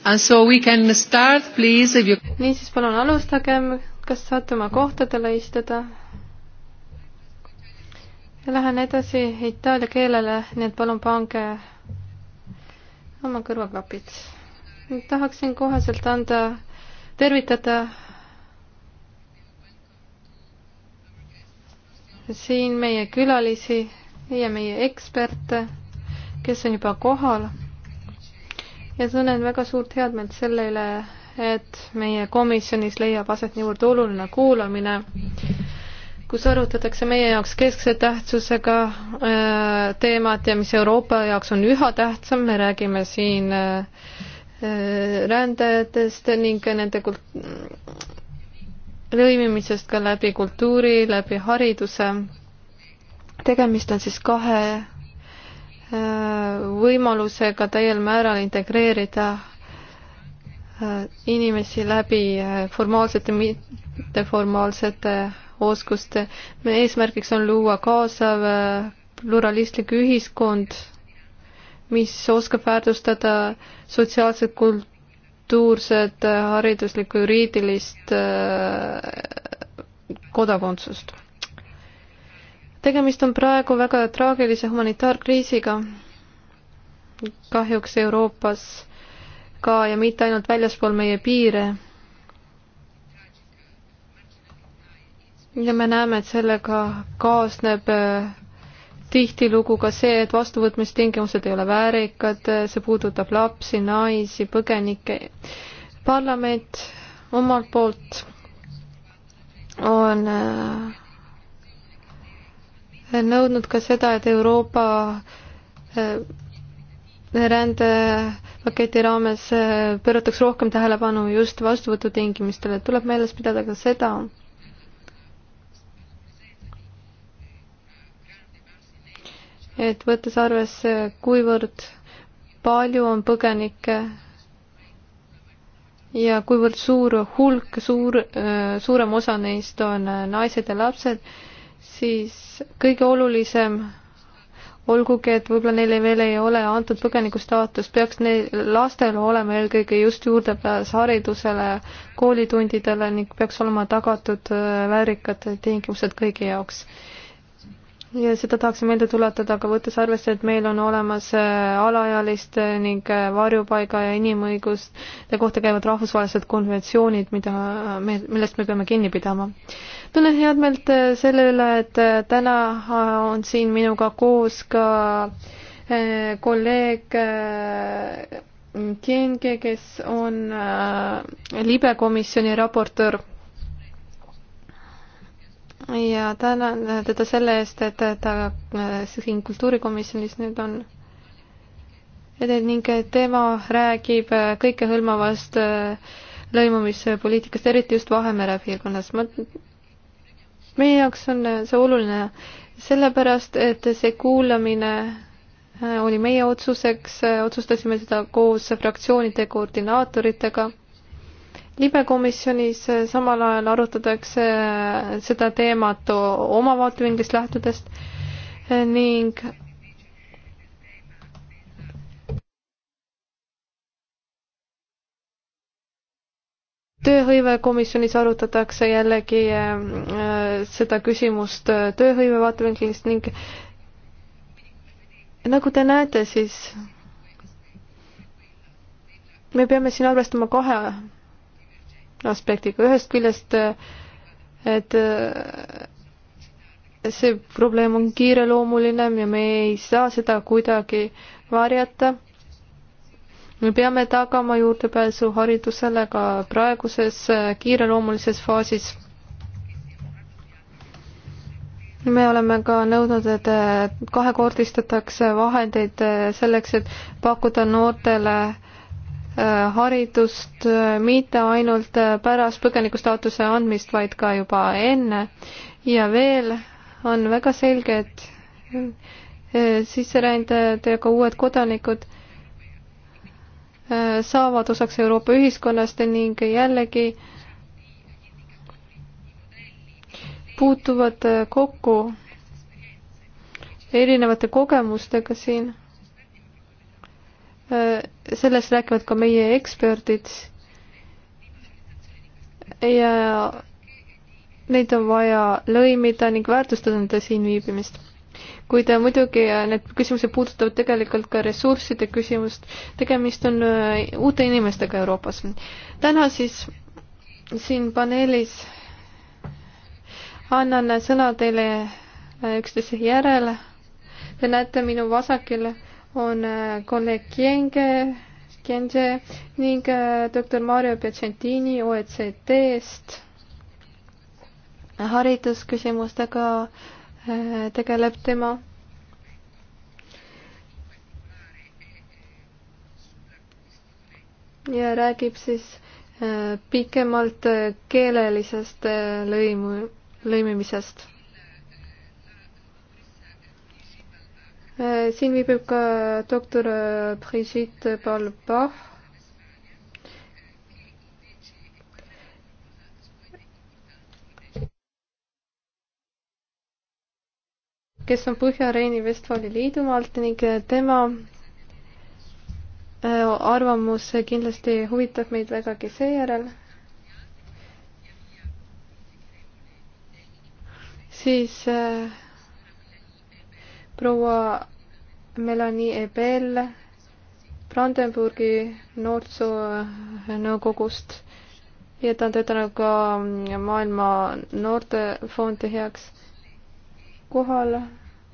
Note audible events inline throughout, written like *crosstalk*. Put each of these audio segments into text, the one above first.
You... niisiis, palun alustagem, kas saate oma kohtadele istuda? ja lähen edasi itaalia keelele, nii et palun pange oma kõrvaklapid. tahaksin koheselt anda, tervitada siin meie külalisi ja meie eksperte, kes on juba kohal ja tunnen väga suurt headmeelt selle üle, et meie komisjonis leiab aset niivõrd oluline kuulamine, kus arutatakse meie jaoks keskse tähtsusega äh, teemat ja mis Euroopa jaoks on üha tähtsam, me räägime siin äh, rändajatest ning nende kult-, lõimimisest ka läbi kultuuri, läbi hariduse. tegemist on siis kahe võimalusega täiel määral integreerida äh, inimesi läbi äh, formaalsete, mitteformaalsete oskuste. meie eesmärgiks on luua kaasav äh, pluralistlik ühiskond, mis oskab väärtustada sotsiaalset, kultuurset, hariduslikku, juriidilist kodakondsust tegemist on praegu väga traagilise humanitaarkriisiga kahjuks Euroopas ka ja mitte ainult väljaspool meie piire. ja me näeme, et sellega kaasneb äh, tihtilugu ka see, et vastuvõtmistingimused ei ole väärikad, äh, see puudutab lapsi, naisi, põgenikke. parlament omalt poolt on äh, nõudnud ka seda, et Euroopa eh, rändepaketi raames eh, pöörataks rohkem tähelepanu just vastuvõtutingimustele, tuleb meeles pidada ka seda, et võttes arvesse, kuivõrd palju on põgenikke ja kuivõrd suur hulk, suur, eh, suurem osa neist on naised ja lapsed, siis kõige olulisem olgugi, et võib-olla neile veel ei ole antud põgenikustaatus, peaks neil lastel olema eelkõige just juurdepääs haridusele, koolitundidele ning peaks olema tagatud äh, väärikad tingimused kõigi jaoks ja seda tahaksin meelde tuletada, aga võttes arvesse, et meil on olemas äh, alaealiste äh, ning äh, varjupaiga ja inimõiguste kohta käivad rahvusvahelised konventsioonid, mida me, millest me peame kinni pidama. tunnen head meelt selle üle, et täna on siin minuga koos ka kolleeg Kienge, kes on libekomisjoni raportöör ja tänan teda selle eest, et ta äh, siin kultuurikomisjonis nüüd on. ning tema räägib äh, kõikehõlmavast äh, lõimumispoliitikast, eriti just Vahemere piirkonnas. ma, meie jaoks on see oluline sellepärast, et see kuulamine oli meie otsuseks, otsustasime seda koos fraktsioonide koordinaatoritega libekomisjonis eh, samal ajal arutatakse eh, seda teemat oma vaatevinklist lähtudest eh, ning tööhõivekomisjonis arutatakse jällegi seda küsimust tööhõive vaatevinklist ning nagu te näete, siis me peame siin arvestama kahe aspektiga, ühest küljest, et see probleem on kiireloomuline ja me ei saa seda kuidagi varjata. me peame tagama juurdepääsu haridusele ka praeguses kiireloomulises faasis. me oleme ka nõudnud, et kahekordistatakse vahendeid selleks, et pakkuda noortele Äh, haridust äh, mitte ainult äh, pärast põgenikustaatuse andmist, vaid ka juba enne. ja veel on väga selge, et sisserändajad ja ka uued kodanikud saavad osaks Euroopa ühiskonnast ning jällegi puutuvad kokku erinevate kogemustega siin Äh, sellest räägivad ka meie eksperdid. ja neid on vaja lõimida ning väärtustada nende siin viibimist kuid muidugi äh, need küsimused puudutavad tegelikult ka ressursside küsimust. tegemist on äh, uute inimestega Euroopas. täna siis siin paneelis annan sõna teile üksteise järele. Te näete minu vasakil on äh, kolleeg Kienge, Kienge ning äh, doktor Mario Piacentini OECD-st haridusküsimustega äh, tegeleb tema. ja räägib siis pikemalt keelelisest lõimu, lõimimisest siin viibib ka doktor äh, Brigitte Balbach. kes on Põhja-Reini-Vestfaali liidumaalt ning äh, tema äh, arvamus kindlasti huvitab meid vägagi seejärel siis äh, proua Melanie Ebel Brandenburgi noorsoo nõukogust ja ta on töötanud ka Maailma Noortefondi heaks. kohal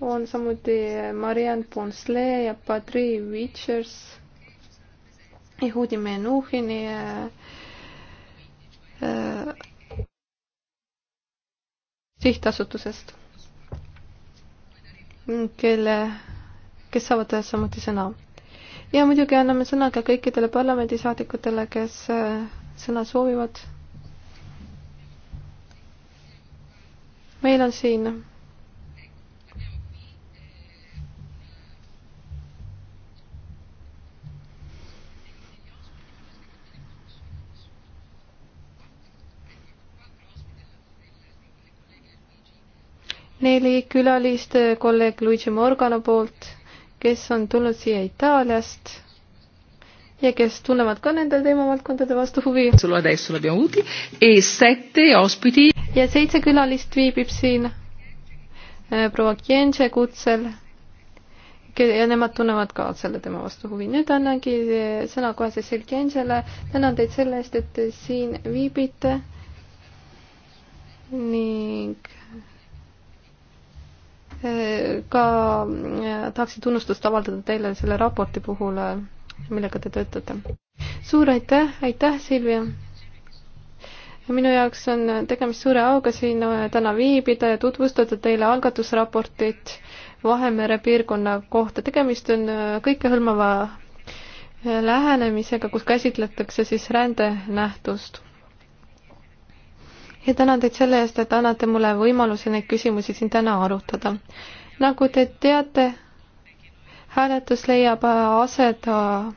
on samuti Marianne Ponslee ja Patri Witchers, Yehudi Menuhini äh, äh, sihtasutusest kelle, kes saavad samuti sõna. ja muidugi anname sõna ka kõikidele parlamendisaadikutele, kes äh, sõna soovivad. meil on siin neli külalist kolleeg Luigi Morgano poolt, kes on tulnud siia Itaaliast ja kes tunnevad ka nende teemavaldkondade vastu huvi. E ja seitse külalist viibib siin äh, proua Kienže kutsel ja nemad tunnevad ka selle teema vastu huvi. nüüd annangi äh, sõna kohe Cecil Kienžele. tänan teid selle eest, et te siin viibite ning ka äh, tahaksin tunnustust avaldada teile selle raporti puhul, äh, millega te töötate. suur aitäh, aitäh, Silvia! minu jaoks on tegemist suure auga siin äh, täna viibida ja tutvustada teile algatusraportit Vahemere piirkonna kohta. tegemist on kõikehõlmava lähenemisega, kus käsitletakse siis rändenähtust ja tänan teid selle eest, et annate mulle võimaluse neid küsimusi siin täna arutada. nagu te teate, hääletus leiab aset äh,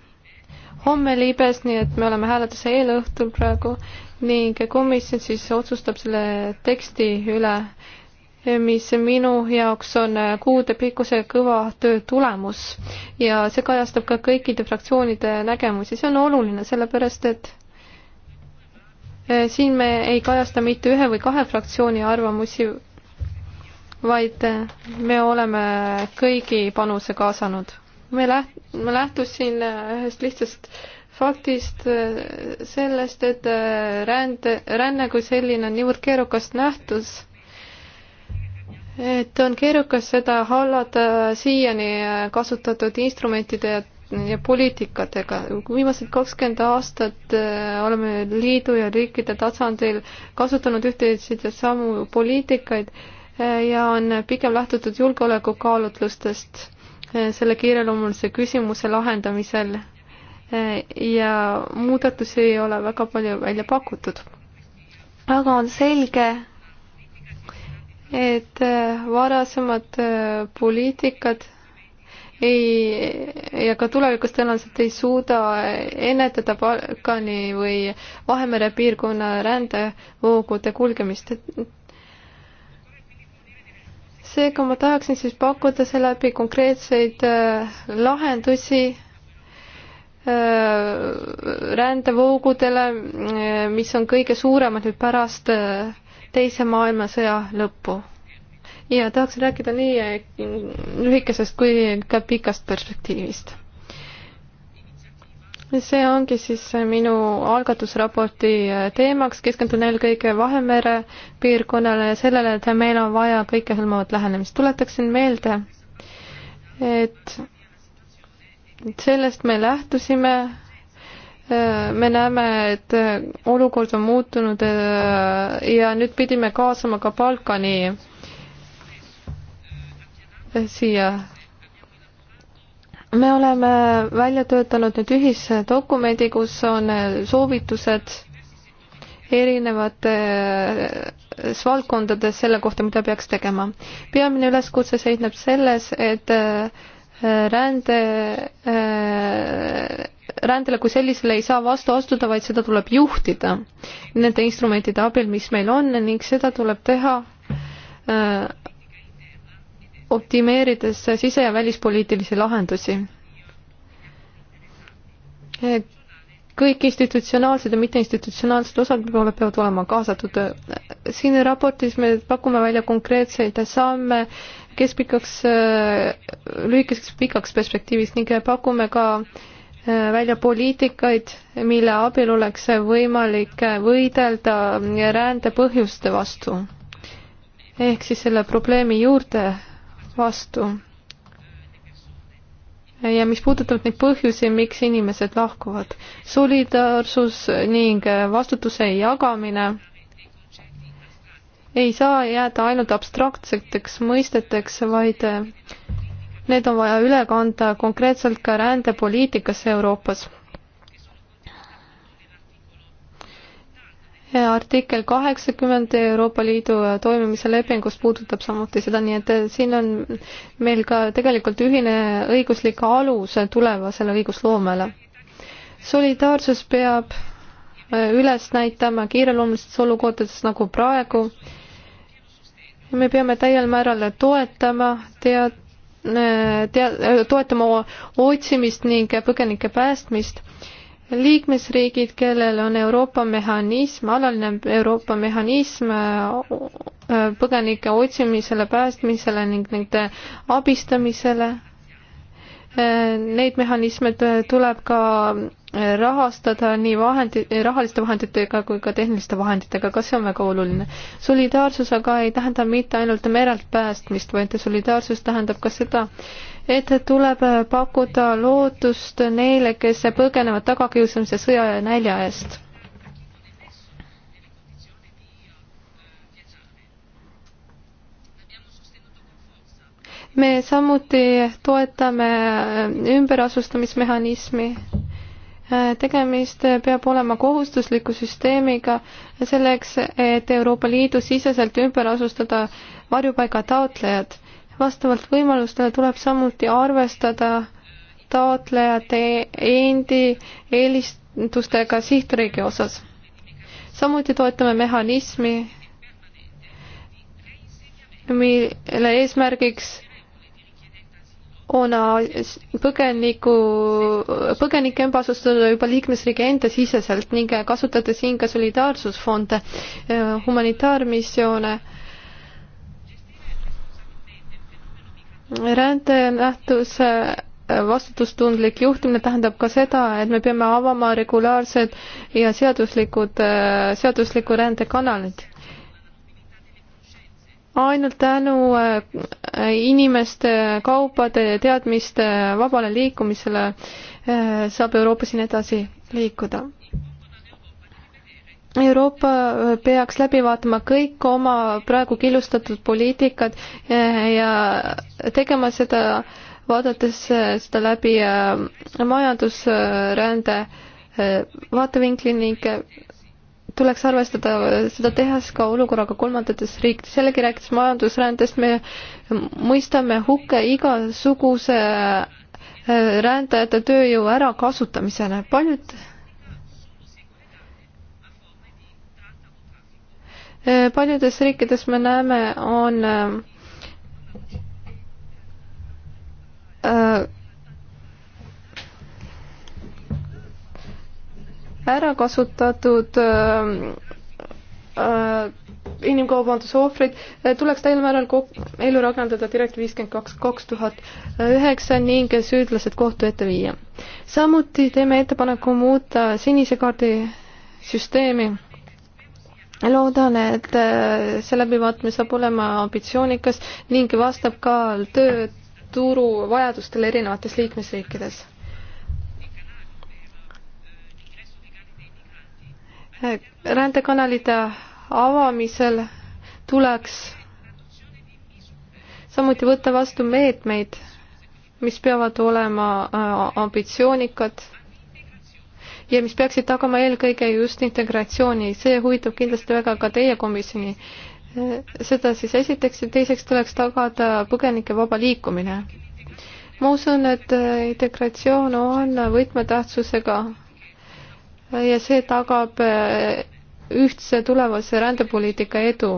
homme libes, nii et me oleme hääletuse eelõhtul praegu ning komisjon siis otsustab selle teksti üle, mis minu jaoks on kuudepikkuse kõva töö tulemus ja see kajastab ka kõikide fraktsioonide nägemusi, see on oluline, sellepärast et Äh, siin me ei kajasta mitte ühe või kahe fraktsiooni arvamusi, vaid äh, me oleme kõigi panuse kaasanud. me läht-, ma lähtusin äh, ühest lihtsast faktist sellest, et rände, ränne kui selline on niivõrd keerukas nähtus, et on keerukas seda hallata siiani kasutatud instrumentide ja ja poliitikatega. viimased kakskümmend aastat äh, oleme liidu ja riikide tasandil kasutanud ühtesid ja samu poliitikaid äh, ja on pigem lähtutud julgeolekukaalutlustest äh, selle kiireloomulise küsimuse lahendamisel ja muudatusi ei ole väga palju välja pakutud. aga on selge, et varasemad poliitikad ei, ja ka tulevikus tõenäoliselt ei suuda ennetada Balkani või Vahemere piirkonna rändevoogude kulgemist. seega ma tahaksin siis pakkuda seeläbi konkreetseid äh, lahendusi äh, rändevoogudele, äh, mis on kõige suuremad nüüd pärast teise maailmasõja lõppu ja tahaksin rääkida nii eh, lühikesest kui ka pikast perspektiivist. see ongi siis minu algatusraporti eh, teemaks, keskendun eelkõige Vahemere piirkonnale ja sellele, et meil on vaja kõikehõlmavat lähenemist. tuletaksin meelde, et sellest me lähtusime eh, me näeme, et olukord on muutunud ja nüüd pidime kaasama ka Balkani siia me oleme välja töötanud nüüd ühisdokumendi, kus on soovitused erinevates äh, valdkondades selle kohta, mida peaks tegema. peamine üleskutse seisneb selles, et äh, rände, äh, rändele kui sellisele ei saa vastu astuda, vaid seda tuleb juhtida nende instrumentide abil, mis meil on ning seda tuleb teha optimeerides sise- ja välispoliitilisi lahendusi. kõik institutsionaalsed ja mitteinstitutsionaalsed osad peavad olema kaasatud. siin raportis me pakume välja konkreetseid samme keskpikaks, lühikeseks pikaks perspektiivis ning pakume ka välja poliitikaid, mille abil oleks võimalik võidelda rände põhjuste vastu. ehk siis selle probleemi juurde vastu. ja mis puudutab neid põhjusi, miks inimesed lahkuvad, solidaarsus ning vastutuse jagamine ei saa jääda ainult abstraktseteks mõisteteks, vaid need on vaja üle kanda konkreetselt ka rändepoliitikasse Euroopas artikkel kaheksakümmend Euroopa Liidu toimimise lepingus puudutab samuti seda, nii et eh, siin on meil ka tegelikult ühine õiguslik alus tulevasele õigusloomele. solidaarsus peab eh, üles näitama kiireloomulistes olukordades nagu praegu. me peame täiel määral toetama tead-, eh, tea-, toetama otsimist ning põgenike päästmist liikmesriigid, kellel on Euroopa mehhanism, alaline Euroopa mehhanism äh, äh, põgenike otsimisele, päästmisele ning nende abistamisele. Äh, neid mehhanisme tuleb ka rahastada nii vahendi, rahaliste vahenditega kui ka tehniliste vahenditega, ka see on väga oluline. solidaarsus aga ei tähenda mitte ainult merelt päästmist, vaid solidaarsus tähendab ka seda, et tuleb pakkuda lootust neile, kes põgenevad tagakiusamise sõja ja nälja eest. me samuti toetame ümberasustamismehhanismi tegemist peab olema kohustusliku süsteemiga selleks, et Euroopa Liidu siseselt ümber asustada varjupaiga taotlejad vastavalt võimalustele tuleb samuti arvestada taotlejate endi eelistustega sihtriigi osas. samuti toetame mehhanismi, mille eesmärgiks on põgeniku, põgenike ebasustada juba liikmesriigi enda siseselt ning kasutada siin ka solidaarsusfonde, humanitaarmissioone rändenähtuse äh, vastutustundlik juhtimine tähendab ka seda, et me peame avama regulaarsed ja seaduslikud, äh, seadusliku rände kanalid. ainult tänu äh, inimeste, kaupade ja teadmiste vabale liikumisele saab Euroopas siin edasi liikuda Euroopa äh, peaks läbi vaatama kõik oma praegu killustatud poliitikad äh, ja tegema seda, vaadates äh, seda läbi majandusrände vaatevinkli ning tuleks arvestada seda tehas ka olukorraga kolmandates riikides. jällegi rääkides majandusrändest, me mõistame hukka igasuguse rändajate tööjõu ärakasutamisele. paljud paljudes riikides me näeme, on äh, ära kasutatud äh, äh, inimkaubanduse ohvreid, tuleks täiel määral ellu rakendada direktiiv viiskümmend kaks, kaks tuhat üheksa ning süüdlased kohtu ette viia. samuti teeme ettepaneku muuta sinise kaardi süsteemi loodan, et äh, see läbivaatamine saab olema ambitsioonikas ning vastab ka tööturu vajadustele erinevates liikmesriikides. rändekanalite avamisel tuleks samuti võtta vastu meetmeid, mis peavad olema äh, ambitsioonikad ja mis peaksid tagama eelkõige just integratsiooni. see huvitab kindlasti väga ka teie komisjoni. seda siis esiteks ja teiseks tuleks tagada põgenike vaba liikumine. ma usun, et integratsioon on võtmetähtsusega ja see tagab ühtse tulevase rändepoliitika edu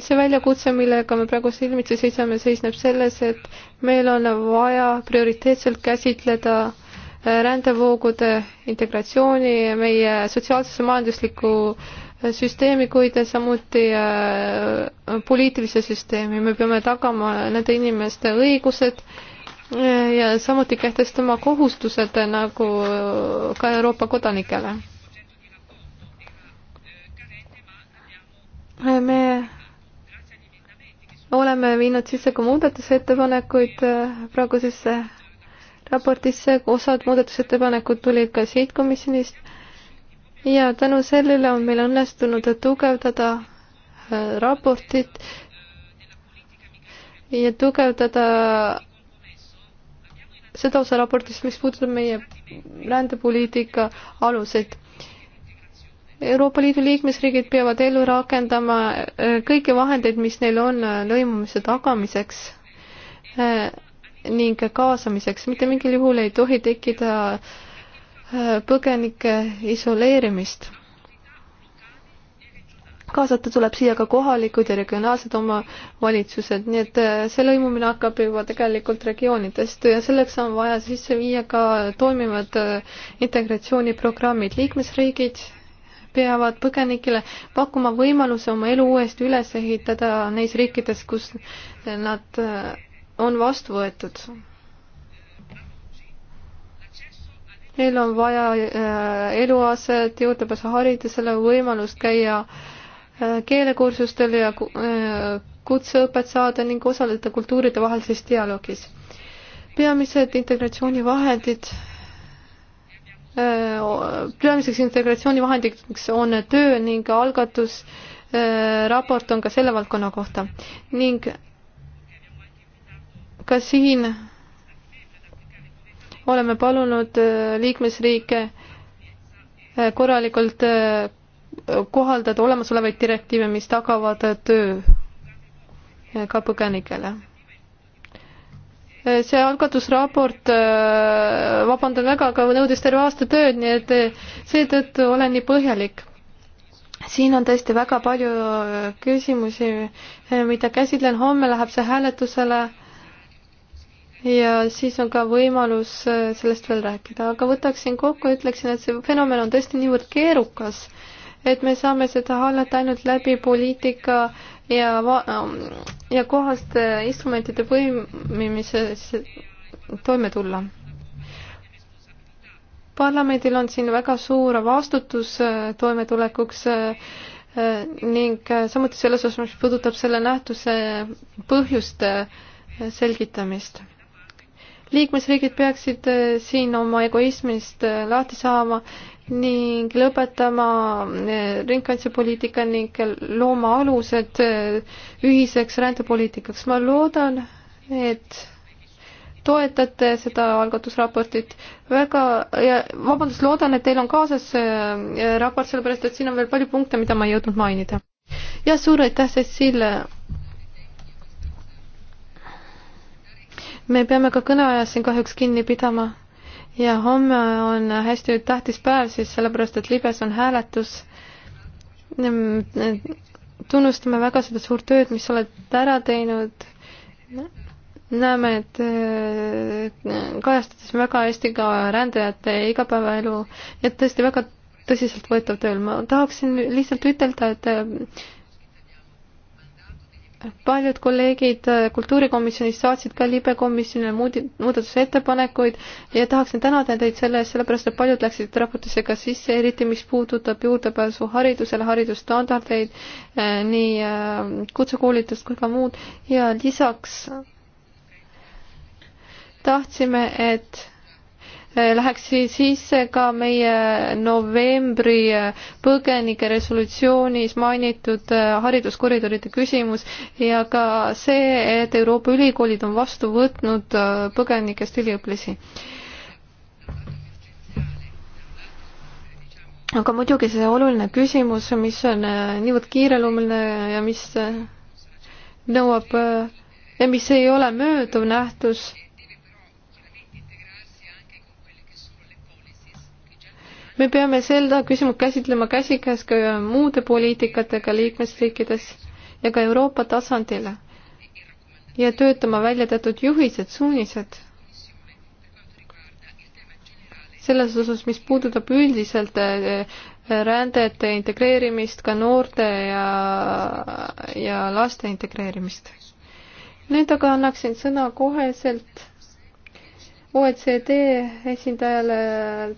see väljakutse, millega me praegu silmitsi seisame, seisneb selles, et meil on vaja prioriteetselt käsitleda äh, rändevoogude integratsiooni meie sotsiaalsesse majanduslikku süsteemi, kuid samuti äh, poliitilise süsteemi. me peame tagama nende inimeste õigused äh, ja samuti kehtestama kohustused nagu äh, ka Euroopa kodanikele. me oleme viinud sisse ka muudatusettepanekuid praegusesse raportisse, osad muudatusettepanekud tulid ka siit komisjonist ja tänu sellele on meil õnnestunud tugevdada äh, raportit ja tugevdada seda osa raportist, mis puudutab meie rändepoliitika aluseid. Euroopa Liidu liikmesriigid peavad ellu rakendama äh, kõiki vahendeid, mis neil on äh, lõimumise tagamiseks ning kaasamiseks. mitte mingil juhul ei tohi tekkida äh, põgenike isoleerimist. kaasata tuleb siia ka kohalikud ja regionaalsed omavalitsused, nii et äh, see lõimumine hakkab juba tegelikult regioonidest ja selleks on vaja sisse viia ka toimivad äh, integratsiooniprogrammid. liikmesriigid peavad põgenikele pakkuma võimaluse oma elu uuesti üles ehitada neis riikides, kus nad on vastu võetud. Neil on vaja äh, eluaset, juurdepääsu haridusele, võimalust käia äh, keelekursustel ja äh, kutseõpet saada ning osaleda kultuuride vahelises dialoogis. peamised integratsioonivahendid, peamiseks integratsioonivahendiks on töö ning algatus, raport on ka selle valdkonna kohta ning ka siin oleme palunud äh, liikmesriike äh, korralikult äh, kohaldada olemasolevaid direktiive, mis tagavad töö ka põgenikele. see algatusraport, vabandan väga, aga nõudis terve aasta tööd, nii et seetõttu olen nii põhjalik. siin on tõesti väga palju küsimusi, mida käsitlen, homme läheb see hääletusele ja siis on ka võimalus äh, sellest veel rääkida, aga võtaksin kokku ja ütleksin, et see fenomen on tõesti niivõrd keerukas, et me saame seda hallata ainult läbi poliitika ja, ähm, ja kohaste äh, instrumentide põimimises toime tulla. parlamendil on siin väga suur vastutus äh, toimetulekuks ning samuti selles osas, mis puudutab selle nähtuse põhjuste selgitamist liikmesriigid peaksid äh, siin oma egoismist äh, lahti saama ning lõpetama äh, ringkaitsepoliitika ning looma alused ühiseks rändepoliitikaks. ma loodan, et toetate seda algatusraportit väga ja vabandust, loodan, et teil on kaasas raport, sellepärast et siin on veel palju punkte, mida ma ei jõudnud mainida. ja suur aitäh, Cecile me peame ka kõneajast siin kahjuks kinni pidama ja homme on hästi tähtis päev siis sellepärast, et libes on hääletus. Ehm, tunnustame väga seda suurt tööd, mis sa oled ära teinud. näeme, et äh, kajastades väga hästi ka rändajate igapäevaelu, et tõesti väga tõsiseltvõetav töö. ma tahaksin lihtsalt ütelda, et paljud kolleegid äh, kultuurikomisjonist saatsid ka libekomisjonile muudatusettepanekuid ja tahaksin tänada teid selle eest, sellepärast et paljud läksid raportisse ka sisse, eriti mis puudutab juurdepääsu haridusele, haridusstandardeid, äh, nii äh, kutsekoolitust kui ka muud ja lisaks tahtsime, et Eh, läheks sisse ka meie novembri eh, põgenike resolutsioonis mainitud eh, hariduskoridoride küsimus ja ka see, et Euroopa ülikoolid on vastu võtnud põgenikest üliõpilasi. aga muidugi see oluline küsimus, mis on niivõrd kiireloomuline ja mis nõuab ja mis ei ole mööduv nähtus me peame seda küsimust käsitlema käsikäes ka muude poliitikatega liikmesriikides ja ka Euroopa tasandil ja töötama välja teatud juhised, suunised selles osas, mis puudutab üldiselt eh, rändet, integreerimist, ka noorte ja, ja laste integreerimist. nüüd aga annaksin sõna koheselt OECD esindajale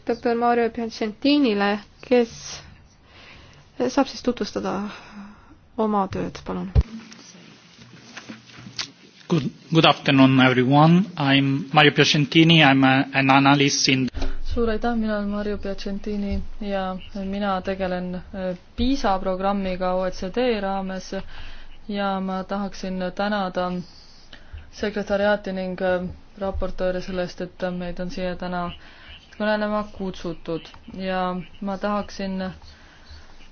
doktor Mario Piacentinile, kes saab siis tutvustada oma tööd, palun. Good, good afternoon everyone, I am Mario Piacentini, I am an analyst in suur aitäh, mina olen Marju Piacentini ja mina tegelen äh, PISA programmiga OECD raames ja ma tahaksin tänada sekretariaati ning äh, raportööre selle eest, et meid on siia täna kõnelema kutsutud ja ma tahaksin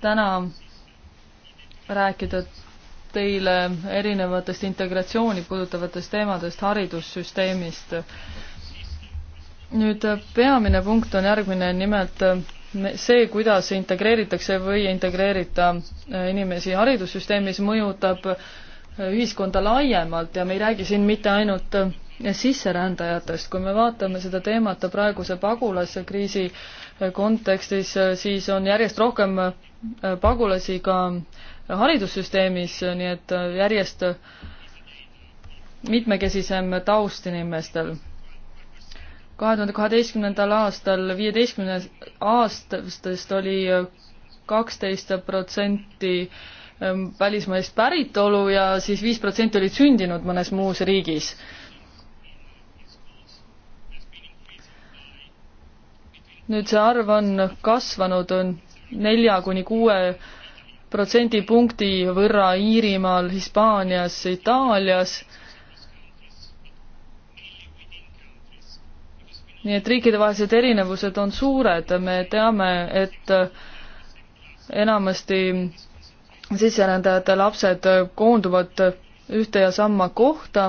täna rääkida teile erinevatest integratsiooni puudutavatest teemadest haridussüsteemist. nüüd peamine punkt on järgmine, nimelt see, kuidas integreeritakse või ei integreerita inimesi haridussüsteemis, mõjutab ühiskonda laiemalt ja me ei räägi siin mitte ainult sisserändajatest. kui me vaatame seda teemat praeguse pagulaskriisi eh, kontekstis, eh, siis on järjest rohkem eh, pagulasi ka haridussüsteemis, nii et järjest mitmekesisem taust inimestel kahe tuhande kaheteistkümnendal aastal viieteistkümnes aastastest oli kaksteist protsenti välismaist päritolu ja siis viis protsenti olid sündinud mõnes muus riigis. nüüd see arv on kasvanud, on nelja kuni kuue protsendipunkti võrra Iirimaal, Hispaanias, Itaalias. nii et riikidevahelised erinevused on suured, me teame, et enamasti sisserändajate lapsed koonduvad ühte ja sama kohta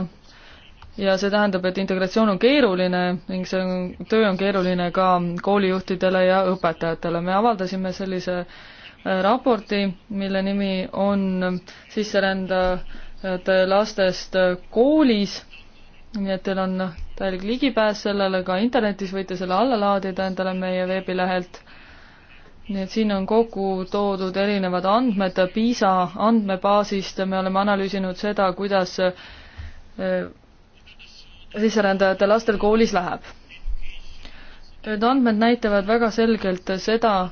ja see tähendab, et integratsioon on keeruline ning see on, töö on keeruline ka koolijuhtidele ja õpetajatele. me avaldasime sellise äh, raporti, mille nimi on sisserändajate lastest äh, koolis, nii et teil on täielik ligipääs sellele ka internetis, võite selle alla laadida endale meie veebilehelt. nii et siin on kokku toodud erinevad andmed PISA andmebaasist, me oleme analüüsinud seda, kuidas äh, sisserändajate lastel koolis läheb. Need andmed näitavad väga selgelt seda,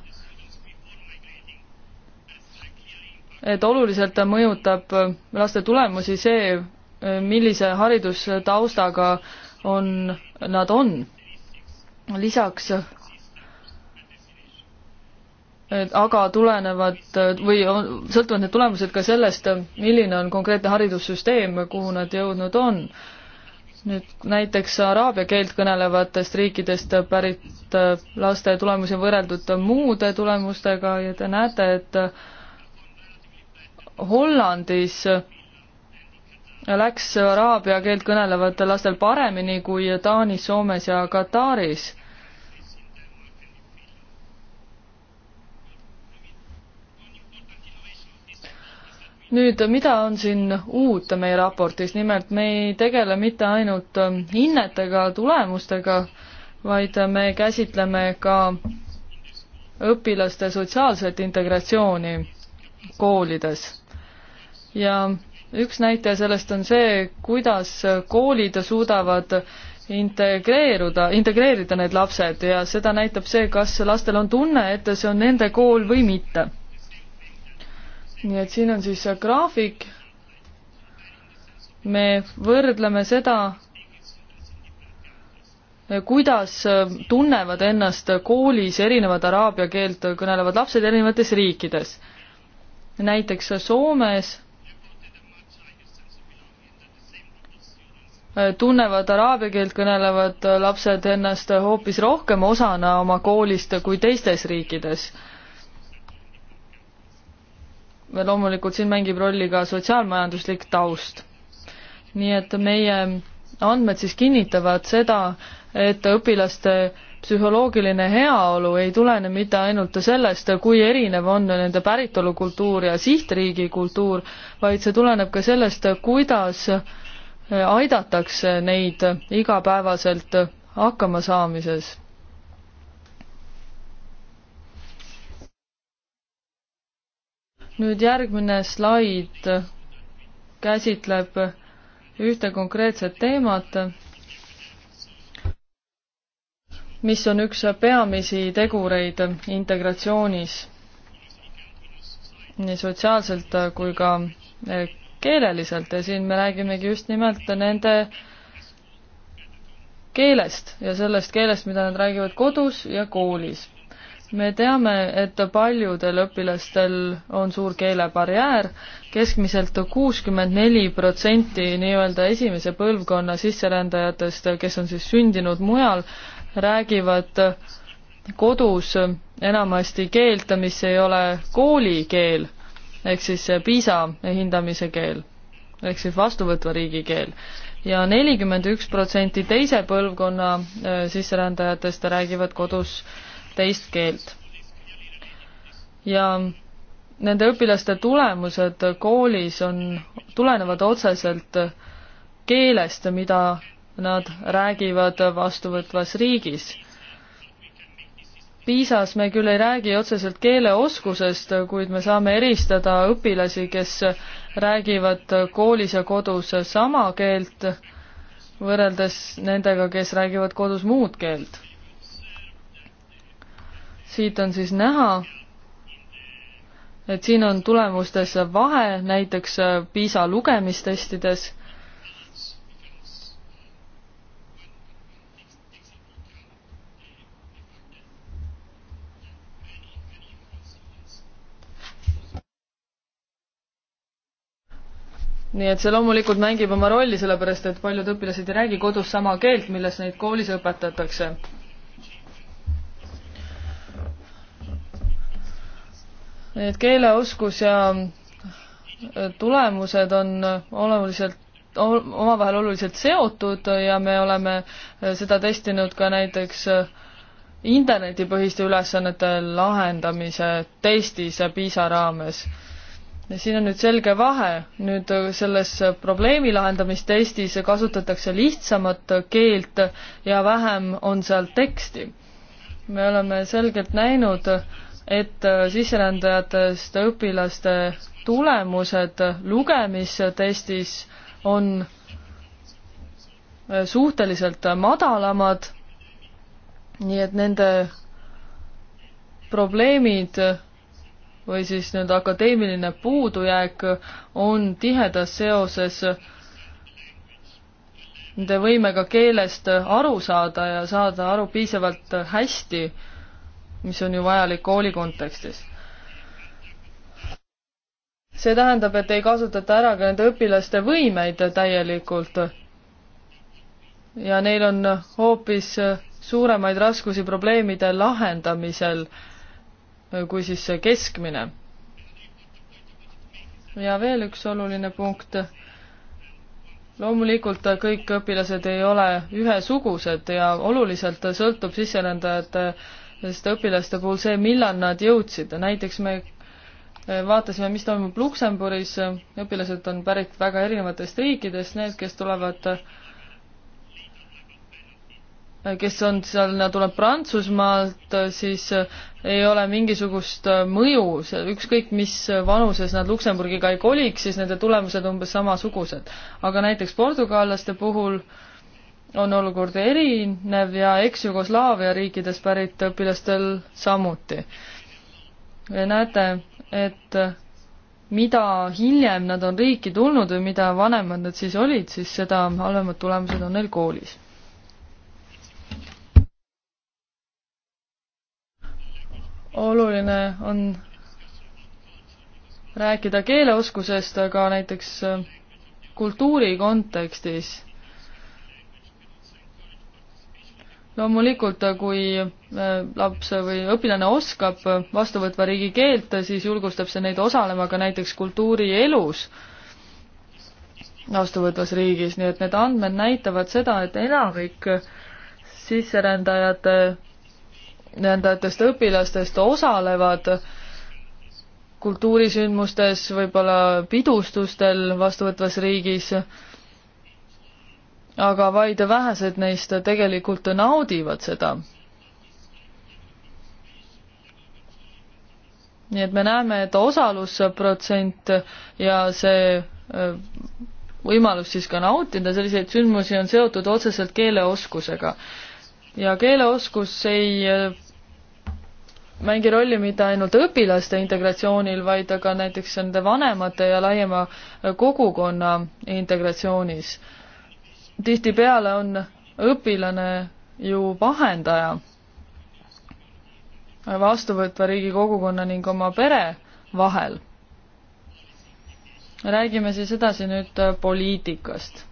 et oluliselt mõjutab laste tulemusi see, millise haridustaustaga on, nad on. lisaks et aga tulenevad või on, sõltuvad need tulemused ka sellest, milline on konkreetne haridussüsteem, kuhu nad jõudnud on nüüd näiteks araabia keelt kõnelevatest riikidest pärit äh, laste tulemusi on võrreldud muude tulemustega ja te näete, et Hollandis läks araabia keelt kõnelevatel lastel paremini kui Taanis, Soomes ja Kataris. nüüd, mida on siin uut meie raportis, nimelt me ei tegele mitte ainult ähm, hinnetega, tulemustega, vaid me käsitleme ka õpilaste sotsiaalset integratsiooni koolides. ja üks näitaja sellest on see, kuidas koolid suudavad integreeruda, integreerida need lapsed ja seda näitab see, kas lastel on tunne, et see on nende kool või mitte nii et siin on siis graafik. me võrdleme seda, kuidas tunnevad ennast koolis erinevad araabia keelt kõnelevad lapsed erinevates riikides. näiteks Soomes tunnevad araabia keelt kõnelevad lapsed ennast hoopis rohkem osana oma koolist kui teistes riikides loomulikult siin mängib rolli ka sotsiaalmajanduslik taust. nii et meie andmed siis kinnitavad seda, et õpilaste psühholoogiline heaolu ei tulene mitte ainult sellest, kui erinev on nende päritolukultuur ja sihtriigi kultuur, vaid see tuleneb ka sellest, kuidas aidatakse neid igapäevaselt hakkama saamises. nüüd järgmine slaid käsitleb ühte konkreetset teemat, mis on üks peamisi tegureid integratsioonis nii sotsiaalselt kui ka eh, keeleliselt ja siin me räägimegi just nimelt nende keelest ja sellest keelest, mida nad räägivad kodus ja koolis me teame, et paljudel õpilastel on suur keelebarjäär keskmiselt, keskmiselt kuuskümmend neli protsenti nii-öelda esimese põlvkonna sisserändajatest, kes on siis sündinud mujal, räägivad kodus enamasti keelt, mis ei ole koolikeel, ehk siis PISA hindamise keel, ehk siis vastuvõtva riigi keel ja nelikümmend üks protsenti teise põlvkonna äh, sisserändajatest räägivad kodus äh, teist keelt. ja nende õpilaste tulemused koolis on, tulenevad otseselt keelest, mida nad räägivad vastuvõtvas riigis. PISA-s me küll ei räägi otseselt keeleoskusest, kuid me saame eristada õpilasi, kes räägivad koolis ja kodus sama keelt, võrreldes nendega, kes räägivad kodus muud keelt siit on siis näha, et siin on tulemustes vahe näiteks äh, PISA lugemistestides. nii et see loomulikult mängib oma rolli, sellepärast et paljud õpilased ei räägi kodus sama keelt, milles neid koolis õpetatakse et keeleoskus ja äh, tulemused on äh, oluliselt omavahel oluliselt seotud ja me oleme äh, seda testinud ka näiteks internetipõhiste ülesannete lahendamise testis PISA raames. siin on nüüd selge vahe, nüüd selles probleemi lahendamistestis kasutatakse lihtsamat keelt ja vähem on seal teksti. me oleme selgelt näinud, et äh, sisserändajatest õpilaste tulemused lugemistestis on äh, suhteliselt madalamad, nii et nende probleemid või siis nii-öelda akadeemiline puudujääk on tihedas seoses nende võimega keelest aru saada ja saada aru piisavalt hästi mis on ju vajalik kooli kontekstis. see tähendab, et ei kasutata ära ka nende õpilaste võimeid täielikult. ja neil on hoopis suuremaid raskusi probleemide lahendamisel kui siis see keskmine. ja veel üks oluline punkt. loomulikult kõik õpilased ei ole ühesugused ja oluliselt sõltub sisserändajate seda õpilaste puhul see, millal nad jõudsid, näiteks me eh, vaatasime, mis toimub Luksemburis, õpilased on pärit väga erinevatest riikidest, need, kes tulevad eh, kes on seal, tuleb Prantsusmaalt, eh, siis ei ole mingisugust mõju, ükskõik mis vanuses nad Luksemburgiga ei koliks, siis nende tulemused umbes samasugused. aga näiteks portugallaste puhul äh, on olukord erinev ja eks-Jugoslaavia riikidest pärit õpilastel samuti. näete, et mida hiljem nad on riiki tulnud või mida vanemad nad siis olid, siis seda halvemad tulemused on neil koolis. oluline on rääkida keeleoskusest, aga näiteks kultuuri kontekstis loomulikult, kui äh, laps või õpilane oskab vastuvõtva riigi keelt, siis julgustab see neid osalema ka näiteks kultuurielus vastuvõtvas riigis, nii et need andmed näitavad seda, et enamik sisserändajate, rändajatest õpilastest osalevad kultuurisündmustes, võib-olla pidustustel vastuvõtvas riigis aga vaid vähesed neist tegelikult naudivad seda. nii et me näeme, et osalusprotsent ja see äh, võimalus siis ka nautida selliseid sündmusi on seotud otseselt keeleoskusega. ja keeleoskus ei äh, mängi rolli mitte ainult õpilaste integratsioonil, vaid ka näiteks nende vanemate ja laiema äh, kogukonna integratsioonis tihtipeale on õpilane ju vahendaja vastuvõtva riigi kogukonna ning oma pere vahel. räägime siis edasi nüüd poliitikast.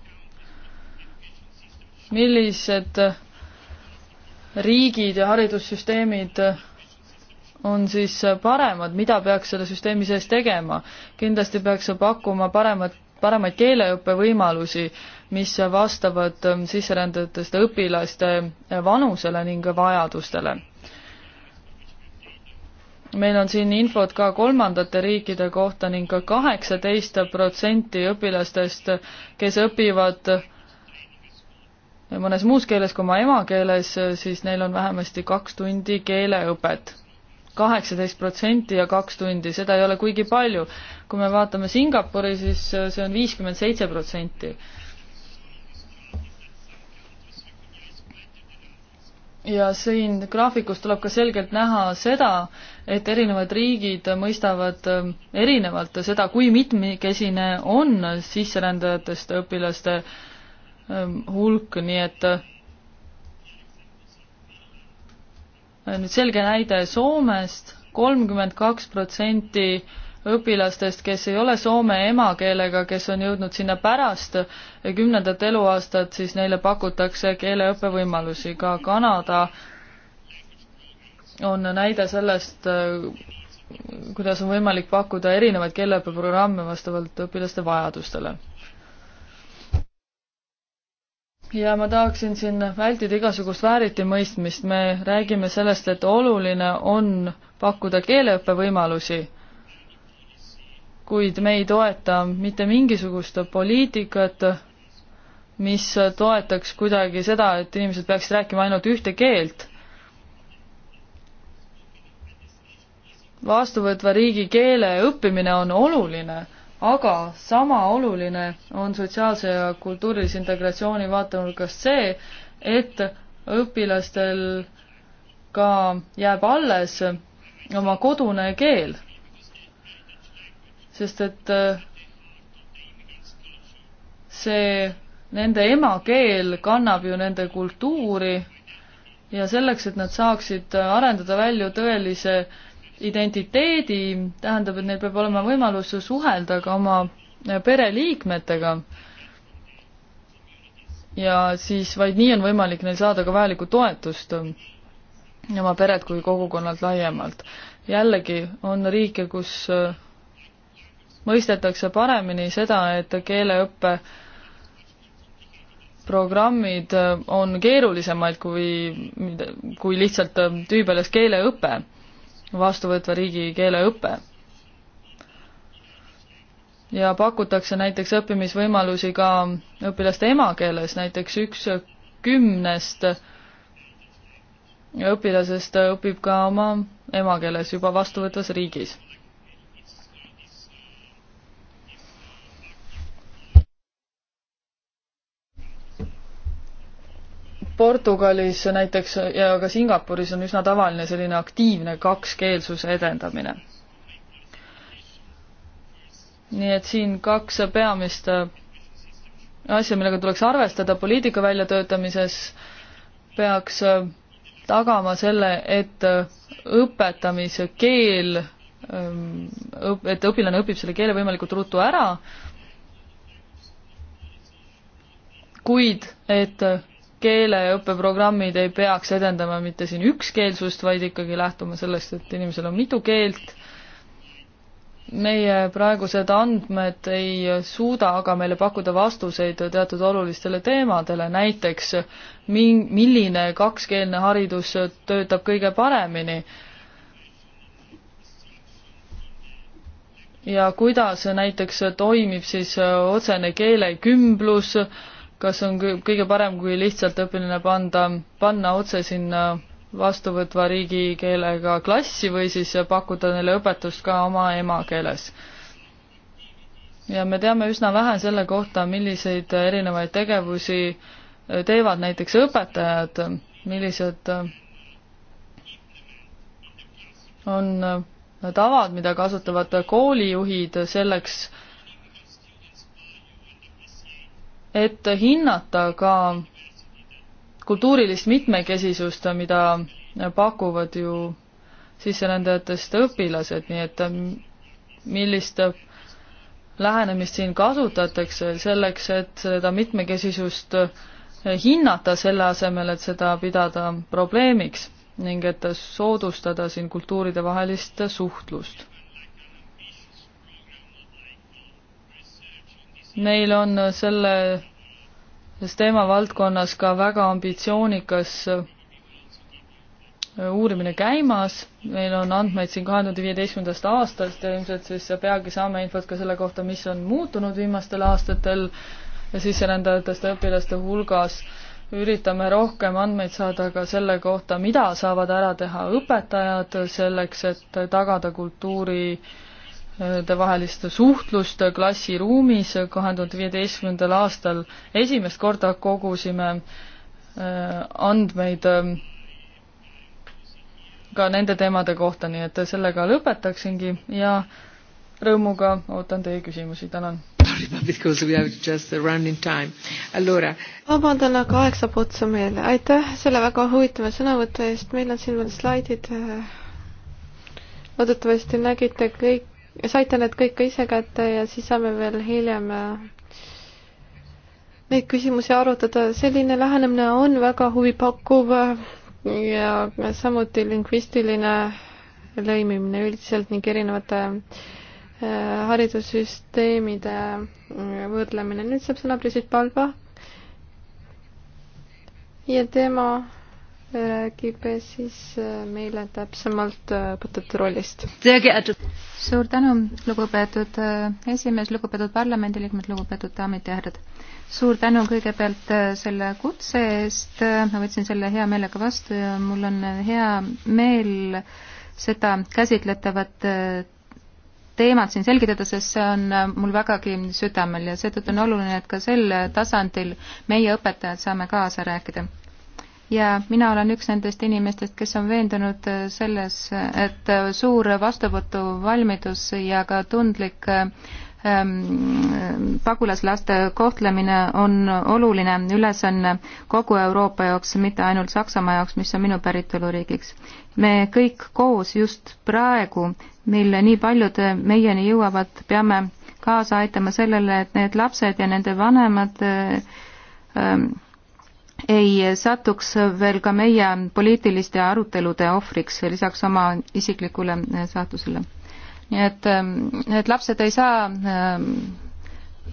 millised riigid ja haridussüsteemid on siis paremad, mida peaks selle süsteemi sees tegema? kindlasti peaks see pakkuma paremat, paremaid keeleõppevõimalusi äh, mis vastavad ähm, sisserändajatest õpilaste äh, vanusele ning vajadustele. meil on siin infot ka kolmandate riikide kohta ning kaheksateist protsenti õpilastest, kes õpivad äh, mõnes muus keeles kui oma emakeeles, äh, siis neil on vähemasti kaks tundi keeleõpet kaheksateist protsenti ja kaks tundi, seda ei ole kuigi palju. kui me vaatame Singapuri, siis see on viiskümmend seitse protsenti. ja siin graafikus tuleb ka selgelt näha seda, et erinevad riigid mõistavad ähm, erinevalt seda, kui mitmekesine on sisserändajatest õpilaste ähm, hulk, nii et äh, nüüd selge näide Soomest, kolmkümmend kaks protsenti õpilastest, kes ei ole soome emakeelega, kes on jõudnud sinna pärast kümnendat eluaastat, siis neile pakutakse keeleõppevõimalusi. ka Kanada on näide sellest, kuidas on võimalik pakkuda erinevaid keeleõppeprogramme vastavalt õpilaste vajadustele. ja ma tahaksin siin vältida igasugust vääritimõistmist, me räägime sellest, et oluline on pakkuda keeleõppevõimalusi kuid me ei toeta mitte mingisugust poliitikat, mis toetaks kuidagi seda, et inimesed peaksid rääkima ainult ühte keelt. vastuvõtva riigi keele õppimine on oluline, aga sama oluline on sotsiaalse ja kultuurilise integratsiooni vaatenurgast see, et õpilastel ka jääb alles oma kodune keel sest et äh, see nende emakeel kannab ju nende kultuuri ja selleks, et nad saaksid äh, arendada välja tõelise identiteedi, tähendab, et neil peab olema võimalus suhelda ka oma äh, pereliikmetega. ja siis vaid nii on võimalik neil saada ka vajalikku toetust oma peret kui kogukonnalt laiemalt. jällegi on riike, kus mõistetakse paremini seda, et keeleõppe programmid on keerulisemad kui, kui lihtsalt tüübeles keeleõpe, vastuvõtva riigi keeleõpe. ja pakutakse näiteks õppimisvõimalusi ka õpilaste emakeeles, näiteks üks kümnest õpilasest õpib ka oma emakeeles juba vastuvõtvas riigis Portugalis näiteks ja ka Singapuris on üsna tavaline selline aktiivne kakskeelsuse edendamine. nii et siin kaks peamist äh, asja, millega tuleks arvestada poliitika väljatöötamises, peaks äh, tagama selle, et äh, õpetamise keel, ähm, et õpilane õpib selle keele võimalikult ruttu ära, kuid et keeleõppeprogrammid ei peaks edendama mitte siin ükskeelsust, vaid ikkagi lähtuma sellest, et inimesel on mitu keelt. meie praegused andmed ei suuda aga meile pakkuda vastuseid teatud olulistele teemadele, näiteks min-, milline kakskeelne haridus töötab kõige paremini ja kuidas näiteks toimib siis otsene keelekümblus, kas on kõige parem, kui lihtsalt õpilane panda, panna otse sinna vastuvõtva riigikeelega klassi või siis pakkuda neile õpetust ka oma emakeeles. ja me teame üsna vähe selle kohta, milliseid erinevaid tegevusi äh, teevad näiteks õpetajad, millised äh, on äh, tavad, mida kasutavad koolijuhid selleks, et hinnata ka kultuurilist mitmekesisust, mida pakuvad ju sisserändajatest õpilased, nii et millist lähenemist siin kasutatakse selleks, et seda mitmekesisust hinnata, selle asemel, et seda pidada probleemiks ning et soodustada siin kultuuride vahelist suhtlust Neil on selles teemavaldkonnas ka väga ambitsioonikas äh, uurimine käimas, meil on andmeid siin kahe tuhande viieteistkümnendast aastast ja ilmselt siis peagi saame infot ka selle kohta, mis on muutunud viimastel aastatel sisserändajatest ja õpilaste hulgas. üritame rohkem andmeid saada ka selle kohta, mida saavad ära teha õpetajad selleks, et tagada kultuuri äh, Äh, vahelist suhtlust klassiruumis kahe tuhande viieteistkümnendal aastal. esimest korda kogusime äh, andmeid äh, ka nende teemade kohta, nii et sellega lõpetaksingi ja rõõmuga ootan teie küsimusi, tänan. vabandan, aga aeg saab otsa meil. aitäh selle väga huvitava sõnavõtu eest, meil on siin veel slaidid. loodetavasti nägite kõik saite need kõik ka ise kätte ja siis saame veel hiljem äh, neid küsimusi arutada. selline lähenemine on väga huvipakkuv äh, ja samuti lingvistiline lõimimine üldiselt ning erinevate äh, haridussüsteemide võrdlemine. nüüd saab sõna president Palba ja tema räägib eh, siis eh, meile täpsemalt eh, õpetajate rollist. suur tänu, lugupeetud esimees, lugupeetud parlamendiliikmed, lugupeetud daamid ja härrad. suur tänu kõigepealt selle kutse eest, ma võtsin selle hea meelega vastu ja mul on hea meel seda käsitletavat teemat siin selgitada, sest see on mul vägagi südamel ja seetõttu on oluline, et ka sel tasandil meie õpetajad saame kaasa rääkida ja mina olen üks nendest inimestest, kes on veendunud selles, et suur vastuvõtuvalmidus ja ka tundlik ähm, pagulaslaste kohtlemine on oluline ülesanne kogu Euroopa jaoks, mitte ainult Saksamaa jaoks, mis on minu päritoluriigiks. me kõik koos just praegu, mil nii paljud meieni jõuavad, peame kaasa aitama sellele, et need lapsed ja nende vanemad ähm, ei satuks veel ka meie poliitiliste arutelude ohvriks lisaks oma isiklikule eh, saatusele. nii et ehm, need lapsed ei saa ehm,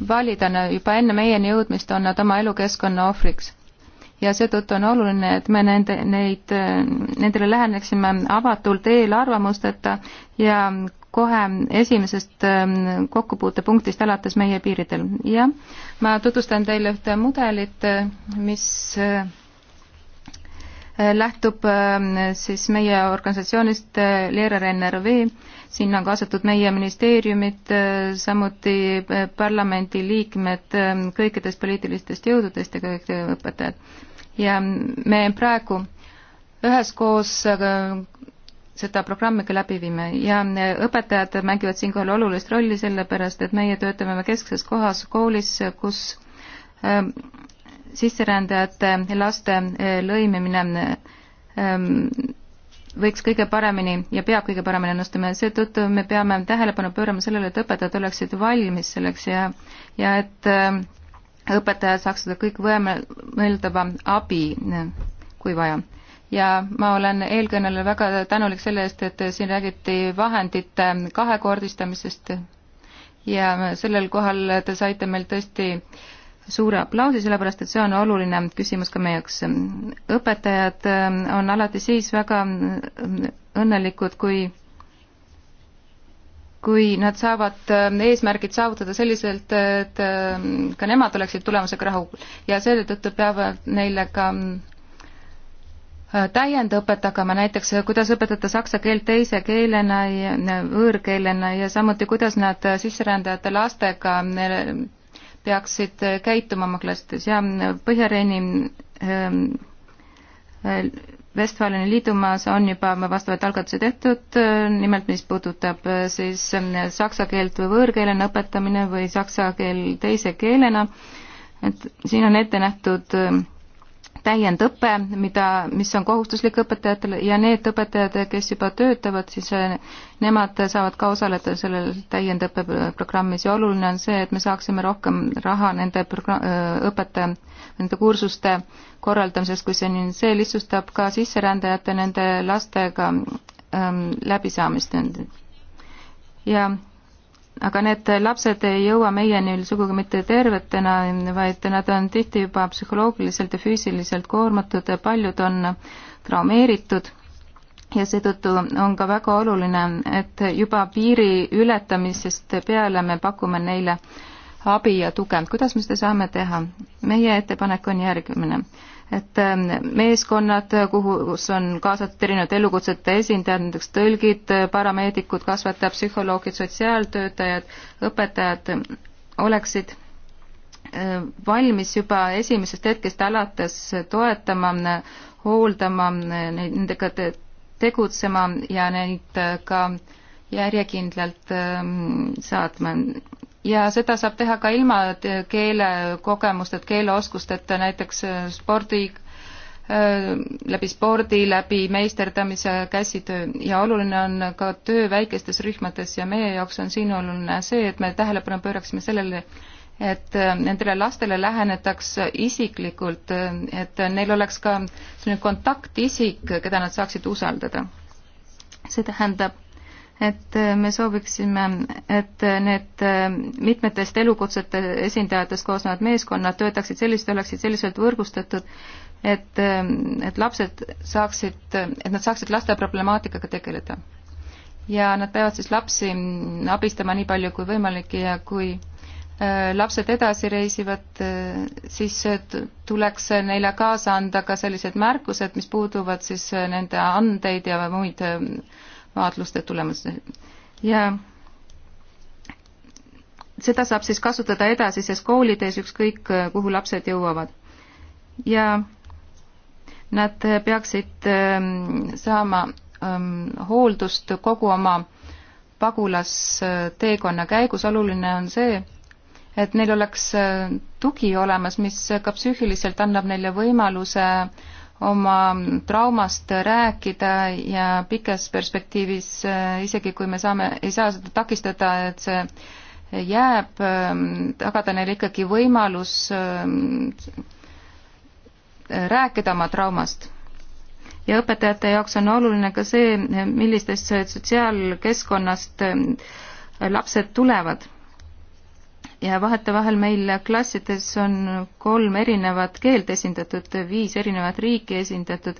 valida, juba enne meieni jõudmist on nad oma elukeskkonna ohvriks. ja seetõttu on oluline, et me nende, neid, eh, nendele läheneksime avatult eelarvamusteta ja kohe esimesest ähm, kokkupuutepunktist alates meie piiridel. jah, ma tutvustan teile ühte mudelit, äh, mis äh, lähtub ähm, siis meie organisatsioonist äh, Leerer NRV, sinna on kaasatud meie ministeeriumid, samuti parlamendiliikmed ähm, kõikidest poliitilistest jõududest ja kõik õpetajad. ja me praegu üheskoos seda programmi ka läbi viime ja äh, õpetajad mängivad siinkohal olulist rolli, sellepärast et meie töötame me keskses kohas koolis, kus ähm, sisserändajate laste äh, lõimimine ähm, võiks kõige paremini ja peab kõige paremini õnnestuma ja seetõttu me peame tähelepanu pöörama sellele, et õpetajad oleksid valmis selleks ja, ja et äh, õpetajad saaks seda kõige võimeldavam abi, kui vaja ja ma olen eelkõnelejale väga tänulik selle eest, et siin räägiti vahendite kahekordistamisest ja sellel kohal te saite meil tõesti suure aplausi, sellepärast et see on oluline küsimus ka meie jaoks. õpetajad ähm, on alati siis väga ähm, õnnelikud, kui kui nad saavad ähm, eesmärgid saavutada selliselt, et ka nemad oleksid tulemusega rahul ja seetõttu peavad neile ka täiendõpetagema näiteks, kuidas õpetada saksa keelt teise keelena ja võõrkeelena ja samuti, kuidas nad sisserändajate lastega äh, peaksid käituma oma klassides ja Põhja-Reini ähm, äh, Vestfaleni liidumaas on juba vastavaid algatusi tehtud, äh, nimelt mis puudutab siis saksa keelt või võõrkeelena õpetamine või saksa keel teise keelena, et siin on ette nähtud täiendõpe, mida, mis on kohustuslik õpetajatele ja need õpetajad, kes juba töötavad, siis äh, nemad saavad ka osaleda sellel täiendõppeprogrammis ja oluline on see, et me saaksime rohkem raha nende äh, õpetaja, nende kursuste korraldamisest, kui see on, see lihtsustab ka sisserändajate, nende lastega ähm, läbisaamist. ja aga need lapsed ei jõua meieni sugugi mitte tervetena, vaid nad on tihti juba psühholoogiliselt ja füüsiliselt koormatud, paljud on traumeeritud ja seetõttu on ka väga oluline, et juba piiri ületamisest peale me pakume neile abi ja tuge. kuidas me seda saame teha? meie ettepanek on järgmine et ähm, meeskonnad, kuhu, kus on kaasatud erinevate elukutsete esindajad, näiteks tõlgid, parameedikud, kasvatajad, psühholoogid, sotsiaaltöötajad, õpetajad, oleksid äh, valmis juba esimesest hetkest alates toetama, hooldama, äh, nendega tegutsema ja neid äh, ka järjekindlalt ähm, saatma ja seda saab teha ka ilma keelekogemusteta, keeleoskusteta, näiteks äh, spordi, äh, läbi spordi, läbi meisterdamise, käsitöö ja oluline on ka töö väikestes rühmades ja meie jaoks on siin oluline see, et me tähelepanu pööraksime sellele, et äh, nendele lastele lähenetaks isiklikult, et neil oleks ka selline kontaktisik, keda nad saaksid usaldada. see tähendab, et me sooviksime, et need äh, mitmetest elukutsete esindajatest koosnevad meeskonnad töötaksid selliselt, oleksid selliselt võrgustatud, et, äh, et lapsed saaksid, et nad saaksid laste problemaatikaga tegeleda. ja nad peavad siis lapsi abistama nii palju kui võimalik ja kui äh, lapsed edasi reisivad, siis tuleks neile kaasa anda ka sellised märkused, mis puuduvad siis nende andeid ja muid vaatluste tulemusel ja seda saab siis kasutada edasises koolides, ükskõik kuhu lapsed jõuavad. ja nad peaksid ähm, saama ähm, hooldust kogu oma pagulasteekonna käigus, oluline on see, et neil oleks äh, tugi olemas, mis ka psüühiliselt annab neile võimaluse oma traumast rääkida ja pikas perspektiivis, äh, isegi kui me saame, ei saa seda takistada, et see jääb, ähm, tagada neile ikkagi võimalus ähm, rääkida oma traumast. ja õpetajate jaoks on oluline ka see, millistest sotsiaalkeskkonnast ähm, lapsed tulevad ja vahetevahel meil klassides on kolm erinevat keelt esindatud, viis erinevat riiki esindatud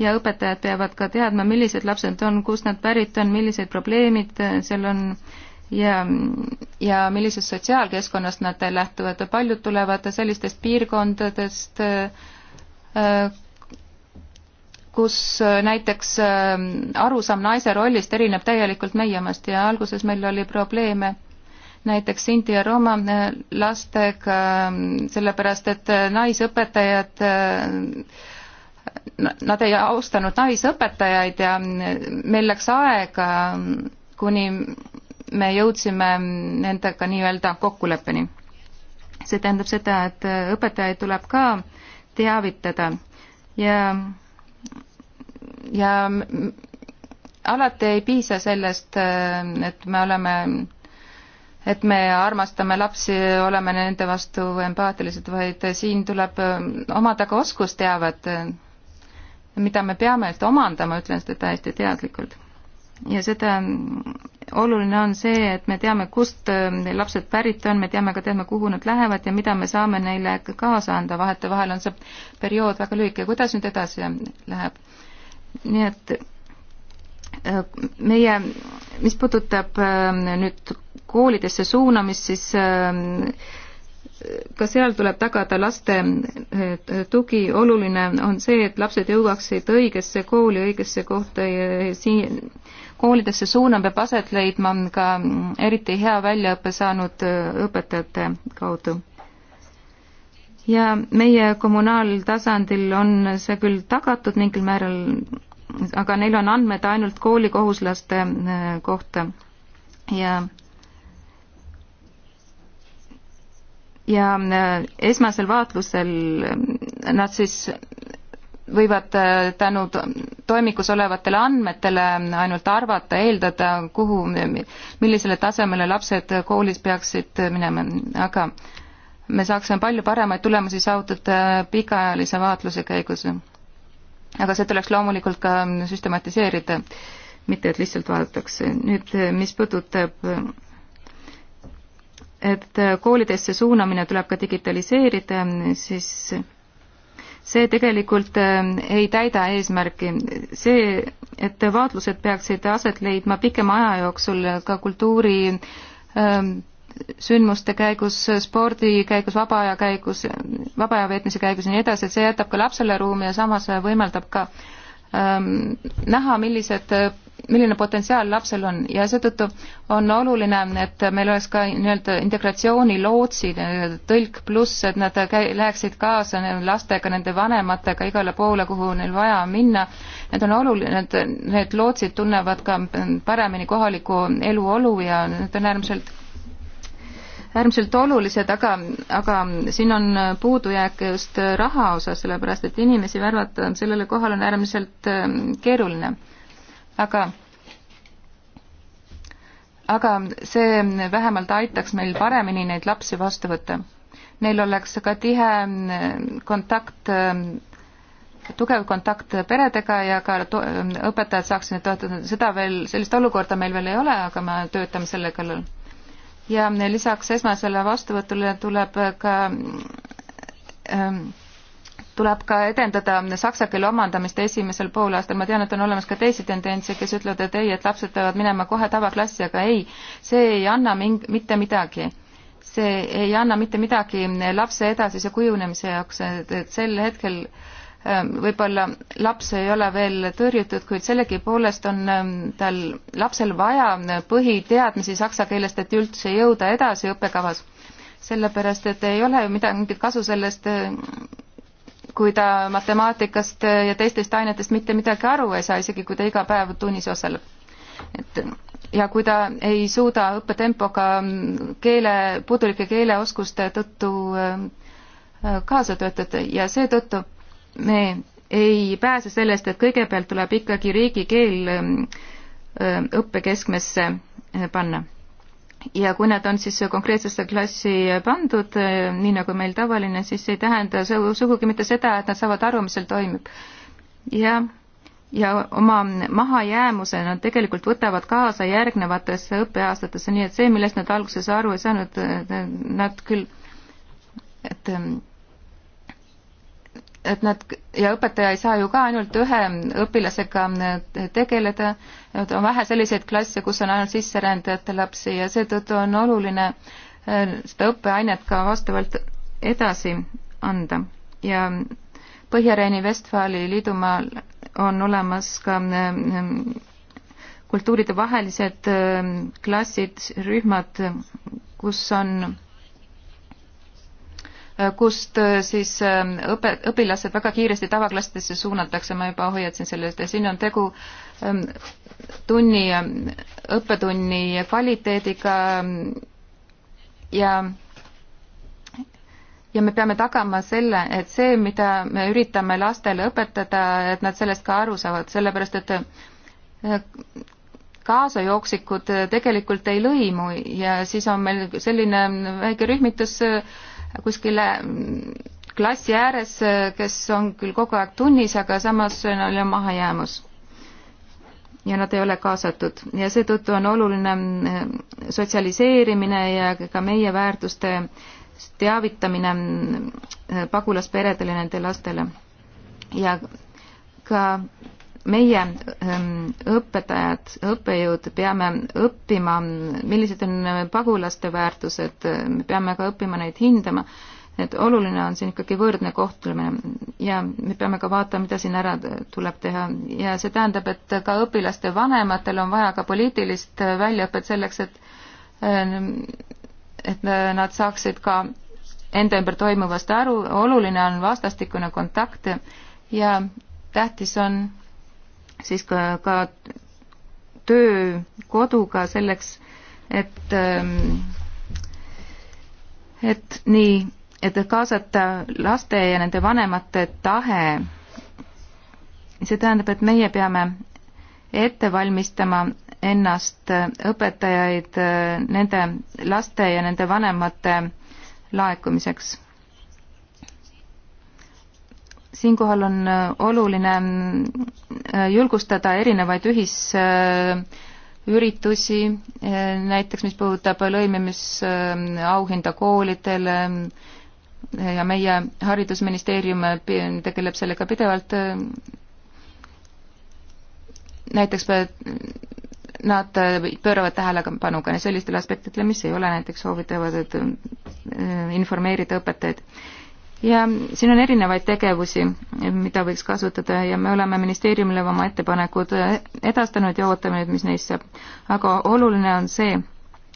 ja õpetajad peavad ka teadma, millised lapsed on, kust nad pärit on, millised probleemid seal on ja, ja millisest sotsiaalkeskkonnast nad lähtuvad. paljud tulevad sellistest piirkondadest, kus näiteks äh, arusaam naise rollist erineb täielikult meie omast ja alguses meil oli probleeme näiteks indi ja roma äh, lastega, ähm, sellepärast et äh, naisõpetajad, äh, nad ei austanud naisõpetajaid ja meil läks aega, ähm, kuni me jõudsime ähm, nendega nii-öelda kokkuleppeni. see tähendab seda, et õpetajaid tuleb ka teavitada ja, ja alati ei piisa sellest, et me oleme et me armastame lapsi, oleme nende vastu empaatilised, vaid siin tuleb ähm, omada ka oskusteavet, äh, mida me peame omandama, ütlen seda täiesti teadlikult. ja seda, ähm, oluline on see, et me teame, kust ähm, lapsed pärit on, me teame ka, teame, kuhu nad lähevad ja mida me saame neile kaasa anda, vahetevahel on see periood väga lühike, kuidas nüüd edasi läheb? nii et meie, mis puudutab ähm, nüüd koolidesse suunamist, siis ähm, ka seal tuleb tagada laste äh, tugi, oluline on see, et lapsed jõuaksid õigesse kooli, õigesse kohta ja siin koolidesse suunam peab aset leidma ka mm, eriti hea väljaõppe saanud äh, õpetajate kaudu. ja meie kommunaaltasandil on see küll tagatud mingil määral, aga neil on andmed ainult koolikohuslaste äh, kohta ja ja äh, esmasel vaatlusel äh, nad siis võivad tänu toimikus olevatele andmetele ainult arvata, eeldada, kuhu, millisele tasemele lapsed koolis peaksid minema, aga me saaksime palju paremaid tulemusi saavutada pikaajalise vaatluse käigus aga see tuleks loomulikult ka mm, süstematiseerida, mitte et lihtsalt vaadatakse. nüüd, mis puudutab et koolidesse suunamine tuleb ka digitaliseerida, siis see tegelikult eh, ei täida eesmärki. see, et vaatlused peaksid aset leidma pikema aja jooksul ka kultuuri ähm, sündmuste käigus, spordi käigus, vaba aja käigus, vaba aja veetmise käigus ja nii edasi, et see jätab ka lapsele ruumi ja samas võimaldab ka ähm, näha, millised, milline potentsiaal lapsel on ja seetõttu on oluline, et meil oleks ka nii-öelda integratsioonilootsid, tõlk pluss, et nad käi-, läheksid kaasa lastega, nende vanematega igale poole, kuhu neil vaja minna. Need on oluline, et need lootsid tunnevad ka paremini kohalikku eluolu ja need on äärmiselt äärmiselt olulised, aga, aga siin on puudujääk just raha osas, sellepärast et inimesi värvata sellele kohale on äärmiselt ähm, keeruline. aga, aga see vähemalt aitaks meil paremini neid lapsi vastu võtta. Neil oleks ka tihe ähm, kontakt, ähm, tugev kontakt peredega ja ka õpetajad saaksid neid toetada, seda veel, sellist olukorda meil veel ei ole, aga me töötame selle kallal ja lisaks esmasele vastuvõtule tuleb ka ähm, tuleb ka edendada saksa keele omandamist esimesel poolaastal, ma tean, et on olemas ka teisi tendentse, kes ütlevad, et ei, et lapsed peavad minema kohe tavaklassi, aga ei, see ei anna ming-, mitte midagi. see ei anna mitte midagi lapse edasise kujunemise jaoks, et, et sel hetkel äh, Ehm, võib-olla laps ei ole veel tõrjutud, kuid sellegipoolest on ehm, tal, lapsel vaja ehm, põhiteadmisi saksa keelest, et üldse jõuda edasi õppekavas. sellepärast, et ei ole ju midagi, mingit kasu sellest, kui ta matemaatikast ja teistest ainetest mitte midagi aru ei saa, isegi kui ta iga päev tunnis osaleb. et ja kui ta ei suuda õppetempoga keele, pudulike keeleoskuste tõttu kaasa töötada ja seetõttu me ei pääse sellest, et kõigepealt tuleb ikkagi riigikeel ähm, ähm, õppekeskmesse äh, panna. ja kui nad on siis konkreetsesse klassi pandud, äh, nii nagu meil tavaline, siis ei tähenda see sugugi mitte seda, et nad saavad aru, mis seal toimub. ja, ja oma mahajäämuse nad tegelikult võtavad kaasa järgnevatesse õppeaastatesse, nii et see, millest nad alguses aru ei saanud, äh, nad küll, et ähm, et nad ja õpetaja ei saa ju ka ainult ühe õpilasega mm, tegeleda, et on vähe selliseid klasse, kus on ainult sisserändajate lapsi ja seetõttu on oluline äh, seda õppeainet ka vastavalt edasi anda ja Põhja-Reini Vestfaali liidumaal on olemas ka mm, kultuuride vahelised mm, klassid, rühmad, kus on kust äh, siis äh, õpe, õpilased väga kiiresti tavaklassidesse suunatakse, ma juba hoiatasin selle eest ja siin on tegu ähm, tunni, õppetunni kvaliteediga ähm, ja ja me peame tagama selle, et see, mida me üritame lastele õpetada, et nad sellest ka aru saavad, sellepärast et äh, kaasajooksikud tegelikult ei lõimu ja siis on meil selline väike rühmitus äh, kuskile mm, klassi ääres, kes on küll kogu aeg tunnis, aga samas neil on mahajäämus. ja nad ei ole kaasatud ja seetõttu on oluline mm, sotsialiseerimine ja ka meie väärtuste teavitamine mm, pagulasperedele, nende lastele. ja ka meie ähm, õpetajad, õppejõud peame õppima, millised on pagulaste väärtused, me peame ka õppima neid hindama, et oluline on siin ikkagi võrdne kohtlemine ja me peame ka vaatama, mida siin ära tuleb teha ja see tähendab, et ka õpilaste vanematel on vaja ka poliitilist väljaõpet selleks, et äh, et nad saaksid ka enda ümber toimuvast aru, oluline on vastastikune kontakt ja tähtis on siis ka, ka töö koduga selleks, et, ähm, et nii, et kaasata laste ja nende vanemate tahe. see tähendab, et meie peame ette valmistama ennast õpetajaid äh, nende laste ja nende vanemate laekumiseks siinkohal on äh, oluline äh, julgustada erinevaid ühisüritusi, äh, näiteks mis puudutab lõimimisauhinda koolidele ja meie Haridusministeerium tegeleb sellega pidevalt, näiteks nad pööravad tähelepanu ka sellistele aspektidele, mis ei ole näiteks soovitavad informeerida õpetajaid ja siin on erinevaid tegevusi, mida võiks kasutada ja me oleme ministeeriumile oma ettepanekud edastanud ja ootame nüüd, mis neist saab. aga oluline on see,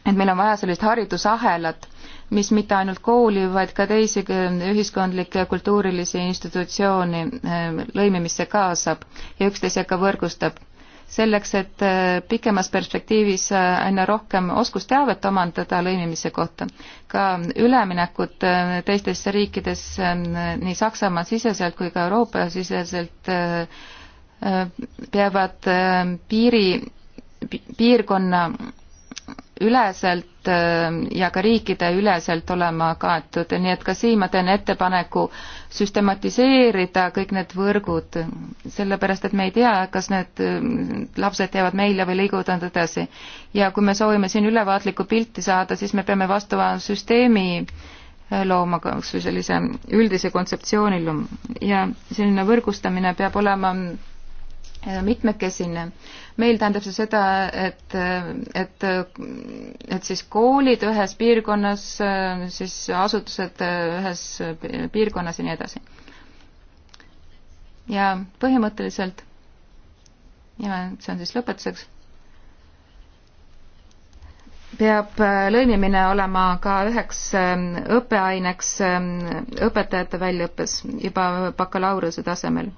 et meil on vaja sellist haridusahelat, mis mitte ainult kooli, vaid ka teisi ühiskondlikke kultuurilisi institutsiooni lõimimisse kaasab ja üksteisega võrgustab selleks, et äh, pikemas perspektiivis äh, aina rohkem oskusteavet omandada lõimimise kohta. ka üleminekud äh, teistesse riikidesse ähm, nii Saksamaa siseselt kui ka Euroopa siseselt peavad ähm, piiri, piirkonna üleselt ähm, ja ka riikide üleselt olema kaetud, nii et ka siin ma teen ettepaneku süstematiseerida kõik need võrgud, sellepärast et me ei tea, kas need ähm, lapsed jäävad meile või liiguvad nad edasi. ja kui me soovime siin ülevaatlikku pilti saada, siis me peame vastava süsteemi äh, looma kas või sellise üldise kontseptsiooni looma ja selline võrgustamine peab olema Äh, mitmekesine. meil tähendab see seda, et, et, et siis koolid ühes piirkonnas, siis asutused ühes piirkonnas ja nii edasi. ja põhimõtteliselt, ja see on siis lõpetuseks, peab lõimimine olema ka üheks ähm, õppeaineks ähm, õpetajate väljaõppes juba bakalaureuse tasemel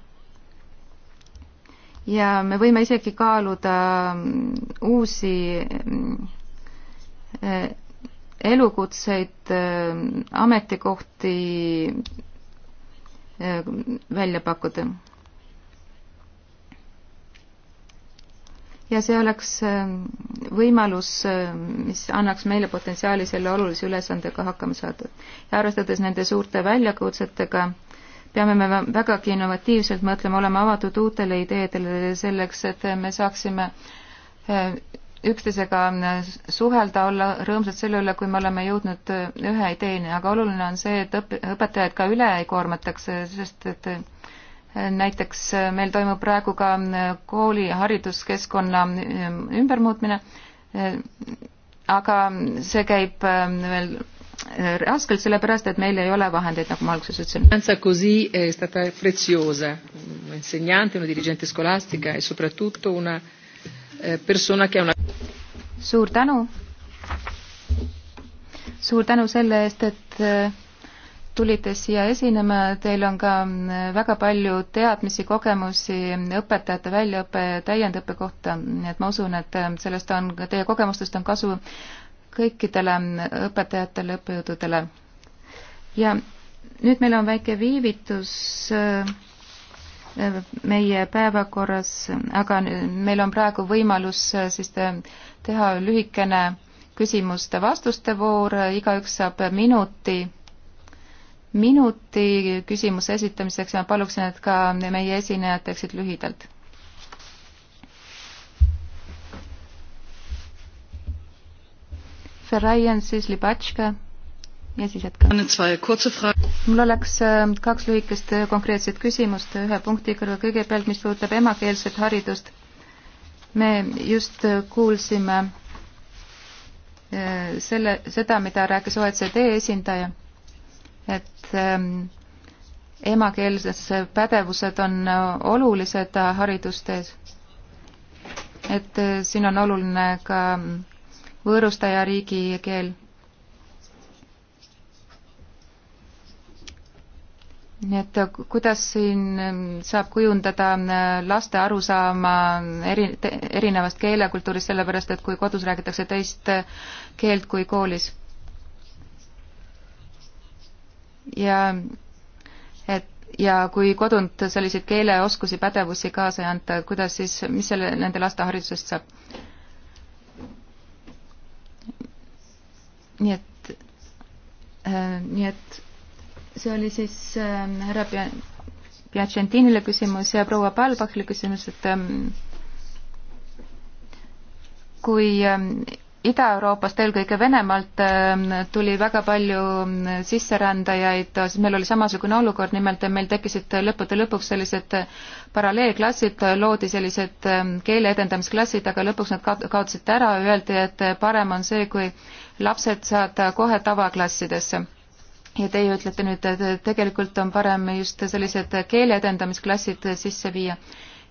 ja me võime isegi kaaluda mm, uusi mm, eh, elukutseid, eh, ametikohti eh, välja pakkuda. ja see oleks võimalus, mis annaks meile potentsiaali selle olulise ülesandega hakkama saada. ja arvestades nende suurte väljakutsetega, peame me vägagi innovatiivselt mõtlema, olema avatud uutele ideedele selleks, et me saaksime eh, üksteisega eh, suhelda, olla rõõmsad selle üle, kui me oleme jõudnud eh, ühe ideeni, aga oluline on see, et õp-, õpetajaid ka üle ei koormataks, sest et näiteks meil toimub praegu ka kooli hariduskeskkonna ümbermuutmine, aga see käib veel raskelt, sellepärast et meil ei ole vahendeid, nagu ma alguses ütlesin. così è stata preziosa, insegnante, una dirigente scolastica e soprattutto una eh, persona che ha una suur tänu, suur tänu selle eest, et eh, tulite siia esinema, teil on ka mm, väga palju teadmisi, kogemusi õpetajate väljaõppe ja täiendõppe kohta, nii et ma usun, et eh, sellest on, teie kogemustest on kasu kõikidele õpetajatele, õppejõududele. ja nüüd meil on väike viivitus äh, meie päevakorras, aga meil on praegu võimalus äh, siis äh, teha lühikene küsimuste-vastuste voor, igaüks saab minuti, minuti küsimuse esitamiseks ja ma paluksin, et ka meie esinejad teeksid lühidalt Ferrajan, siis Libatška ja siis jätkame. mul oleks ähm, kaks lühikest äh, konkreetset küsimust ühe punkti kõrval. kõigepealt, mis puudutab emakeelset haridust. me just äh, kuulsime äh, selle, seda, mida rääkis OECD esindaja, et ähm, emakeelses pädevused on olulised haridustees. et siin on oluline ka võõrustaja riigikeel. nii et kuidas siin ähm, saab kujundada äh, laste arusaama eri, erinevast keelekultuurist, sellepärast et kui kodus räägitakse teist äh, keelt kui koolis? ja et ja kui kodunt selliseid keeleoskusi, pädevusi kaasa ei anta, kuidas siis, mis selle, nende laste haridusest saab? nii et äh,, nii et see oli siis äh, härra Piacentinile küsimus ja proua Palbachile küsimus, et äh, kui äh, Ida-Euroopast, eelkõige Venemaalt ähm, tuli väga palju ähm, sisserändajaid, äh, siis meil oli samasugune olukord, nimelt meil tekkisid lõppude lõpuks sellised äh, paralleelklassid, äh, loodi sellised ähm, keele edendamisklassid, aga lõpuks nad kaotasid ära, öeldi, et parem on see, kui lapsed saada kohe tavaklassidesse. ja teie ütlete nüüd, et tegelikult on parem just sellised keele edendamisklassid sisse viia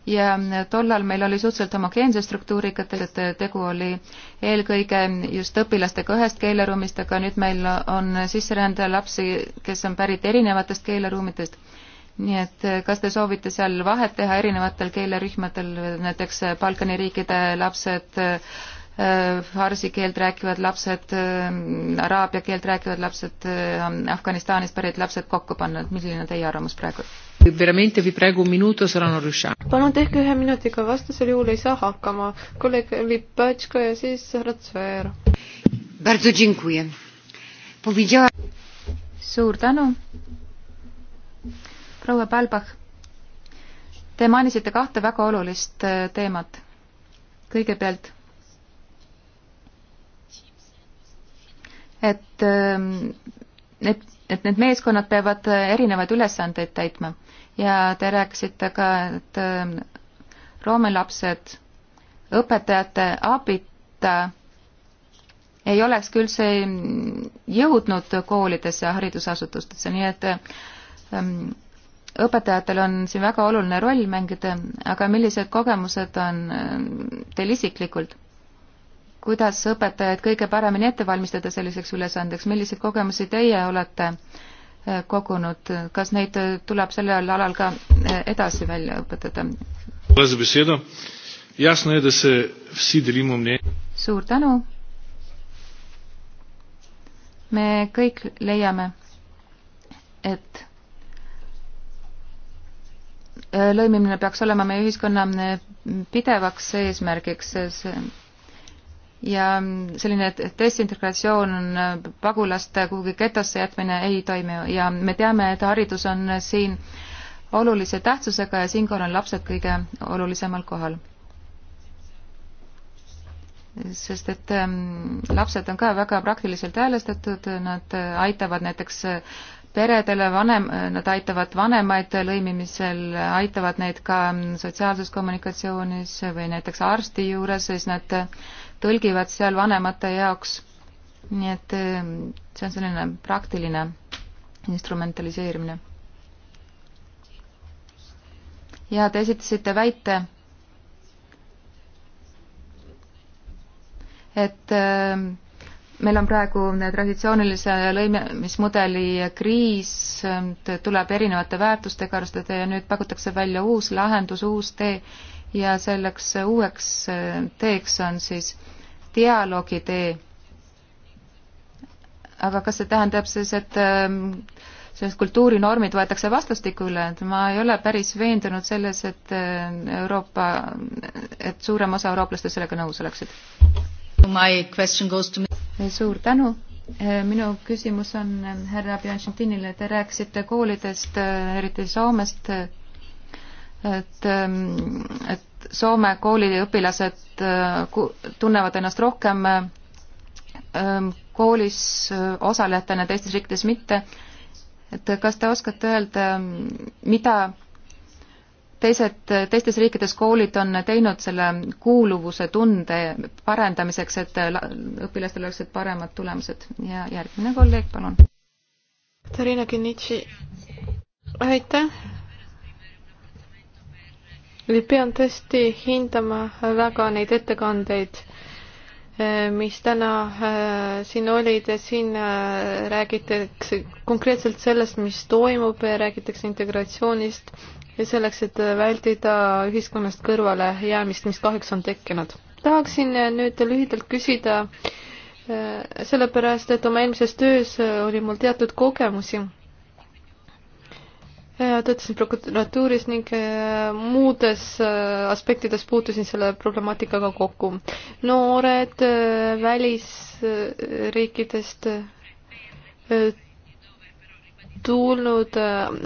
ja tollal meil oli suhteliselt homogeense struktuuriga, et tegu oli eelkõige just õpilastega ühest keeleruumist, aga nüüd meil on sisserändaja lapsi, kes on pärit erinevatest keeleruumidest. nii et kas te soovite seal vahet teha erinevatel keelerühmadel, näiteks Balkani riikide lapsed äh,, Äh, farsi keelt rääkivad lapsed, äh, araabia keelt rääkivad lapsed, äh, Afganistanist pärit lapsed kokku panna, et milline on teie arvamus praegu? palun tehke ühe minutiga, vastasel juhul ei saa hakkama. kolleeg Lipatško ja siis härra Zver. suur tänu. proua Palbach, te mainisite kahte väga olulist teemat. kõigepealt et need, ähm, et need meeskonnad peavad äh, erinevaid ülesandeid täitma ja te rääkisite ka, et ähm, roomelapsed õpetajate abita ei olekski üldse mm, jõudnud koolidesse ja haridusasutustesse, nii et ähm, õpetajatel on siin väga oluline roll mängida, aga millised kogemused on ähm, teil isiklikult? kuidas õpetajaid kõige paremini ette valmistada selliseks ülesandeks, milliseid kogemusi teie olete eh, kogunud, kas neid eh, tuleb sellel alal ka eh, edasi välja õpetada? suur tänu. me kõik leiame, et lõimimine peaks olema meie ühiskonna pidevaks eesmärgiks, see ja mm, selline desintegratsioon, äh, pagulaste kuhugi getosse jätmine ei toimi ja me teame, et haridus on äh, siin olulise tähtsusega ja siinkohal on lapsed kõige olulisemal kohal. sest et ähm, lapsed on ka väga praktiliselt häälestatud, nad äh, aitavad näiteks peredele vanem, nad aitavad vanemaid lõimimisel, aitavad neid ka mm, sotsiaalses kommunikatsioonis või näiteks arsti juures, siis nad tõlgivad seal vanemate jaoks. nii et eh, see on selline praktiline instrumentaliseerimine. ja te esitasite väite, et eh, meil on praegu traditsioonilise lõimimismudeli kriis, tuleb erinevate väärtustega arvestada ja nüüd pakutakse välja uus lahendus, uus tee ja selleks eh, uueks teeks on siis dialoogi tee. aga kas see tähendab siis, et ähm, sellest kultuurinormid võetakse vastastikku üle, et ma ei ole päris veendunud selles, et ähm, Euroopa, et suurem osa eurooplastest sellega nõus oleksid. Äh, suur tänu, äh, minu küsimus on ähm, härra Bianchettinile, te rääkisite koolidest, äh, eriti Soomest, et, et Soome kooliõpilased äh, tunnevad ennast rohkem äh, ähm, koolis äh, osalejatena, teistes riikides mitte. et kas te oskate öelda, mida teised, teistes riikides koolid on teinud selle kuuluvuse tunde parendamiseks, et õpilastel oleksid paremad tulemused ja järgmine kolleeg, palun. Tarina Kinnitši, aitäh pean tõesti hindama väga neid ettekandeid, eh, mis täna eh, siin olid, siin eh, räägitakse konkreetselt sellest, mis toimub, räägitakse integratsioonist ja selleks, et vältida ühiskonnast kõrvalejäämist, mis kahjuks on tekkinud. tahaksin nüüd lühidalt küsida, sellepärast et oma eelmises töös oli mul teatud kogemusi töötasin prokuratuuris ning äh, muudes äh, aspektides puutusin selle problemaatikaga kokku. noored äh, välisriikidest tulnud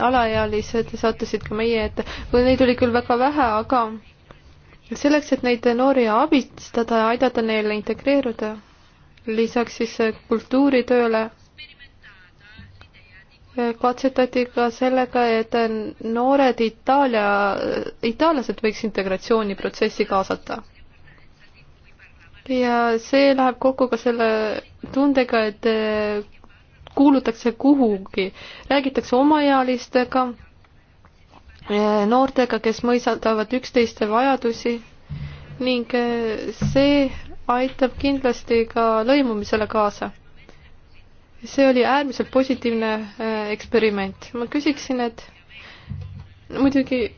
alaealised sattusid ka meie ette, neid oli küll väga vähe, aga selleks, et neid noori abistada ja aidata neil integreeruda, lisaks siis kultuuritööle katsetati ka sellega, et noored Itaalia, itaallased võiks integratsiooniprotsessi kaasata. ja see läheb kokku ka selle tundega, et kuulutakse kuhugi, räägitakse omaealistega, noortega, kes mõistavad üksteiste vajadusi ning see aitab kindlasti ka lõimumisele kaasa see oli äärmiselt positiivne äh, eksperiment. ma küsiksin, et muidugi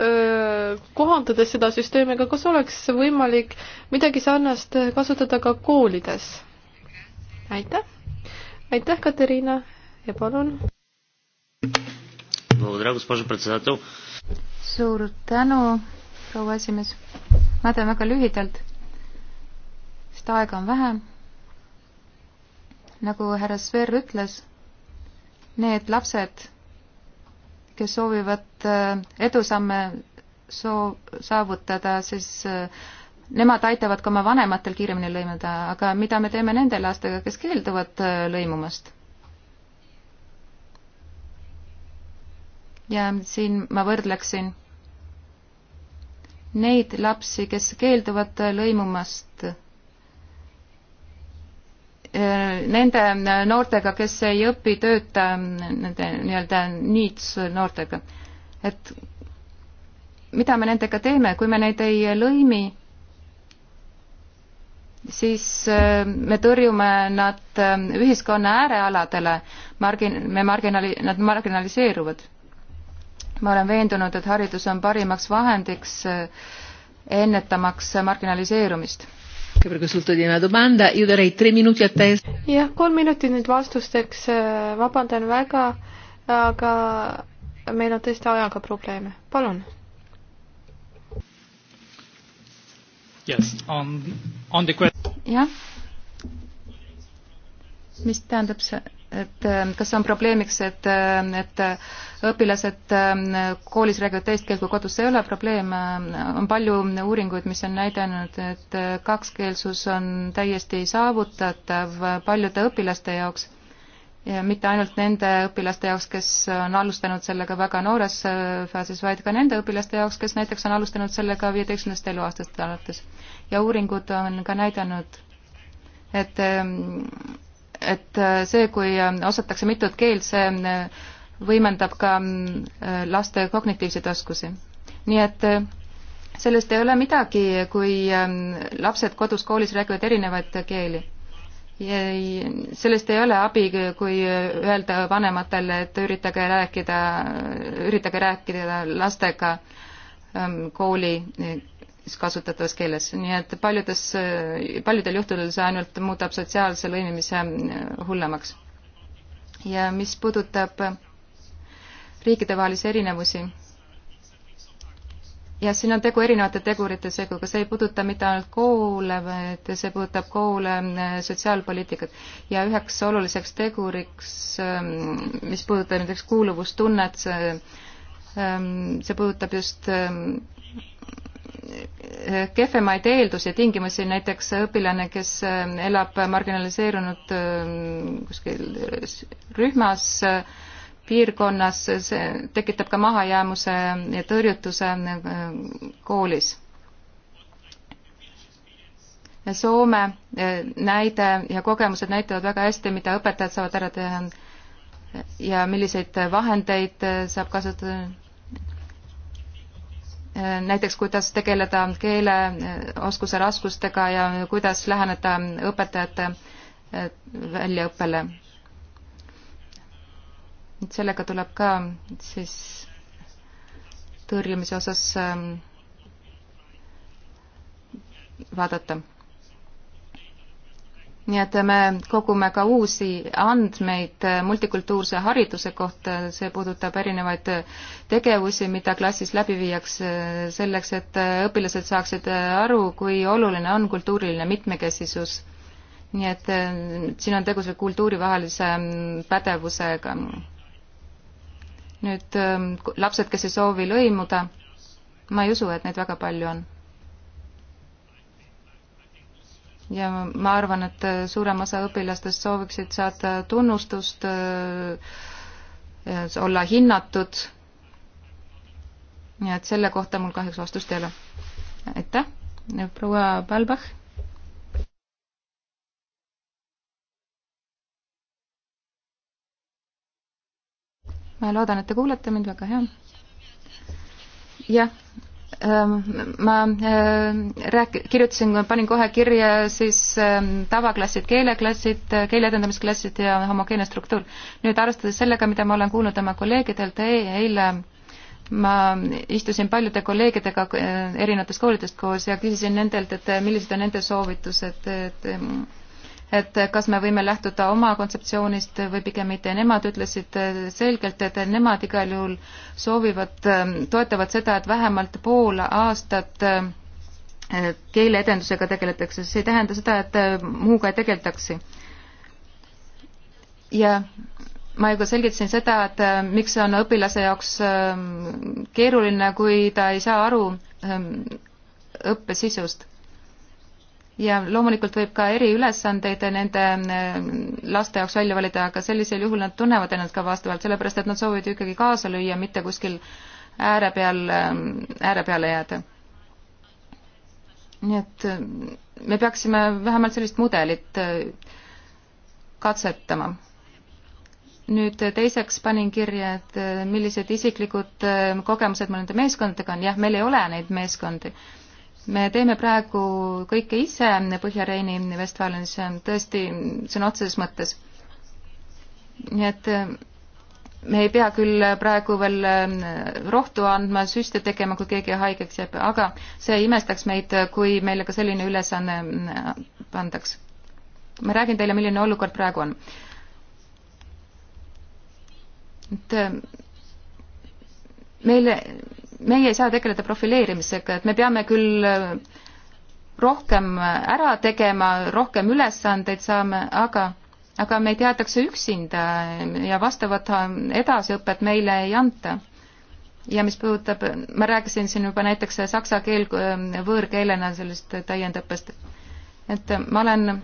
äh, kohandades seda süsteemi, aga kas oleks võimalik midagi sarnast kasutada ka koolides? aitäh, aitäh, Katariina ja palun. suur tänu, proua esimees. ma teen väga lühidalt, sest aega on vähe nagu härra Sver ütles, need lapsed, kes soovivad äh, edusamme soov, saavutada, siis äh, nemad aitavad ka oma vanematel kiiremini lõimuda, aga mida me teeme nende lastega, kes keelduvad äh, lõimumast? ja siin ma võrdleksin neid lapsi, kes keelduvad lõimumast Äh, nende noortega, kes ei õpi, tööta nende nii-öelda needs noortega. et mida me nendega teeme, kui me neid ei lõimi, siis äh, me tõrjume nad äh, ühiskonna äärealadele, margin-, me marginali-, nad marginaliseeruvad. ma olen veendunud, et haridus on parimaks vahendiks ennetamaks marginaliseerumist jah, kolm minutit nüüd vastusteks, äh, vabandan väga, aga meil on tõesti ajaga probleeme, palun. jah, mis tähendab see et ähm, kas on probleemiks, et, ähm, et äh, õpilased ähm, koolis räägivad teist keelt kui kodus, see ei ole probleem, on palju uuringuid, mis on näidanud, et äh, kakskeelsus on täiesti saavutatav paljude õpilaste jaoks ja mitte ainult nende õpilaste jaoks, kes on alustanud sellega väga noores äh, faasis, vaid ka nende õpilaste jaoks, kes näiteks on alustanud sellega viieteistkümnendast eluaastast alates. ja uuringud on ka näidanud, et et äh, see, kui äh, osatakse mitut keelt, see äh, võimendab ka mm, laste kognitiivseid oskusi. nii et sellest ei ole midagi, kui ähm, lapsed kodus, koolis räägivad erinevaid keeli. sellest ei ole abi, kui öelda vanematele, et üritage rääkida, üritage rääkida lastega ähm, kooli kasutatavas keeles, nii et paljudes, paljudel juhtudel see ainult muudab sotsiaalse lõimimise äh, hullemaks. ja mis puudutab riikidevahelisi erinevusi, jah, siin on tegu erinevate tegurite seguga, see ei puuduta mitte ainult koole, vaid see puudutab koole, äh, sotsiaalpoliitikat. ja üheks oluliseks teguriks, ähm, mis puudutab näiteks kuuluvustunnet, see ähm, see puudutab just ähm, kehvemaid eeldusi ja tingimusi, näiteks õpilane, kes äh, elab marginaliseerunud äh, kuskil rühmas, äh, piirkonnas, see tekitab ka mahajäämuse ja tõrjutuse koolis. Soome näide ja kogemused näitavad väga hästi, mida õpetajad saavad ära teha ja milliseid vahendeid saab kasutada näiteks kuidas tegeleda keeleoskuse raskustega ja kuidas läheneda õpetajate eh, väljaõppele. et sellega tuleb ka siis tõrjumise osas eh, vaadata nii et me kogume ka uusi andmeid multikultuurse hariduse kohta, see puudutab erinevaid tegevusi, mida klassis läbi viiakse selleks, et õpilased saaksid aru, kui oluline on kultuuriline mitmekesisus. nii et mm, siin on tegu selle kultuurivahelise mm, pädevusega. nüüd mm, lapsed, kes ei soovi lõimuda, ma ei usu, et neid väga palju on ja ma arvan, et äh, suurem osa õpilastest sooviksid saada tunnustust, äh, olla hinnatud. nii et selle kohta mul kahjuks vastust ei ole. aitäh, proua Palbach. ma loodan, et te kuulate mind, väga hea. jah Ähm, ma äh, rääk-, kirjutasin, panin kohe kirja siis ähm, tavaklassid, keeleklassid, äh, keele edendamisklassid ja homogeenne struktuur. nüüd arvestades sellega, mida ma olen kuulnud oma kolleegidelt e, eile ma istusin paljude kolleegidega äh, erinevatest koolidest koos ja küsisin nendelt, et millised on nende soovitused, et, et et kas me võime lähtuda oma kontseptsioonist või pigem mitte. Nemad ütlesid äh, selgelt, et nemad igal juhul soovivad, ähm, toetavad seda, et vähemalt pool aastat äh, keeleedendusega tegeletakse, see ei tähenda seda, et äh, muuga ei tegeldaks. ja ma juba selgitasin seda, et miks see on õpilase jaoks ähm, keeruline, kui ta ei saa aru ähm, õppe sisust ja loomulikult võib ka eriülesandeid nende äh, laste jaoks välja valida, aga sellisel juhul nad tunnevad ennast ka vastavalt, sellepärast et nad soovivad ju ikkagi kaasa lüüa, mitte kuskil ääre peal, äh, ääre peale jääda. nii et äh, me peaksime vähemalt sellist mudelit katsetama. nüüd teiseks panin kirja, et millised isiklikud kogemused mul nende meeskondadega on, jah, meil ei ole neid meeskondi me teeme praegu kõike ise Põhja-Reini Vestfalenis, tõesti sõna otseses mõttes. nii et äh, me ei pea küll praegu veel äh, rohtu andma, süste tegema, kui keegi haigeks jääb, aga see imestaks meid, kui meile ka selline ülesanne äh, pandaks. ma räägin teile, milline olukord praegu on. et meil meie ei saa tegeleda profileerimisega, et me peame küll äh, rohkem äh, ära tegema, rohkem ülesandeid saame, aga, aga meid jäetakse üksinda ja vastavat äh, edasiõpet meile ei anta. ja mis puudutab, ma rääkisin siin juba näiteks saksa keel võõrkeelena sellest täiendõppest, et ma olen,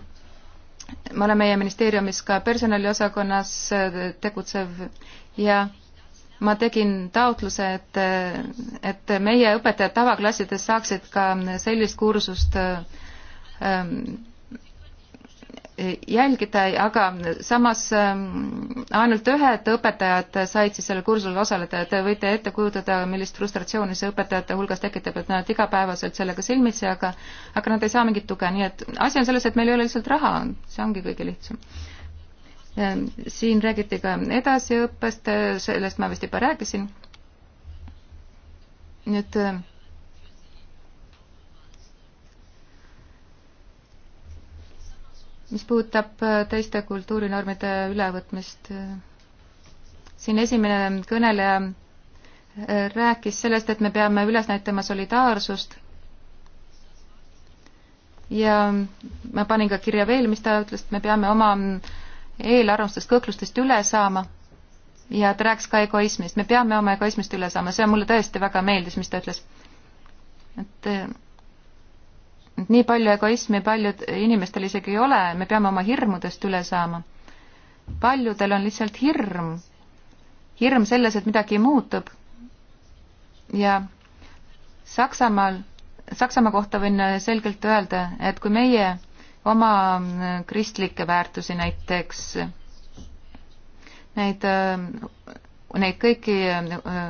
ma olen meie ministeeriumis ka personaliosakonnas tegutsev ja ma tegin taotluse, et, et meie õpetajad tavaklassides saaksid ka sellist kursust ähm, jälgida, aga samas ähm, ainult ühed õpetajad said siis sellel kursusel osaleda ja te võite ette kujutada, millist frustratsiooni see õpetajate hulgas tekitab, et nad igapäevaselt sellega silmitsi, aga aga nad ei saa mingit tuge, nii et asi on selles, et meil ei ole lihtsalt raha, see ongi kõige lihtsam Ehm, siin räägiti ka edasiõppest, eh, sellest ma vist juba rääkisin. nüüd eh, mis puudutab eh, teiste kultuurinormide ülevõtmist, siin esimene kõneleja rääkis sellest, et me peame üles näitama solidaarsust ja ma panin ka kirja veel, mis ta ütles, et me peame oma mm, eelarvamustest, kõhklustest üle saama ja ta rääkis ka egoismist, me peame oma egoismist üle saama, see mulle tõesti väga meeldis, mis ta ütles. et, et nii palju egoismi paljud inimestel isegi ei ole, me peame oma hirmudest üle saama. paljudel on lihtsalt hirm, hirm selles, et midagi muutub. ja Saksamaal, Saksamaa kohta võin selgelt öelda, et kui meie oma äh, kristlikke väärtusi näiteks, neid, äh, neid kõiki äh,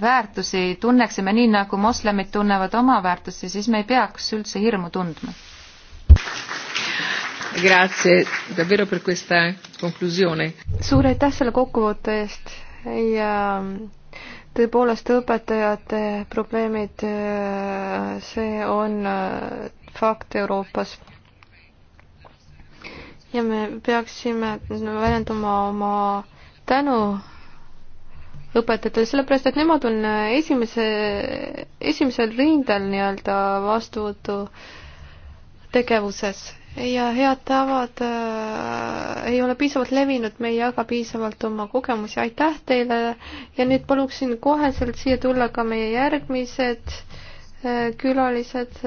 väärtusi tunneksime nii, nagu moslemid tunnevad oma väärtusi, siis me ei peaks üldse hirmu tundma. Grazie davvero per questa conclusione. suur aitäh selle kokkuvõtte eest ja ähm, tõepoolest õpetajate probleemid, see on fakt Euroopas. ja me peaksime väljendama oma tänu õpetajatele, sellepärast et nemad on esimese, esimesel rindel nii-öelda vastuvõtu tegevuses ja head tavad äh, ei ole piisavalt levinud, me ei jaga piisavalt oma kogemusi, aitäh teile ja nüüd paluksin koheselt siia tulla ka meie järgmised äh, külalised,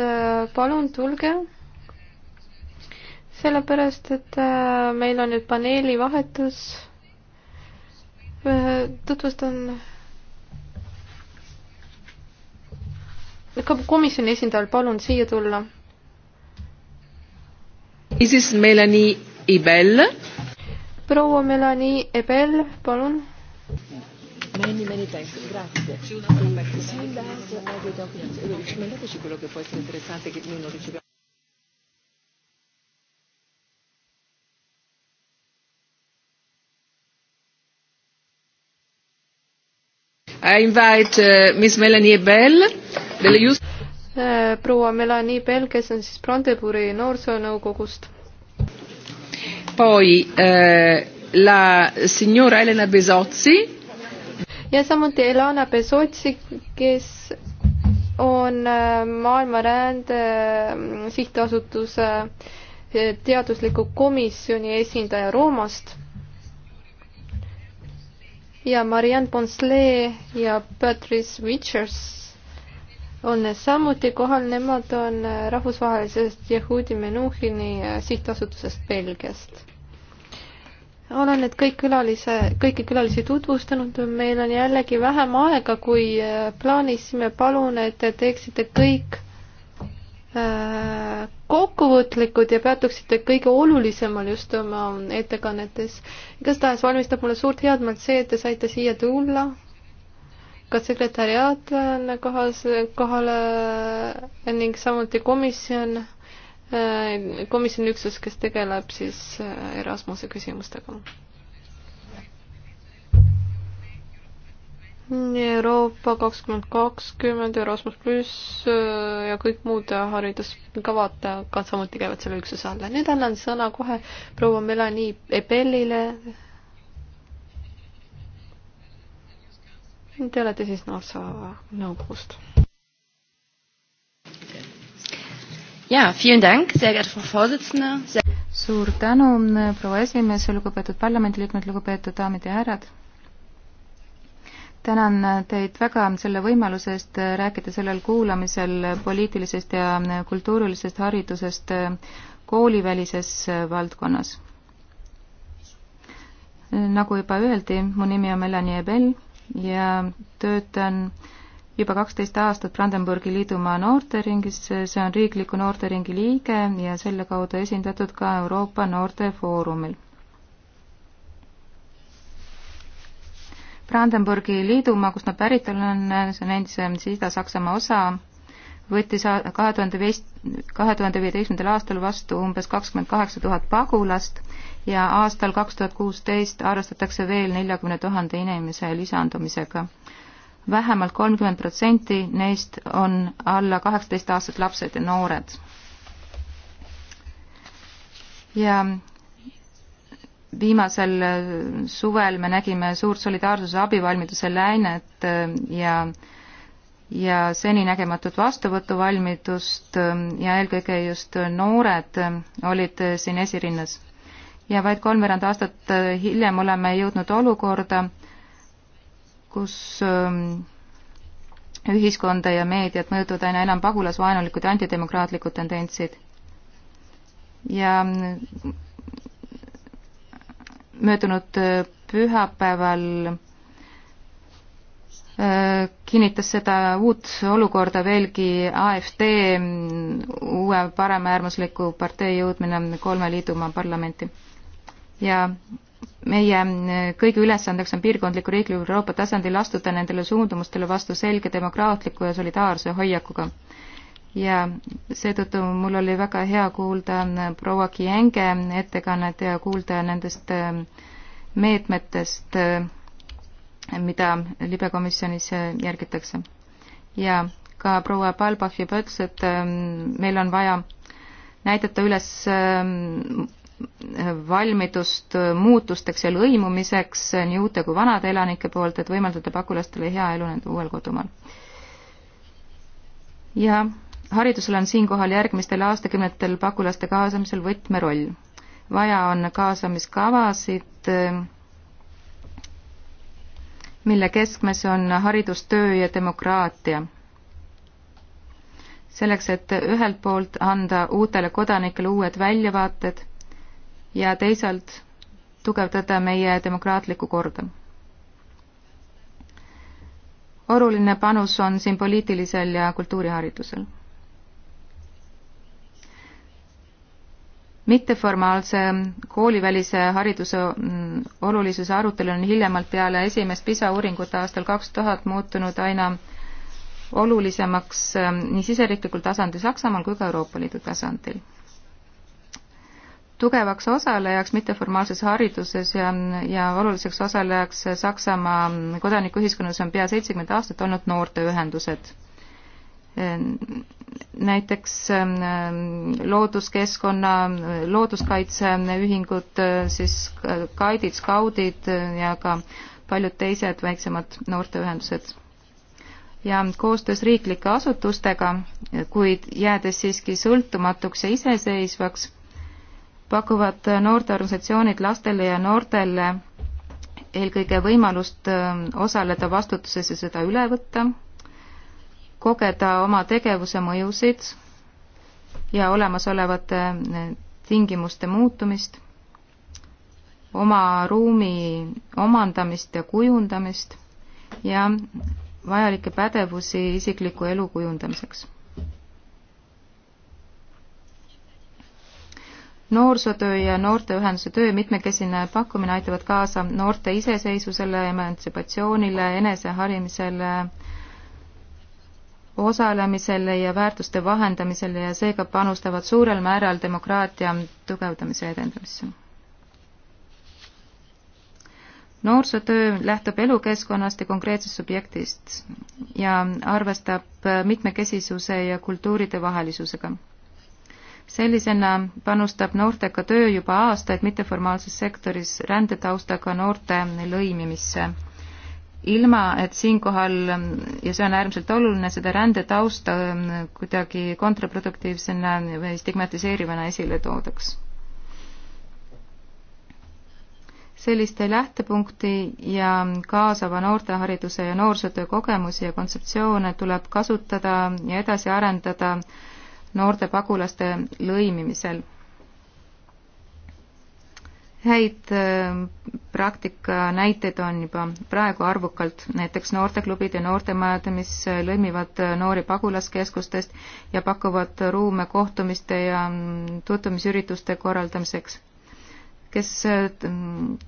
palun tulge. sellepärast, et äh, meil on nüüd paneelivahetus. Äh, tutvustan ka komisjoni esindajal, palun siia tulla. Mrs Melanie Ebel. proua Melanie Ebel, palun Many, many thanks, grazie. Sì, mandateci quello che può essere interessante che noi non riceviamo. I invite uh, Miss Melanie Bell, della Youth eh, proua Melanie Bell, kes on siis Brandenburgi noorsoonõukogust. Poi eh, la signora Elena Besozzi ja samuti Elana Besotsi, kes on äh, Maailma Rände äh, Sihtasutuse äh, teadusliku komisjoni esindaja Roomast ja Marianne Ponslee ja Patrice Richards on samuti kohal, nemad on rahvusvahelisest Yehudi Menuhini sihtasutusest Belgiast olen nüüd kõik külalise, kõiki külalisi tutvustanud, meil on jällegi vähem aega, kui äh, plaanis, me palun, et te teeksite kõik äh, kokkuvõtlikud ja peatuksite kõige olulisemal just oma ettekannetes. igastahes valmistab mulle suurt headmeelt see, et te saite siia tulla. ka sekretäriaat on äh, kohas, kohale ning samuti komisjon Äh, komisjoni üksus, kes tegeleb siis äh, Erasmuse küsimustega. Euroopa kakskümmend kakskümmend, Erasmus pluss äh, ja kõik muud hariduskavad ka samuti käivad selle üksuse alla. nüüd annan sõna kohe proua Melanie Ebellile. Te olete siis Narva nõukogust no, jaa, vielen Dank, sehr geehrte Frau Vorsitzende sehr.... suur tänu, proua esimees, lugupeetud parlamendiliikmed, lugupeetud daamid ja härrad. tänan teid väga selle võimaluse eest rääkida sellel kuulamisel poliitilisest ja kultuurilisest haridusest koolivälises valdkonnas. nagu juba öeldi, mu nimi on Melanie Ebel ja töötan äh, juba kaksteist aastat Brandenburgi liidumaa noorteringis, see on riikliku noorteringi liige ja selle kaudu esindatud ka Euroopa Noortefoorumil. Brandenburgi liidumaa, kust nad pärit on, see on endise Ida-Saksamaa osa, võttis kahe tuhande viis, kahe tuhande viieteistkümnendal aastal vastu umbes kakskümmend kaheksa tuhat pagulast ja aastal kaks tuhat kuusteist arvestatakse veel neljakümne tuhande inimese lisandumisega vähemalt kolmkümmend protsenti neist on alla kaheksateistaastased lapsed ja noored. ja viimasel äh, suvel me nägime suurt solidaarsuse abivalmiduse läinet äh, ja ja seninägematut vastuvõtuvalmidust äh, ja eelkõige just noored olid siin esirinnas. ja vaid kolmveerand aastat hiljem oleme jõudnud olukorda, kus ähm, ühiskonda ja meediat mõjutavad aina enam pagulasvaenulikud ja antidemokraatlikud tendentsid. ja mm, möödunud äh, pühapäeval äh, kinnitas seda uut olukorda veelgi AfD mm, uue paremäärmusliku partei jõudmine kolme liidumaa parlamenti. ja meie äh, kõigi ülesandeks on piirkondliku riikliku Euroopa tasandil astuda nendele suundumustele vastu selge demokraatliku ja solidaarse hoiakuga. ja seetõttu mul oli väga hea kuulda äh, proua Kienge ettekannet ja kuulda nendest äh, meetmetest, mida libekomisjonis järgitakse. ja ka proua Palbachi juba ütles, et meil on vaja näidata üles valmidust muutusteks ja lõimumiseks nii uute kui vanade elanike poolt, et võimaldada pagulastele hea elu nende uuel kodumaal. ja haridusel on siinkohal järgmistel aastakümnetel pagulaste kaasamisel võtmeroll. vaja on kaasamiskavasid, mille keskmes on haridus, töö ja demokraatia selleks, et ühelt poolt anda uutele kodanikele uued väljavaated ja teisalt tugevdada meie demokraatlikku korda. oluline panus on siin poliitilisel ja kultuuriharidusel. mitteformaalse koolivälise hariduse mm, olulisuse arutelu on hiljemalt peale esimest PISA uuringut aastal kaks tuhat muutunud aina olulisemaks mm, nii siseriiklikul tasandil Saksamaal kui ka Euroopa Liidu tasandil tugevaks osalejaks mitteformaalses hariduses ja, ja oluliseks osalejaks Saksamaa kodanikuühiskonnas on pea seitsekümmend aastat olnud noorteühendused. näiteks ähm, looduskeskkonna, looduskaitseühingud, siis kaidid, skaudid ja ka paljud teised väiksemad noorteühendused ja koostöös riiklike asutustega, kuid jäädes siiski sõltumatuks ja iseseisvaks, pakuvad noorteorganisatsioonid lastele ja noortele eelkõige võimalust ähm, osaleda vastutuses ja seda üle võtta, kogeda oma tegevuse mõjusid ja olemasolevate äh, tingimuste muutumist, oma ruumi omandamist ja kujundamist ja vajalikke pädevusi isikliku elu kujundamiseks noorsootöö ja noorteühenduse töö mitmekesine pakkumine aitavad kaasa noorte iseseisvusele, emantsipatsioonile, eneseharimisele, osalemisele ja väärtuste vahendamisele ja seega panustavad suurel määral demokraatia tugevdamise edendamisse. noorsootöö lähtub elukeskkonnast ja konkreetsest subjektist ja arvestab mitmekesisuse ja kultuuride vahelisusega sellisena panustab Noorteka töö juba aastaid mitteformaalses sektoris rändetaustaga noorte lõimimisse. ilma, et siinkohal, ja see on äärmiselt oluline, seda rändetausta kuidagi kontraproduktiivsena või stigmatiseerivana esile toodaks. selliste lähtepunkti ja kaasava noortehariduse ja noorsootöö kogemusi ja kontseptsioone tuleb kasutada ja edasi arendada äh, noorte pagulaste lõimimisel. häid äh, praktika näiteid on juba praegu arvukalt, näiteks noorteklubid ja noortemajad, mis äh, lõimivad äh, noori pagulaskeskustest ja pakuvad ruume kohtumiste ja mm, tutvumisürituste korraldamiseks kes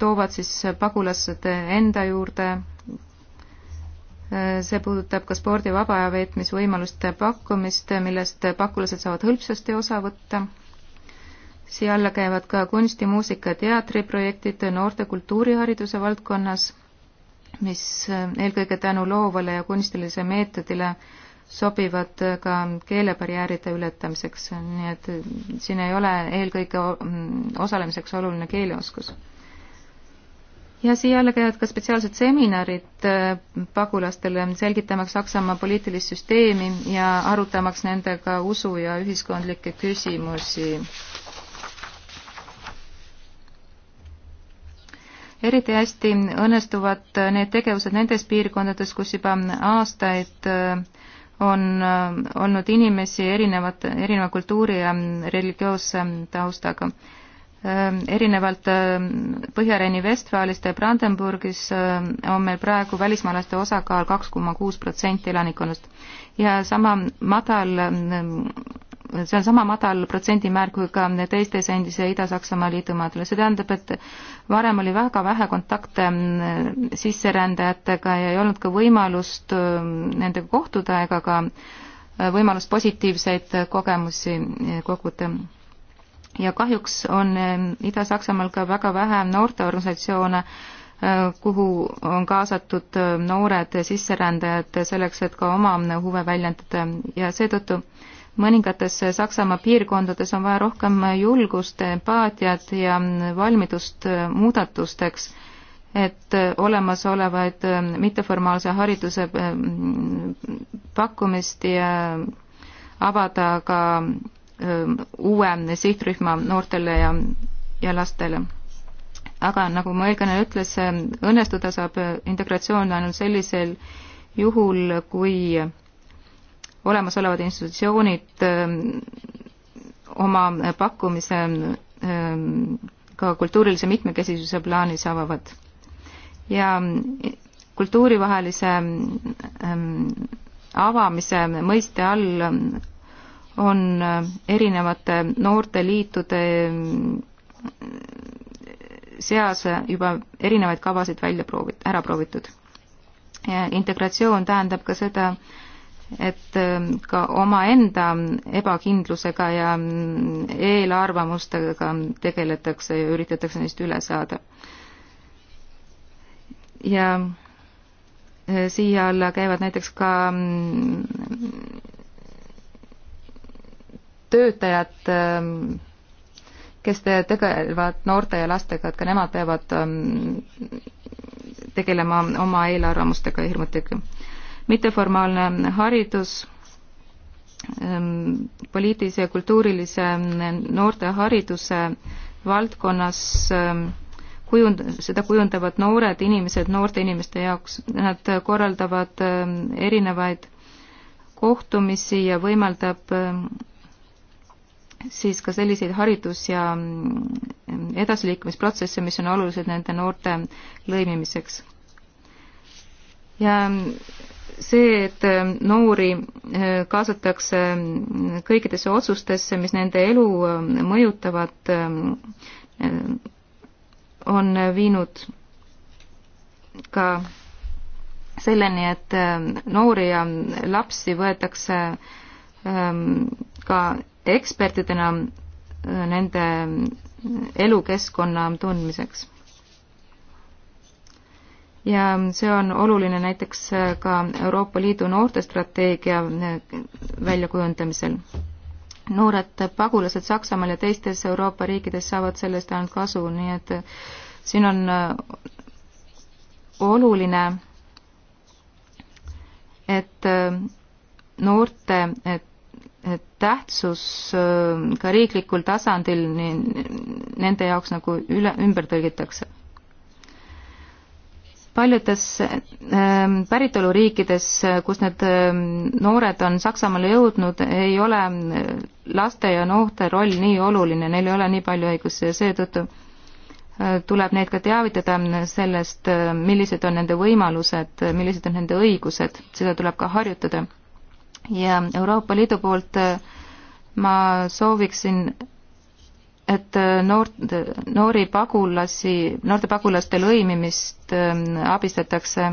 toovad siis pagulased enda juurde, Äh, see puudutab ka spordi vaba aja veetmisvõimaluste pakkumist, millest pakulased saavad hõlpsasti osa võtta. siia alla käivad ka kunsti, muusika ja teatriprojektid noorte kultuurihariduse valdkonnas, mis äh, eelkõige tänu loovale ja kunstilise meetodile sobivad ka keelebarjääride ületamiseks, nii et äh, siin ei ole eelkõige mm, osalemiseks oluline keeleoskus ja siia jälle käivad ka spetsiaalsed seminarid äh, pagulastele, selgitamaks Saksamaa poliitilist süsteemi ja arutamaks nendega usu ja ühiskondlikke küsimusi. eriti hästi õnnestuvad need tegevused nendes piirkondades, kus juba aastaid äh, on äh, olnud inimesi erinevate, erineva kultuuri ja religioosse taustaga Ehm, erinevalt ehm, Põhja-Rheini Vestfaalist ja Brandenburgis ehm, on meil praegu välismaalaste osakaal kaks koma kuus protsenti elanikkonnast ja sama madal, see on sama madal protsendimäär kui ka teistes endise Ida-Saksamaa liidumaadel, see tähendab, et varem oli väga vähe kontakte sisserändajatega ja ei olnud ka võimalust nendega kohtuda ega ka võimalust positiivseid kogemusi eh, koguda ja kahjuks on ähm, Ida-Saksamaal ka väga vähe noorteorganisatsioone, äh, kuhu on kaasatud ähm, noored sisserändajad selleks, et ka oma äh, huve väljendada ja seetõttu mõningates äh, Saksamaa piirkondades on vaja rohkem julgust, empaatiat ja valmidust muudatusteks, et olemasolevaid mitteformaalse hariduse pakkumist ja avada ka Ähm, uue sihtrühma noortele ja, ja lastele. aga nagu mu eelkõneleja ütles, ähm, õnnestuda saab äh, integratsioon ainult sellisel juhul, kui olemasolevad institutsioonid ähm, oma pakkumise ka kultuurilise mitmekesisuse plaanis avavad. ja äh, kultuurivahelise avamise mõiste all on äh, erinevate noorteliitude äh, seas juba erinevaid kavasid välja proovit-, ära proovitud. integratsioon tähendab ka seda, et äh, ka omaenda ebakindlusega ja mm, eelarvamustega tegeletakse ja üritatakse neist üle saada. ja siia alla käivad näiteks ka mm, töötajad, ähm, kes tegelevad noorte ja lastega, et ka nemad peavad ähm, tegelema oma eelarvamustega ja hirmudega. mitteformaalne haridus, ähm, poliitilise ja kultuurilise noortehariduse valdkonnas kujund-, seda kujundavad noored inimesed noorte inimeste jaoks, nad korraldavad erinevaid kohtumisi ja võimaldab siis ka selliseid haridus- ja mm, edasiliikumisprotsesse, mis on olulised nende noorte lõimimiseks. ja see, et mm, noori mm, kaasatakse kõikidesse otsustesse, mis nende elu mõjutavad, on viinud ka selleni, et noori ja lapsi võetakse ka ekspertidena äh, nende äh, elukeskkonna tundmiseks. ja see on oluline näiteks äh, ka Euroopa Liidu noortestrateegia väljakujundamisel. noored pagulased Saksamaal ja teistes Euroopa riikides saavad sellest ainult kasu, nii et siin on oluline, et noorte et tähtsus äh, ka riiklikul tasandil nende jaoks nagu üle, ümber tõlgitakse. paljudes ähm, päritoluriikides, äh, kus need ähm, noored on Saksamaale jõudnud, ei ole äh, laste ja noorte roll nii oluline, neil ei ole nii palju õigusi ja seetõttu tuleb neid ka teavitada sellest, millised on nende võimalused, millised on nende õigused, seda tuleb ka harjutada ja Euroopa Liidu poolt äh, ma sooviksin, et äh, noort, noori pagulasi, noorte pagulaste lõimimist ähm, abistatakse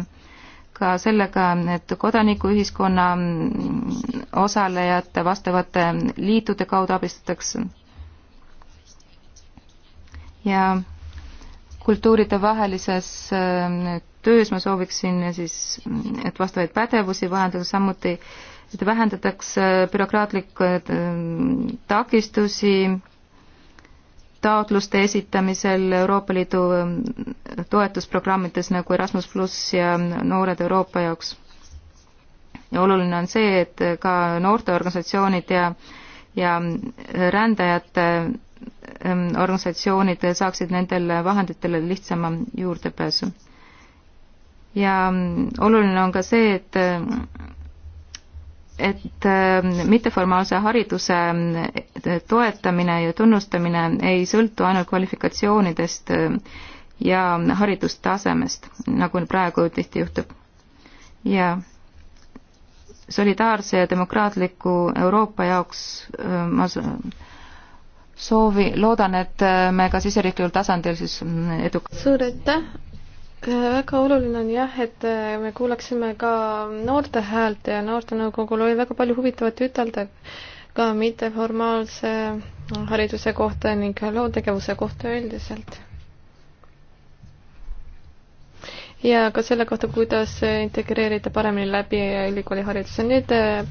ka sellega, et kodanikuühiskonna mm, osalejate vastavate liitude kaudu abistatakse. ja kultuuridevahelises ähm, töös ma sooviksin siis, mm, et vastavaid pädevusi vahendada, samuti seda vähendatakse bürokraatlikke mm, takistusi taotluste esitamisel Euroopa Liidu mm, toetusprogrammides nagu Erasmus pluss ja Noored Euroopa jaoks. ja oluline on see, et ka noorteorganisatsioonid ja, ja rändajate mm, organisatsioonid saaksid nendele vahenditele lihtsama juurdepääsu. ja oluline on ka see, et et ähm, mitteformaalse hariduse äh, toetamine ja tunnustamine ei sõltu ainult kvalifikatsioonidest äh, ja haridustasemest, nagu praegu tihti juhtub. ja solidaarse ja demokraatliku Euroopa jaoks äh, ma soovi, loodan, et me ka siseriiklikul tasandil siis edukad. suur aitäh väga oluline on jah, et äh, me kuulaksime ka noorte häält ja noortenõukogul oli väga palju huvitavat ütelda ka mitteformaalse hariduse kohta ning loovtegevuse kohta üldiselt. ja ka selle kohta, kuidas integreerida paremini läbi ülikooli hariduse. nüüd äh,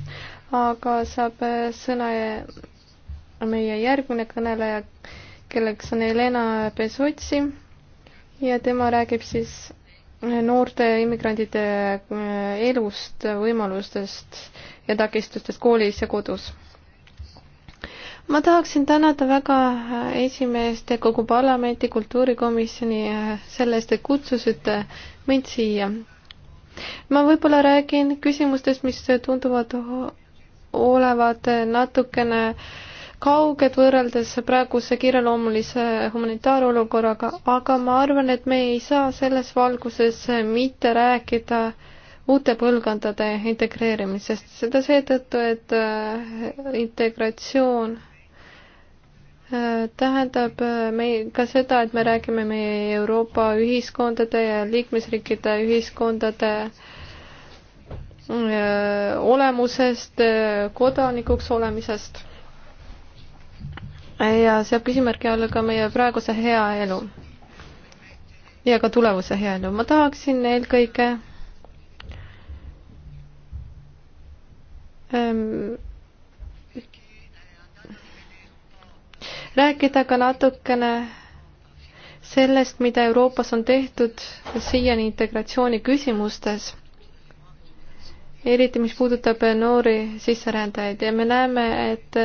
aga saab äh, sõna meie järgmine kõneleja, kelleks on Helena Pesotsi ja tema räägib siis eh, noorte immigrantide eh, elust, eh, võimalustest ja takistustest koolis ja kodus. ma tahaksin tänada väga esimeest ja kogu parlamenti, kultuurikomisjoni selle eest, et kutsusite mind siia. ma võib-olla räägin küsimustest, mis tunduvad olevat natukene äh, kauged võrreldes praeguse kiireloomulise humanitaarolukorraga, aga ma arvan, et me ei saa selles valguses mitte rääkida uute põlvkondade integreerimisest, seda seetõttu, et äh, integratsioon äh, tähendab äh, meil ka seda, et me räägime meie Euroopa ühiskondade ja liikmesriikide ühiskondade olemusest, kodanikuks olemisest ja seab küsimärgi alla ka meie praeguse hea elu ja ka tulevuse hea elu. ma tahaksin eelkõige ähm, rääkida ka natukene sellest, mida Euroopas on tehtud siiani integratsiooni küsimustes, eriti mis puudutab noori sisserändajaid ja me näeme, et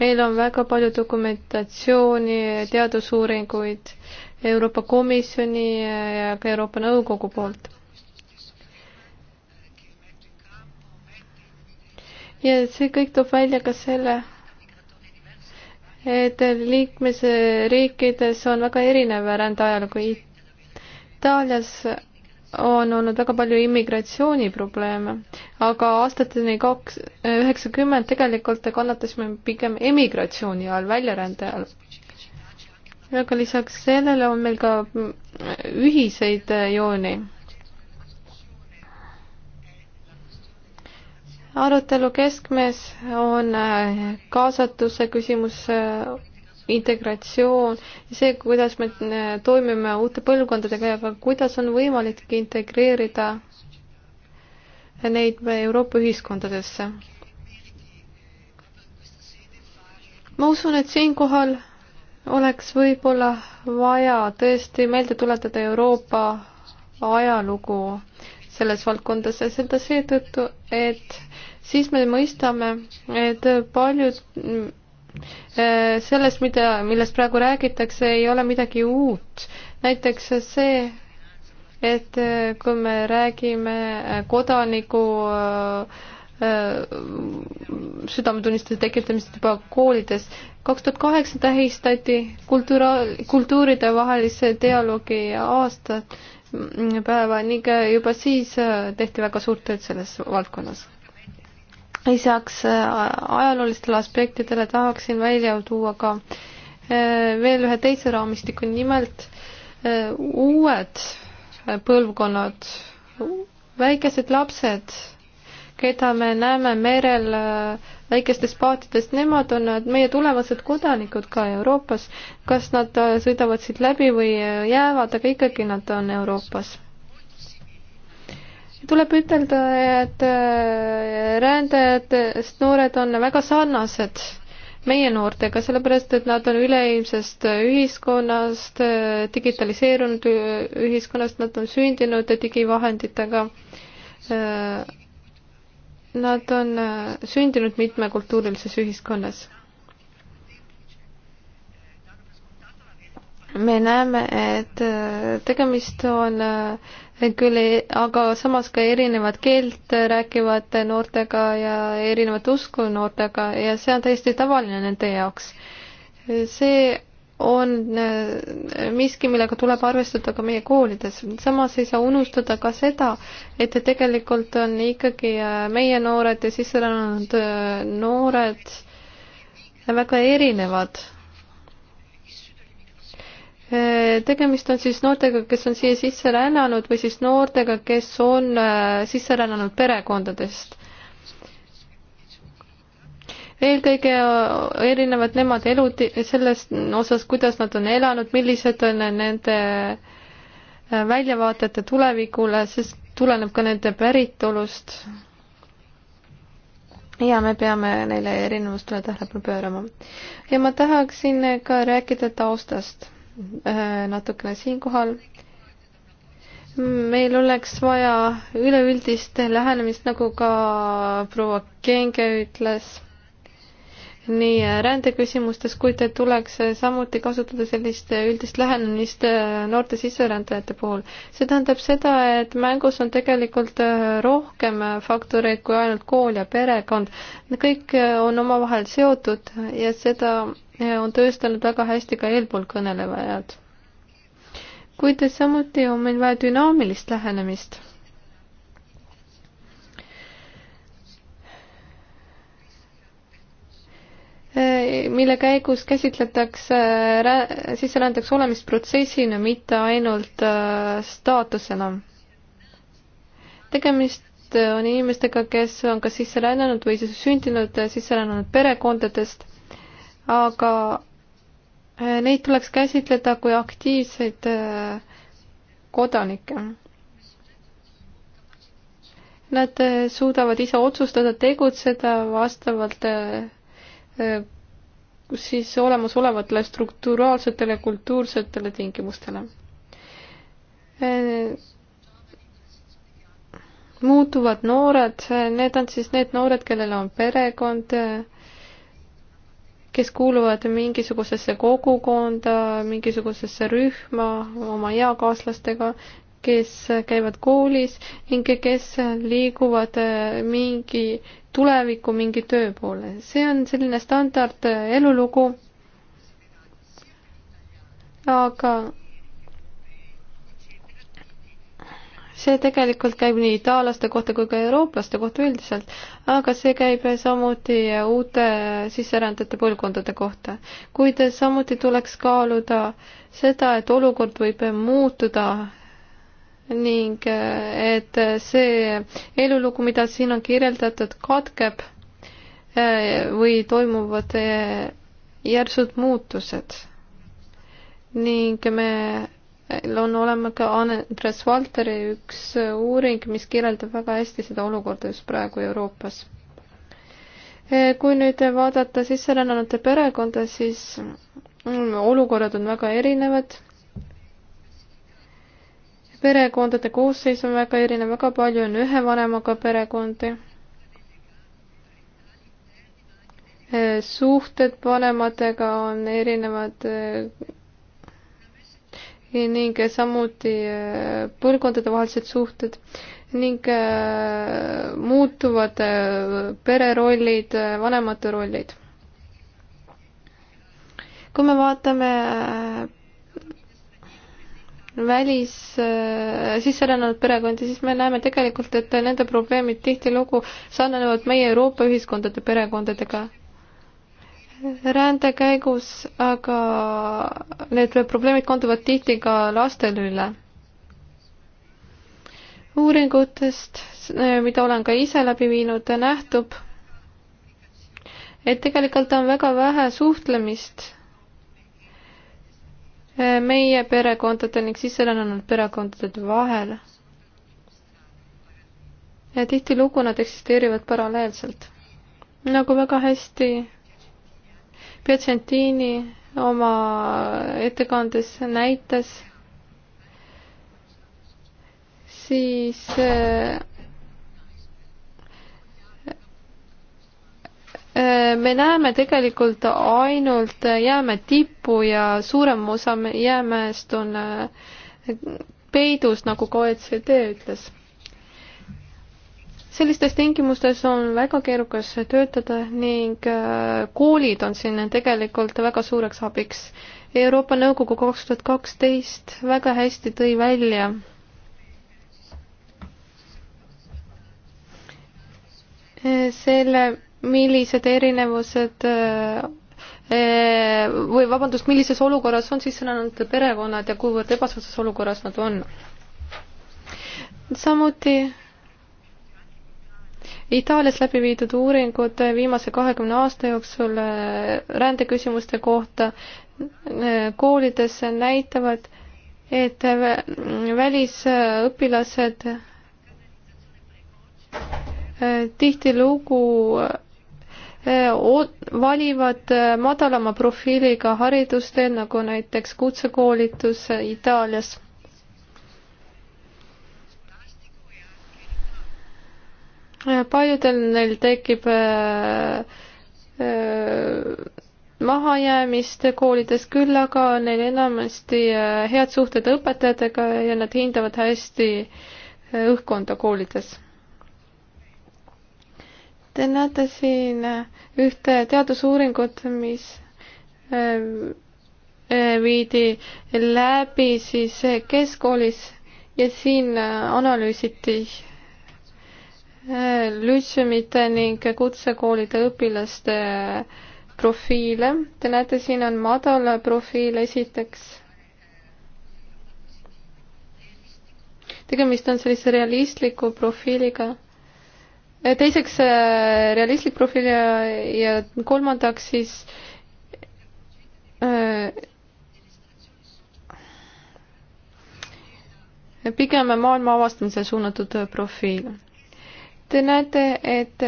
meil on väga palju dokumentatsiooni, teadusuuringuid Euroopa Komisjoni ja ka Euroopa Nõukogu poolt. ja see kõik toob välja ka selle, et liikmesriikides on väga erinev rändeajalugu. Itaalias on olnud väga palju immigratsiooniprobleeme, aga aastateni kaks, üheksakümmend tegelikult kannatasime pigem emigratsiooni ajal, väljarände ajal. aga lisaks sellele on meil ka ühiseid jooni. arutelu keskmes on kaasatuse küsimus integratsioon, see, kuidas me äh, toimime uute põlvkondadega ja ka kuidas on võimalik integreerida neid Euroopa ühiskondadesse. ma usun, et siinkohal oleks võib-olla vaja tõesti meelde tuletada Euroopa ajalugu selles valdkondas ja seda seetõttu, et siis me mõistame, et paljud Äh, sellest, mida, millest praegu räägitakse, ei ole midagi uut. näiteks see, et äh, kui me räägime äh, kodaniku südametunnistuse tekitamist juba koolides. kaks tuhat kaheksa tähistati kultuura-, kultuuridevahelise dialoogi aastapäeva ning juba siis tehti väga suurt tööd selles valdkonnas lisaks äh, ajaloolistele aspektidele tahaksin välja tuua ka äh, veel ühe teise raamistiku, nimelt äh, uued põlvkonnad, väikesed lapsed, keda me näeme merel väikestes paatides, nemad on meie tulevased kodanikud ka Euroopas. kas nad sõidavad siit läbi või jäävad, aga ikkagi nad on Euroopas tuleb ütelda, et äh, rändajatest noored on väga sarnased meie noortega, sellepärast et nad on üleilmsest ühiskonnast, äh, digitaliseerunud ühiskonnast, nad on sündinud digivahenditega. Äh, nad on sündinud mitmekultuurilises ühiskonnas. me näeme, et tegemist on küll, aga samas ka erinevat keelt rääkivate noortega ja erinevat usku noortega ja see on täiesti tavaline nende jaoks. see on eh, miski, millega tuleb arvestada ka meie koolides. samas ei saa unustada ka seda, et tegelikult on ikkagi eh, meie noored ja sisserännanud eh, noored väga erinevad Äh, tegemist on siis noortega, kes on siia sisse rännanud või siis noortega, kes on äh, sisse rännanud perekondadest. eelkõige äh, erinevad nemad elud selles osas, kuidas nad on elanud, millised on nende väljavaatete tulevikule, sest tuleneb ka nende päritolust. ja me peame neile erinevustele tähelepanu pöörama. ja ma tahaksin ka rääkida taustast Äh, natukene siinkohal. meil oleks vaja üleüldist lähenemist, nagu ka proua Genge ütles nii äh, rändeküsimustes, kuid tuleks äh, samuti kasutada sellist äh, üldist lähenemist noorte sisserändajate puhul. see tähendab seda, et mängus on tegelikult rohkem faktoreid kui ainult kool ja perekond. kõik on omavahel seotud ja seda on tõestanud väga hästi ka eelpool kõnelejad. kuid samuti on meil vaja dünaamilist lähenemist Äh, mille käigus käsitletakse sisserändajaks olemist protsessina, mitte ainult äh, staatusena. tegemist äh, on inimestega, kes on kas sisse rännanud või siis sündinud sisse rännanud perekondadest, aga neid tuleks käsitleda kui aktiivseid kodanikke. Nad suudavad ise otsustada, tegutseda vastavalt Äh, siis olemasolevatele strukturaalsetele kultuursetele tingimustele. Äh, muutuvad noored, äh, need on siis need noored, kellel on perekond, kes kuuluvad mingisugusesse kogukonda, mingisugusesse rühma oma eakaaslastega, kes käivad koolis ning kes liiguvad mingi tulevikku mingi töö poole, see on selline standard elulugu. aga see tegelikult käib nii itaallaste kohta kui ka eurooplaste kohta üldiselt, aga see käib samuti uute sisserändajate põlvkondade kohta. kuid samuti tuleks kaaluda seda, et olukord võib muutuda ning äh, et see elulugu, mida siin on kirjeldatud, katkeb äh, või toimuvad äh, järsud muutused. ning meil on olema ka Andres Valteri üks uuring, mis kirjeldab väga hästi seda olukorda just praegu Euroopas. kui nüüd vaadata sisserännanute perekonda, siis mm, olukorrad on väga erinevad perekondade koosseis on väga erinev, väga palju on ühe vanemaga perekondi. suhted vanematega on erinevad ning samuti eh, põlvkondadevahelised suhted ning eh, muutuvad eh, pererollid, vanemate rollid. kui me vaatame välis äh, sisserännanud perekondi, siis me näeme tegelikult, et nende probleemid tihtilugu sarnanevad meie Euroopa ühiskondade perekondadega. rände käigus aga need probleemid kanduvad tihti ka lastele üle. uuringutest, mida olen ka ise läbi viinud, nähtub, et tegelikult on väga vähe suhtlemist meie perekondade ning sisserännanud perekondade vahel. tihtilugu nad eksisteerivad paralleelselt. nagu väga hästi Piacentini oma ettekandes näitas, siis äh, Äh, me näeme tegelikult ainult jääme tippu ja suurem osa jäämäest on äh, peidus, nagu ka OECD ütles. sellistes tingimustes on väga keerukas töötada ning äh, koolid on siin tegelikult väga suureks abiks. Euroopa Nõukogu kaks tuhat kaksteist väga hästi tõi välja selle millised erinevused eh, eh, või vabandust, millises olukorras on sisserännanute perekonnad ja kuivõrd ebasoodsas olukorras nad on. samuti Itaalias läbi viidud uuringud viimase kahekümne aasta jooksul eh, rändeküsimuste kohta koolides näitavad, et välisõpilased tihtilugu valivad madalama profiiliga haridusteel, nagu näiteks kutsekoolitus Itaalias paljudel neil tekib mahajäämist koolides, küll aga on neil enamasti head suhted õpetajatega ja nad hindavad hästi õhkkonda koolides Te näete siin äh, ühte teadusuuringut, mis äh, äh, viidi läbi siis keskkoolis ja siin analüüsiti lütseumite ning kutsekoolide õpilaste profiile. Te näete, siin on madal profiil esiteks. tegemist on sellise realistliku profiiliga Äh, teiseks äh, realistlik profiil ja, ja kolmandaks siis äh, pigem maailma avastamisele suunatud äh, profiil. Te näete, et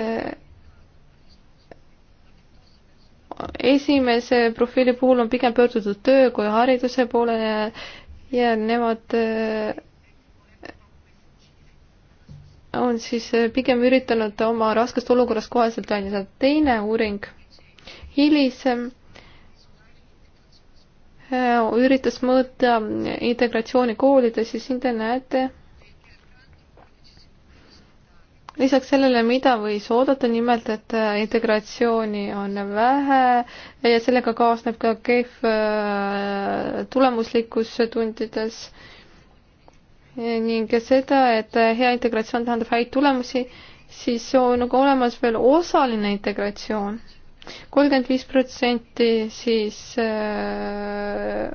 esimese profiili puhul on pigem pöördutud töö kui hariduse poole ja, ja nemad äh, on siis eh, pigem üritanud oma raskest olukorrast koheselt välja saada. teine uuring hilisem eh, üritas mõõta integratsiooni koolides ja siin te näete lisaks sellele, mida võis oodata, nimelt, et eh, integratsiooni on vähe ja sellega kaasneb ka kehv tulemuslikkus tundides ning seda, et hea integratsioon tähendab häid tulemusi, siis on nagu olemas veel osaline integratsioon. kolmkümmend viis protsenti siis äh,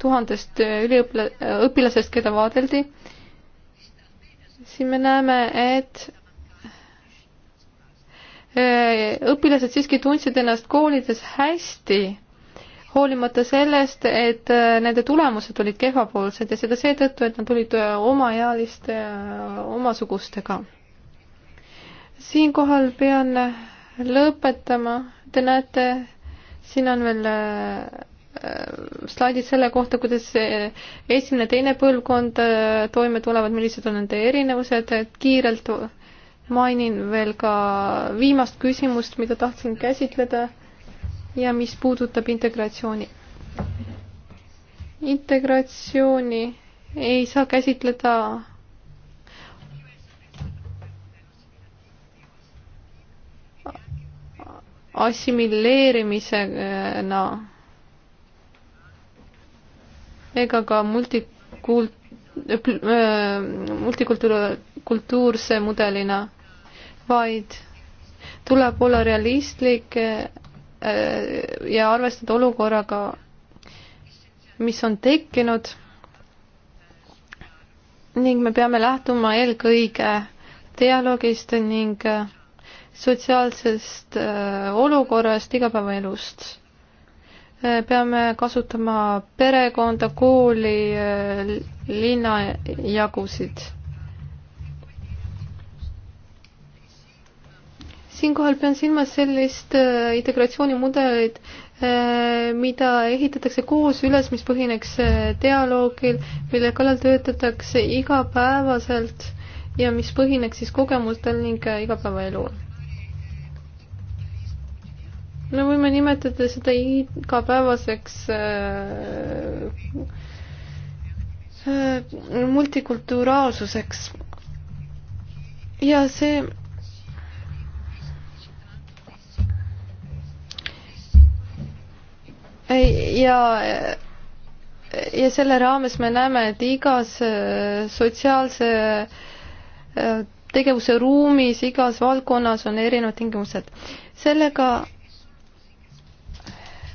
tuhandest üliõpila-, õpilasest, keda vaadeldi, siin me näeme, et äh, õpilased siiski tundsid ennast koolides hästi hoolimata sellest, et äh, nende tulemused olid kehvapoolsed ja seda seetõttu, et nad olid äh, omaealiste, äh, omasugustega. siinkohal pean lõpetama, te näete, siin on veel slaidid selle kohta, kuidas esimene, teine põlvkond toime tulevad, millised on nende erinevused, et kiirelt mainin veel ka viimast küsimust, mida tahtsin käsitleda ja mis puudutab integratsiooni. integratsiooni ei saa käsitleda assimileerimisena ega ka multikult-, multikultuurse mudelina, vaid tuleb olla realistlik Äh, ja arvestada olukorraga, mis on tekkinud ning me peame lähtuma eelkõige dialoogist ning äh, sotsiaalsest äh, olukorrast, igapäevaelust. peame kasutama perekonda, kooli, linnajagusid siinkohal pean silmas sellist äh, integratsioonimudelit, äh, mida ehitatakse koos üles, mis põhineks äh, dialoogil, mille kallal töötatakse igapäevaselt ja mis põhineks siis kogemustel ning igapäevaelul. no võime nimetada seda igapäevaseks multikulturaalsuseks. ja see ja ja selle raames me näeme, et igas äh, sotsiaalse äh, tegevuse ruumis, igas valdkonnas on erinevad tingimused. sellega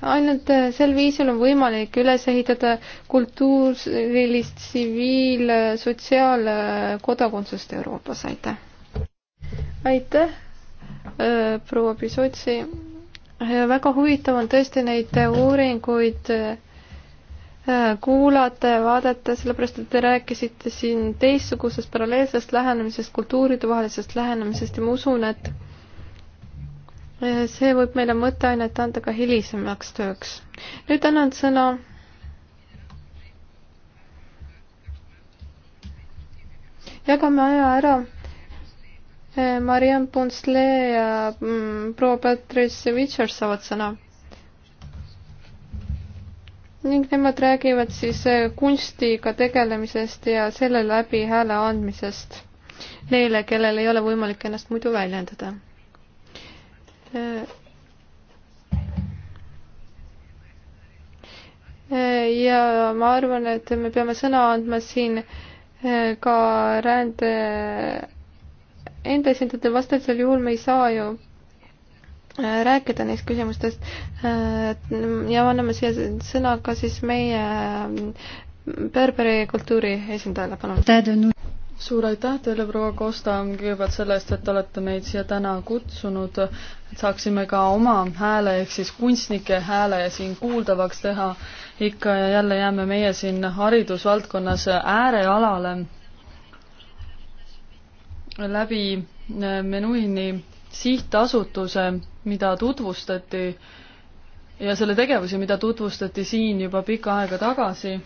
ainult äh, sel viisil on võimalik üles ehitada kultuurilist tsiviil, sotsiaalkodakondsust Euroopas, aitäh! aitäh, proua Pisotsi! väga huvitav on tõesti neid uuringuid äh, kuulata ja vaadata, sellepärast et te rääkisite siin teistsugusest paralleelsest lähenemisest, kultuuridevahelisest lähenemisest ja ma usun, et äh, see võib meile mõtteainet anda ka hilisemaks tööks. nüüd annan sõna jagame aja ära Eh, Marianne Ponsle ja mm, proua Patrice Witcher saavad sõna. ning nemad räägivad siis eh, kunstiga tegelemisest ja selle läbi hääle andmisest neile, kellel ei ole võimalik ennast muidu väljendada. Eh, ja ma arvan, et me peame sõna andma siin ka rände enda esindajate vastasel juhul me ei saa ju äh, rääkida neist küsimustest äh, ja anname siia sõna ka siis meie äh, Berberi kultuuri esindajale, palun. suur aitäh teile, proua Kosta, kõigepealt selle eest, et olete meid siia täna kutsunud, et saaksime ka oma hääle ehk siis kunstnike hääle siin kuuldavaks teha. ikka ja jälle jääme meie siin haridusvaldkonnas äärealale läbi äh, Menuhini sihtasutuse, mida tutvustati ja selle tegevusi, mida tutvustati siin juba pikka aega tagasi.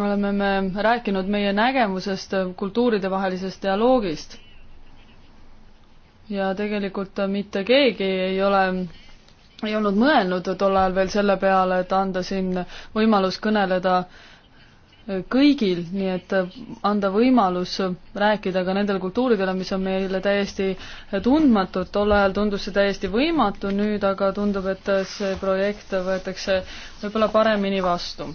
oleme me rääkinud meie nägemusest kultuuridevahelisest dialoogist. ja tegelikult mitte keegi ei ole ei olnud mõelnud tol ajal veel selle peale, et anda siin võimalus kõneleda äh, kõigil, nii et anda võimalus rääkida ka nendele kultuuridele, mis on meile täiesti tundmatud, tol ajal tundus see täiesti võimatu, nüüd aga tundub, et see projekt võetakse võib-olla paremini vastu.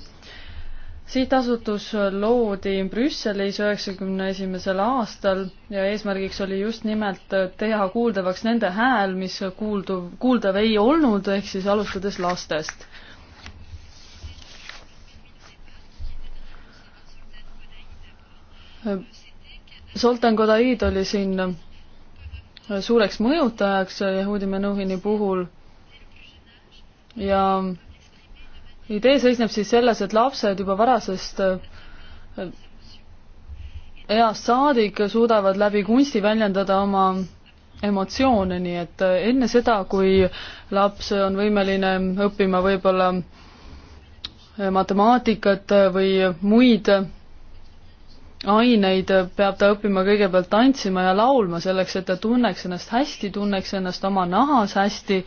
sihtasutus loodi Brüsselis üheksakümne esimesel aastal ja eesmärgiks oli just nimelt teha kuuldavaks nende hääl, mis kuulduv, kuuldav ei olnud, ehk siis alustades lastest Zoltan Kodaid oli siin äh, suureks mõjutajaks äh, Yehudi Menuhini puhul ja idee seisneb siis selles, et lapsed juba varasest äh, east saadik suudavad läbi kunsti väljendada oma emotsioone, nii et enne seda, kui laps on võimeline õppima võib-olla matemaatikat või muid aineid peab ta õppima kõigepealt tantsima ja laulma selleks, et ta tunneks ennast hästi, tunneks ennast oma nahas hästi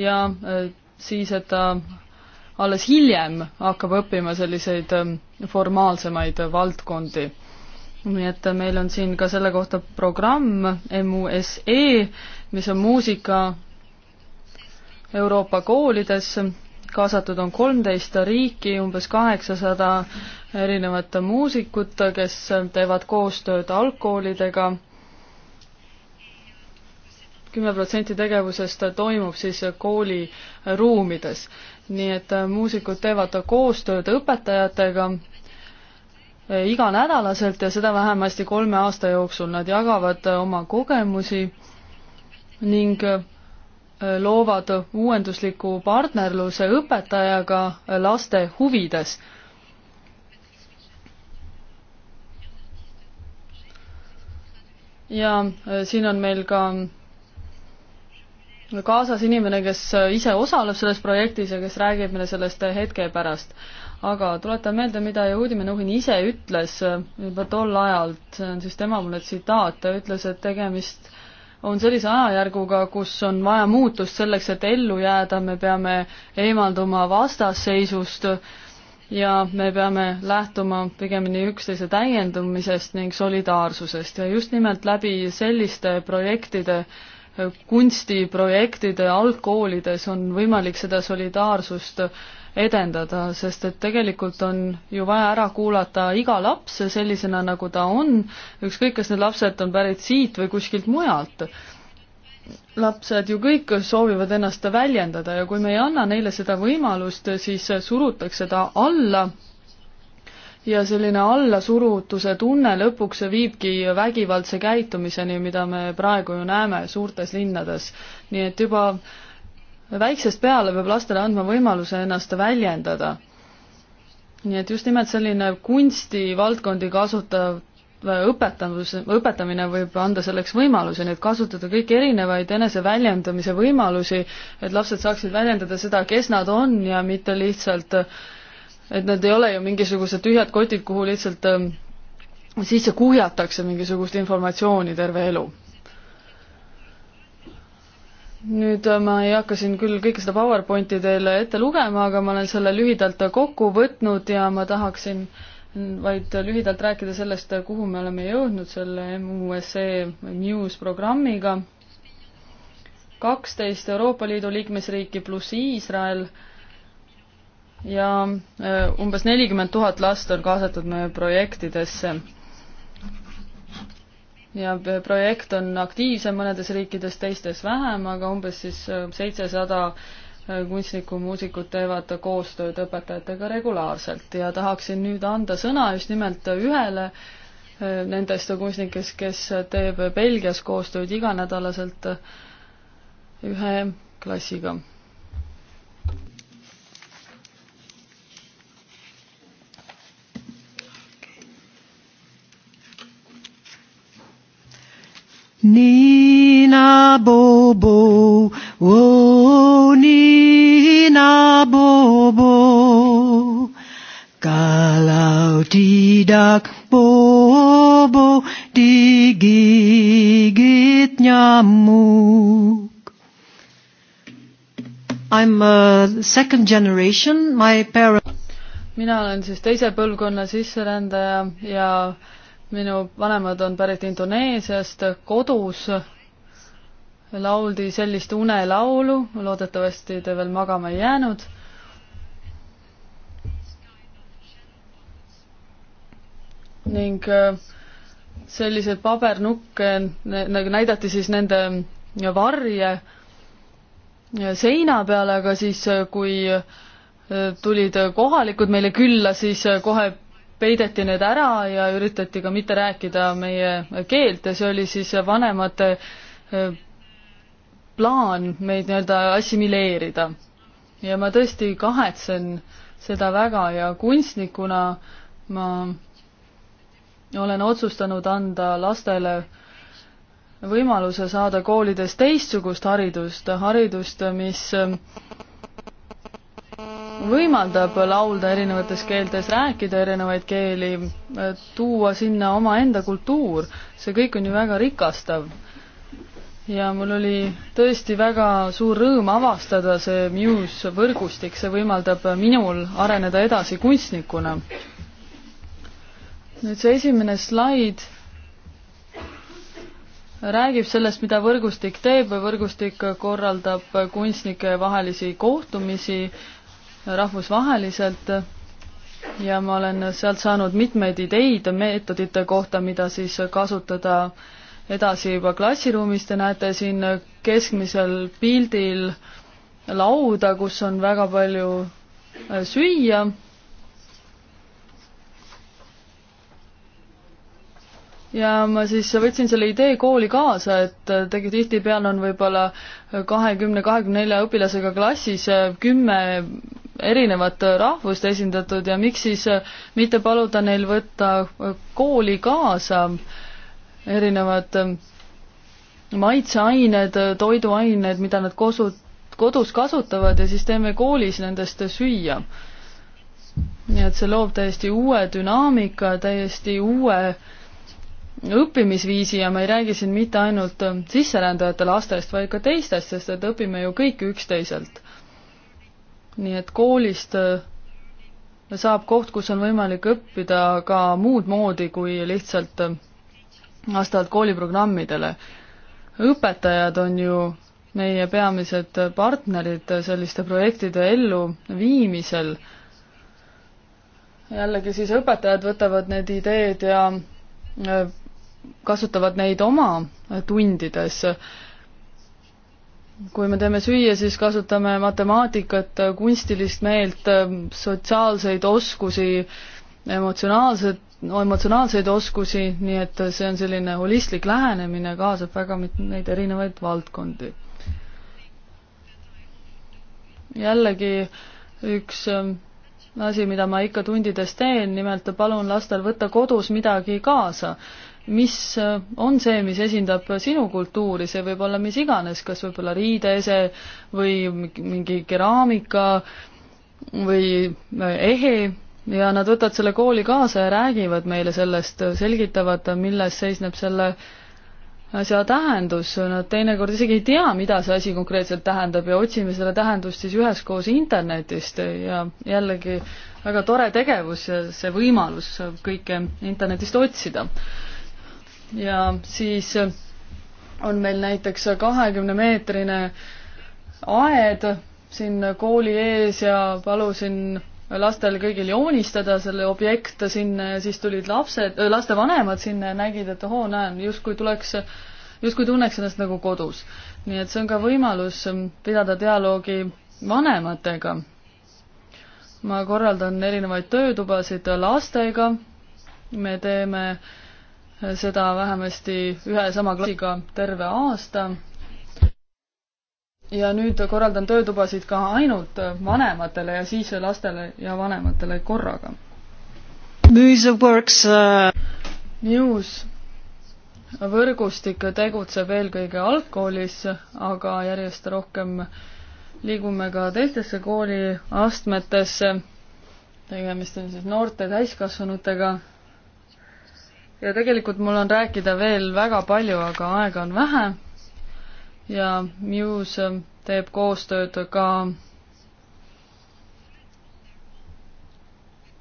ja äh, siis, et ta alles hiljem hakkab õppima selliseid ähm, formaalsemaid valdkondi. nii et meil on siin ka selle kohta programm MUSE, mis on muusika Euroopa koolides kaasatud on kolmteist riiki, umbes kaheksasada erinevat muusikut, kes teevad koostööd algkoolidega. kümme protsenti tegevusest toimub siis kooliruumides, nii et muusikud teevad koostööd õpetajatega iganädalaselt ja seda vähemasti kolme aasta jooksul. Nad jagavad oma kogemusi ning loovad uuendusliku partnerluse õpetajaga laste huvides. ja äh, siin on meil ka kaasas inimene, kes äh, ise osaleb selles projektis ja kes räägib meile sellest hetke pärast. aga tuletan meelde, mida Yehudi Menuhin ise ütles äh, juba tol ajal, see on siis tema mulle tsitaat, ta ütles, et tegemist on sellise ajajärguga, kus on vaja muutust selleks, et ellu jääda, me peame eemalduma vastasseisust ja me peame lähtuma pigemini üksteise täiendumisest ning solidaarsusest ja just nimelt läbi selliste projektide, kunstiprojektide algkoolides on võimalik seda solidaarsust edendada, sest et tegelikult on ju vaja ära kuulata iga laps sellisena, nagu ta on, ükskõik, kas need lapsed on pärit siit või kuskilt mujalt. lapsed ju kõik soovivad ennast väljendada ja kui me ei anna neile seda võimalust, siis surutakse ta alla ja selline allasurutuse tunne lõpuks viibki vägivaldse käitumiseni, mida me praegu ju näeme suurtes linnades. nii et juba äh, väiksest peale peab lastele andma võimaluse ennast väljendada. nii et just nimelt selline kunstivaldkondi kasutav äh, õpetamus, õpetamine võib anda selleks võimaluse, nii et kasutada kõiki erinevaid eneseväljendamise võimalusi, et lapsed saaksid väljendada seda, kes nad on ja mitte lihtsalt, et nad ei ole ju mingisugused tühjad kotid, kuhu lihtsalt ähm, sisse kuhjatakse mingisugust informatsiooni terve elu nüüd äh, ma ei hakka siin küll kõike seda PowerPointi teile ette lugema, aga ma olen selle lühidalt äh, kokku võtnud ja ma tahaksin mm, vaid äh, lühidalt rääkida sellest, kuhu me oleme jõudnud selle MUSE News programmiga. kaksteist Euroopa Liidu liikmesriiki pluss Iisrael ja umbes nelikümmend tuhat last on kaasatud meie projektidesse ja projekt on aktiivsem mõnedes riikides, teistes vähem, aga umbes siis äh, seitsesada äh, kunstnikku, muusikud teevad koostööd õpetajatega regulaarselt ja tahaksin nüüd anda sõna just nimelt ühele äh, nendest kunstnikest, kes teeb Belgias koostööd iganädalaselt ühe klassiga Nina Bobo, oh Nina Bobo, kalau tidak Bobo digigit nyamuk. I'm a second generation, my parents. mina olen siis teise põlvkonna sisserändaja ja minu vanemad on pärit Indoneesiast, kodus lauldi sellist unelaulu, loodetavasti te veel magama ei jäänud. ning äh, selliseid pabernukke nagu näidati siis nende varje seina peale, aga siis, äh, kui äh, tulid kohalikud meile külla, siis kohe peideti need ära ja üritati ka mitte rääkida meie keelt ja see oli siis vanemate äh, plaan meid nii-öelda assimileerida. ja ma tõesti kahetsen seda väga ja kunstnikuna ma olen otsustanud anda lastele võimaluse saada koolides teistsugust haridust, haridust, mis äh, võimaldab laulda erinevates keeltes, rääkida erinevaid keeli, tuua sinna omaenda kultuur, see kõik on ju väga rikastav. ja mul oli tõesti väga suur rõõm avastada see Muse võrgustik, see võimaldab minul areneda edasi kunstnikuna. nüüd see esimene slaid räägib sellest, mida võrgustik teeb, võrgustik korraldab kunstnike vahelisi kohtumisi, rahvusvaheliselt ja ma olen sealt saanud mitmeid ideid meetodite kohta, mida siis kasutada edasi juba klassiruumis, te näete siin keskmisel pildil lauda, kus on väga palju äh, süüa. ja ma siis võtsin selle idee kooli kaasa, et äh, tegi tihtipeale on võib-olla kahekümne, kahekümne nelja õpilasega klassis äh, kümme erinevat rahvust esindatud ja miks siis äh, mitte paluda neil võtta äh, kooli kaasa äh, erinevad maitseained, toiduained, mida nad kosu-, kodus kasutavad ja siis teeme koolis nendest süüa. nii et see loob täiesti uue dünaamika, täiesti uue õppimisviisi ja ma ei räägi siin mitte ainult sisserändajate lastest, vaid ka teistest, sest et õpime ju kõik üksteiselt nii et koolist äh, saab koht, kus on võimalik õppida ka muud moodi kui lihtsalt äh, vastavalt kooliprogrammidele. õpetajad on ju meie peamised partnerid selliste projektide elluviimisel. jällegi siis õpetajad võtavad need ideed ja äh, kasutavad neid oma tundides kui me teeme süüa, siis kasutame matemaatikat, kunstilist meelt, sotsiaalseid oskusi, emotsionaalset, emotsionaalseid oskusi, nii et see on selline holistlik lähenemine, kaasab väga mitmeid erinevaid valdkondi. jällegi üks ähm, asi, mida ma ikka tundides teen, nimelt palun lastel võtta kodus midagi kaasa mis äh, on see, mis esindab sinu kultuuri, see võib olla mis iganes, kas võib-olla riideese või mingi keraamika või äh, ehe ja nad võtavad selle kooli kaasa ja räägivad meile sellest, selgitavad, milles seisneb selle asja tähendus, nad teinekord isegi ei tea, mida see asi konkreetselt tähendab ja otsime selle tähendust siis üheskoos internetist ja jällegi väga tore tegevus ja see võimalus kõike internetist otsida ja siis äh, on meil näiteks kahekümne meetrine aed siin kooli ees ja palusin lastel kõigil joonistada selle objekte sinna ja siis tulid lapsed, äh, lastevanemad sinna ja nägid, et ohoo, näen, justkui tuleks, justkui tunneks ennast nagu kodus. nii et see on ka võimalus ähm, pidada dialoogi vanematega. ma korraldan erinevaid töötubasid lastega, me teeme äh, seda vähemasti ühe sama klassiga terve aasta. ja nüüd korraldan töötubasid ka ainult vanematele ja siis lastele ja vanematele korraga. Muse Works uh.... Äh, Muse võrgustik tegutseb eelkõige algkoolis, aga järjest rohkem liigume ka teistesse kooliastmetesse. tegemist on siis noorte täiskasvanutega ja tegelikult mul on rääkida veel väga palju, aga aega on vähe. ja Muse teeb koostööd ka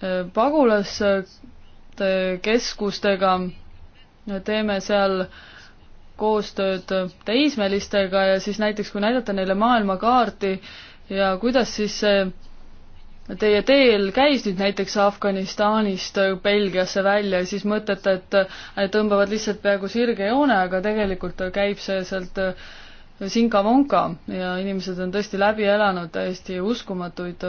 äh, pagulaste keskustega, teeme seal koostööd teismelistega ja siis näiteks, kui näidata neile maailmakaarti ja kuidas siis see teie teel käis nüüd näiteks Afganistanist äh, Belgiasse välja, siis mõtlete, et äh, tõmbavad lihtsalt peaaegu sirge joone, aga tegelikult äh, käib see sealt sinka-vonka ja inimesed on tõesti läbi elanud täiesti uskumatuid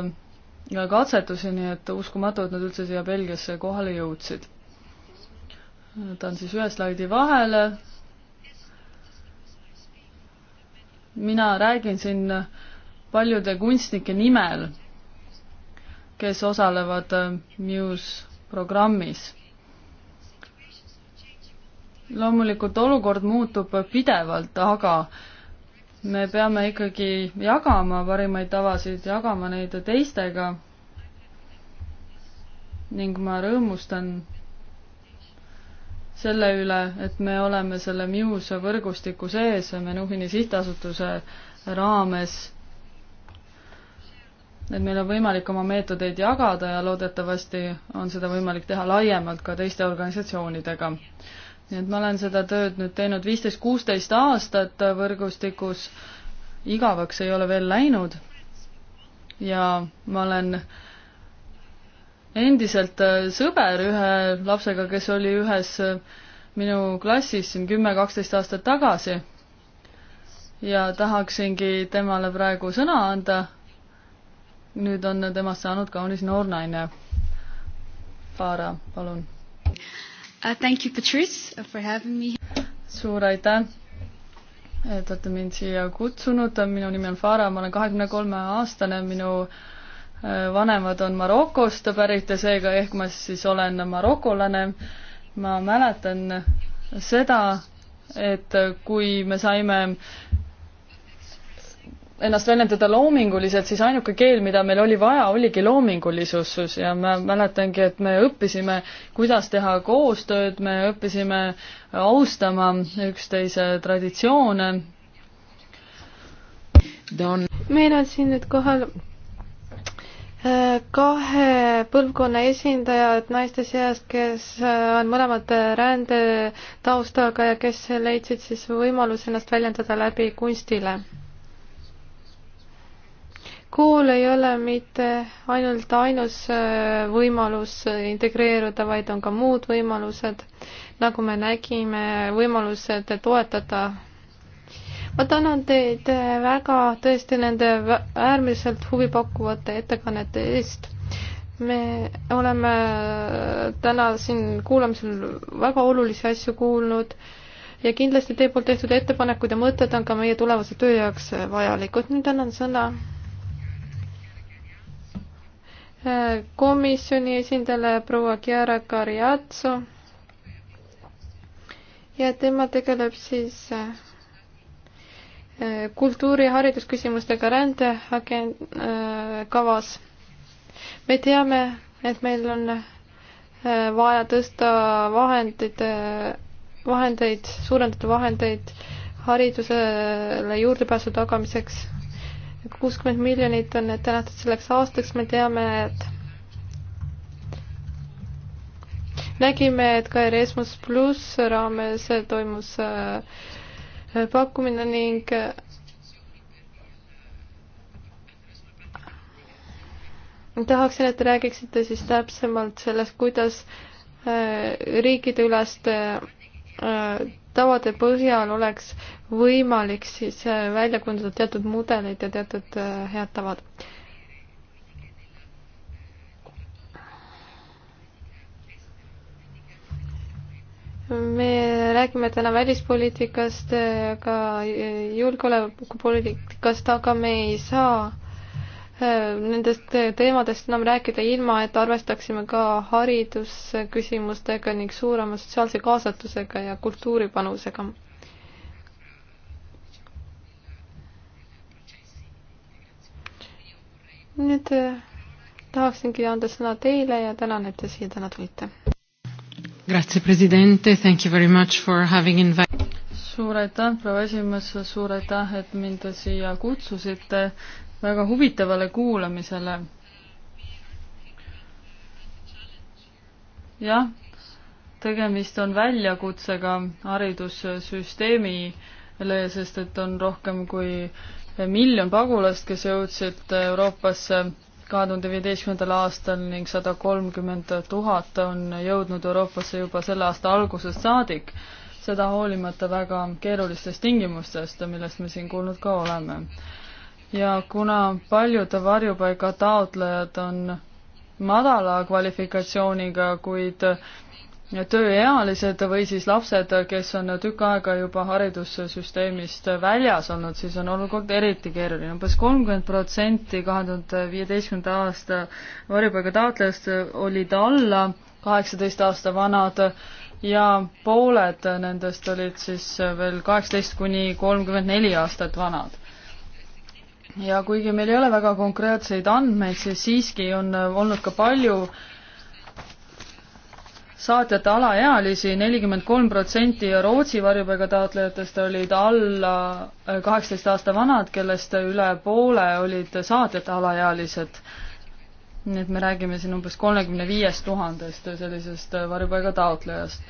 katsetusi, nii et uskumatu, et nad üldse siia Belgiasse kohale jõudsid. võtan siis ühe slaidi vahele. mina räägin siin paljude kunstnike nimel kes osalevad äh, Muse programmis. loomulikult olukord muutub pidevalt, aga me peame ikkagi jagama parimaid tavasid, jagama neid teistega. ning ma rõõmustan selle üle, et me oleme selle Muse võrgustiku sees Menuhini sihtasutuse raames et meil on võimalik oma meetodeid jagada ja loodetavasti on seda võimalik teha laiemalt ka teiste organisatsioonidega. nii et ma olen seda tööd nüüd teinud viisteist, kuusteist aastat võrgustikus, igavaks ei ole veel läinud ja ma olen endiselt äh, sõber ühe lapsega, kes oli ühes äh, minu klassis siin kümme, kaksteist aastat tagasi ja tahaksingi temale praegu sõna anda nüüd on temast saanud kaunis noor naine. Faara, palun uh,. Thank you, Patrice, for having me. suur aitäh, et olete mind siia kutsunud, minu nimi on Faara, ma olen kahekümne kolme aastane, minu äh, vanemad on Marokost pärit ja seega ehk ma siis olen marokolane. ma mäletan seda, et kui me saime ennast väljendada loominguliselt, siis ainuke keel, mida meil oli vaja, oligi loomingulisus ja ma mäletangi, et me õppisime, kuidas teha koostööd, me õppisime austama üksteise traditsioone. meil on siin nüüd kohal äh, kahe põlvkonna esindajad naiste seast, kes äh, on mõlemad rändetaustaga ja kes leidsid siis võimaluse ennast väljendada läbi kunstile kool ei ole mitte ainult ainus äh, võimalus äh, integreeruda, vaid on ka muud võimalused, nagu me nägime, võimalused toetada. ma tänan teid äh, väga tõesti nende äärmiselt huvipakkuvate ettekannete eest me oleme täna siin kuulamisel väga olulisi asju kuulnud ja kindlasti teie poolt tehtud ettepanekud ja mõtted on ka meie tulevase töö jaoks vajalikud. nüüd annan sõna komisjoni esindajale proua Chiara Cariazzo ja tema tegeleb siis äh, kultuuri- ja haridusküsimustega rändekavas. Äh, me teame, et meil on äh, vaja tõsta vahendid, vahendeid, suurendada vahendeid haridusele juurdepääsu tagamiseks kuuskümmend miljonit on ette nähtud selleks aastaks, me teame, et nägime, et ka Erasmus pluss raames toimus äh, pakkumine ning äh, tahaksin, et räägiksite siis täpsemalt sellest, kuidas äh, riikideüleste tavade põhjal oleks võimalik siis äh, välja kujundada teatud mudeleid ja teatud äh, head tavad. me räägime täna välispoliitikast, ka äh, julgeolekupoliitikast, aga me ei saa nendest teemadest enam rääkida ilma, et arvestaksime ka haridusküsimustega ning suurema sotsiaalse kaasatusega ja kultuuripanusega. nüüd eh, tahaksingi anda sõna teile ja tänan, et te siia täna tulite. Grazie presidente, thank you very much for having invited suur aitäh, proua esimees, suur aitäh, et mind siia kutsusite väga huvitavale kuulamisele. jah, tegemist on väljakutsega haridussüsteemi üle, sest et on rohkem kui miljon pagulast, kes jõudsid Euroopasse kahe tuhande viieteistkümnendal aastal ning sada kolmkümmend tuhat on jõudnud Euroopasse juba selle aasta algusest saadik, seda hoolimata väga keerulistest tingimustest, millest me siin kuulnud ka oleme ja kuna paljud varjupaiga taotlejad on madala kvalifikatsiooniga, kuid tööealised või siis lapsed, kes on tükk aega juba haridussüsteemist väljas olnud, siis on olukord eriti keeruline. umbes kolmkümmend protsenti kahe tuhande viieteistkümnenda aasta varjupaiga taotlejast olid alla kaheksateist aasta vanad ja pooled nendest olid siis veel kaheksateist kuni kolmkümmend neli aastat vanad ja kuigi meil ei ole väga konkreetseid andmeid, siis siiski on äh, olnud ka palju saatjate alaealisi, nelikümmend kolm protsenti Rootsi varjupaiga taotlejatest olid alla äh, kaheksateist aasta vanad, kellest üle poole olid saatjate alaealised. nii et me räägime siin umbes kolmekümne viiest tuhandest sellisest äh, varjupaiga taotlejast.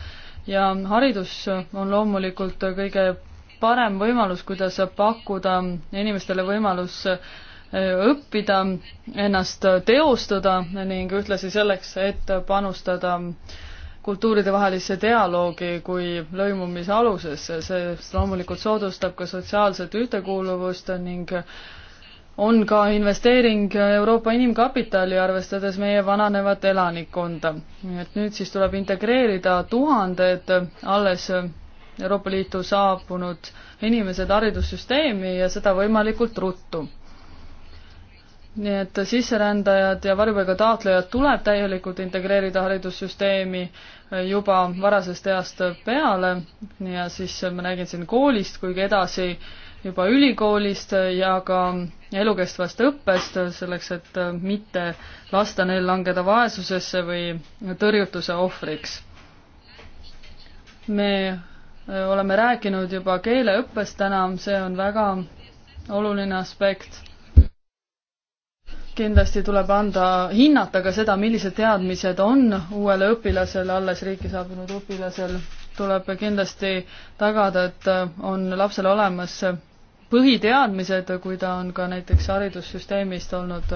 ja haridus on loomulikult kõige parem võimalus, kuidas pakkuda inimestele võimalus äh, õppida, ennast teostada ning ühtlasi selleks, et panustada kultuuridevahelisse dialoogi kui lõimumise alusesse, see loomulikult soodustab ka sotsiaalset ühtekuuluvust ning on ka investeering Euroopa inimkapitali, arvestades meie vananevat elanikkonda. et nüüd siis tuleb integreerida tuhanded alles Euroopa Liitu saabunud inimesed haridussüsteemi ja seda võimalikult ruttu. nii et sisserändajad ja varjupaiga taotlejad tuleb täielikult integreerida haridussüsteemi eh, juba varasest east peale ja siis ma räägin siin koolist, kuigi edasi juba ülikoolist ja ka elukestvast õppest, selleks et eh, mitte lasta neil langeda vaesusesse või tõrjutuse ohvriks. me oleme rääkinud juba keeleõppest täna, see on väga oluline aspekt. kindlasti tuleb anda, hinnata ka seda, millised teadmised on uuele õpilasele, alles riiki saabunud õpilasel, tuleb kindlasti tagada, et on lapsel olemas põhiteadmised, kui ta on ka näiteks haridussüsteemist olnud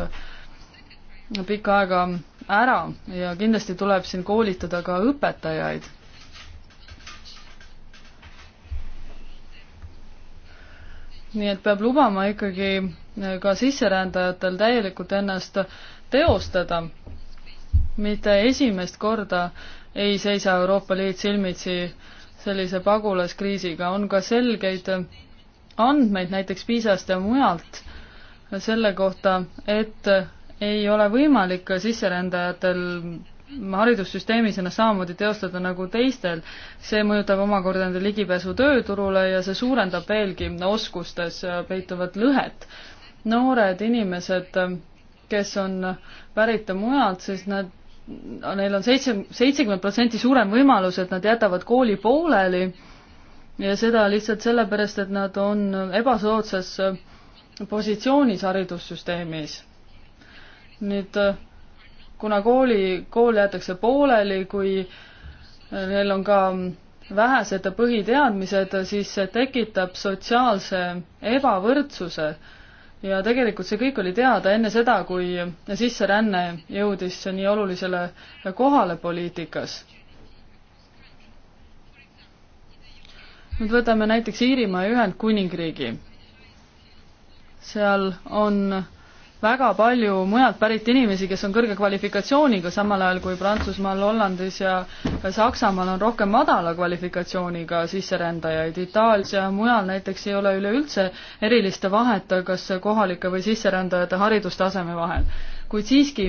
pikka aega ära ja kindlasti tuleb siin koolitada ka õpetajaid nii et peab lubama ikkagi eh, ka sisserändajatel täielikult ennast teostada. mitte esimest korda ei seisa Euroopa Liit silmitsi sellise pagulaskriisiga, on ka selgeid andmeid näiteks Piisast ja mujalt selle kohta, et ei ole võimalik sisserändajatel haridussüsteemis ennast samamoodi teostada nagu teistel. see mõjutab omakorda nende ligipääsu tööturule ja see suurendab veelgi oskustes peituvat lõhet. noored inimesed, kes on pärit mujalt, siis nad, neil on seitse, seitsekümmend protsenti suurem võimalus, et nad jätavad kooli pooleli ja seda lihtsalt sellepärast, et nad on ebasoodsas positsioonis haridussüsteemis. nüüd kuna kooli, kool jäetakse pooleli, kui neil on ka vähesed põhiteadmised, siis see tekitab sotsiaalse ebavõrdsuse. ja tegelikult see kõik oli teada enne seda, kui sisseränne jõudis nii olulisele kohale poliitikas. nüüd võtame näiteks Iirimaa ja Ühendkuningriigi. seal on väga palju mujalt pärit inimesi, kes on kõrge kvalifikatsiooniga, samal ajal kui Prantsusmaal, Hollandis ja Saksamaal on rohkem madala kvalifikatsiooniga sisserändajaid. Itaalias ja mujal näiteks ei ole üleüldse erilist vahet kas kohalike või sisserändajate haridustaseme vahel. kuid siiski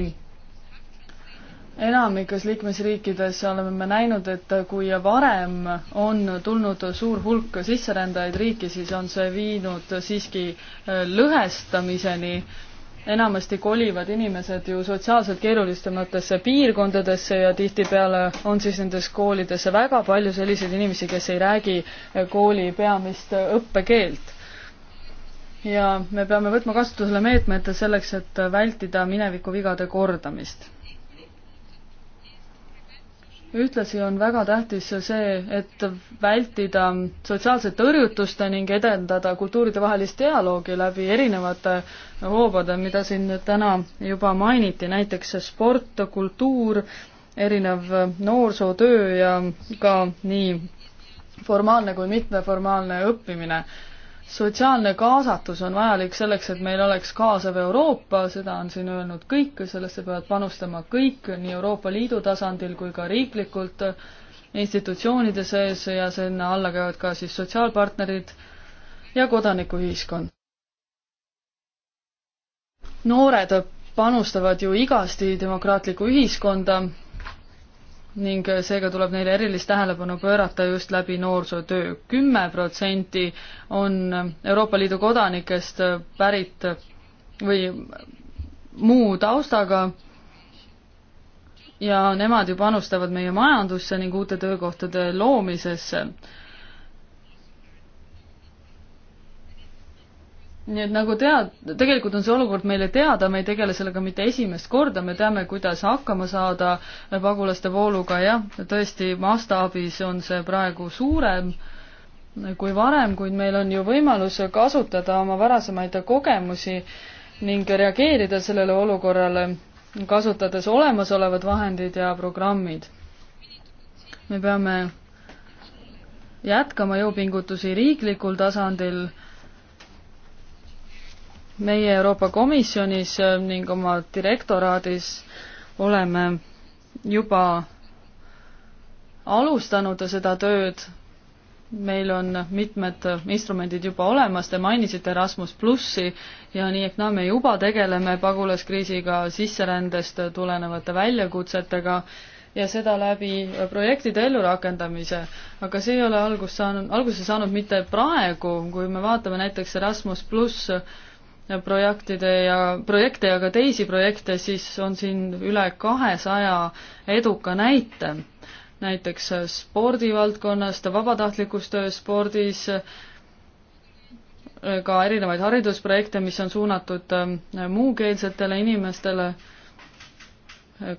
enamikes liikmesriikides oleme me näinud, et kui varem on tulnud suur hulk sisserändajaid riiki, siis on see viinud siiski lõhestamiseni enamasti kolivad inimesed ju sotsiaalselt keerulisematesse piirkondadesse ja tihtipeale on siis nendes koolides väga palju selliseid inimesi, kes ei räägi eh, kooli peamist eh, õppekeelt. ja me peame võtma kasutusele meetmed selleks, et vältida mineviku vigade kordamist ühtlasi on väga tähtis see, et vältida sotsiaalset tõrjutust ning edendada kultuuridevahelist dialoogi läbi erinevate hoobade, mida siin täna juba mainiti, näiteks sport, kultuur, erinev noorsootöö ja ka nii formaalne kui mitteformaalne õppimine sotsiaalne kaasatus on vajalik selleks, et meil oleks kaasav Euroopa, seda on siin öelnud kõik, sellesse peavad panustama kõik nii Euroopa Liidu tasandil kui ka riiklikult institutsioonide sees ja sinna alla käivad ka siis sotsiaalpartnerid ja kodanikuühiskond. noored panustavad ju igasti demokraatlikku ühiskonda ning seega tuleb neile erilist tähelepanu pöörata just läbi noorsootöö. kümme protsenti on Euroopa Liidu kodanikest pärit või muu taustaga ja nemad ju panustavad meie majandusse ning uute töökohtade loomisesse nii et nagu tead, tegelikult on see olukord meile teada, me ei tegele sellega mitte esimest korda, me teame, kuidas hakkama saada pagulaste vooluga, jah, tõesti, mastaabis on see praegu suurem kui varem, kuid meil on ju võimalus kasutada oma varasemaid kogemusi ning reageerida sellele olukorrale, kasutades olemasolevad vahendid ja programmid. me peame jätkama jõupingutusi riiklikul tasandil meie Euroopa Komisjonis äh, ning oma direktoraadis oleme juba alustanud seda tööd, meil on mitmed instrumendid juba olemas, te mainisite Erasmus plussi ja nii ehk naa, me juba tegeleme pagulaskriisiga, sisserändest tulenevate väljakutsetega ja seda läbi projektide ellurakendamise. aga see ei ole algust saanud, alguse saanud mitte praegu, kui me vaatame näiteks Erasmus pluss projektide ja projekte ja ka teisi projekte, siis on siin üle kahesaja eduka näite. näiteks spordivaldkonnast, vabatahtlikus töös spordis, ka erinevaid haridusprojekte, mis on suunatud ähm, muukeelsetele inimestele,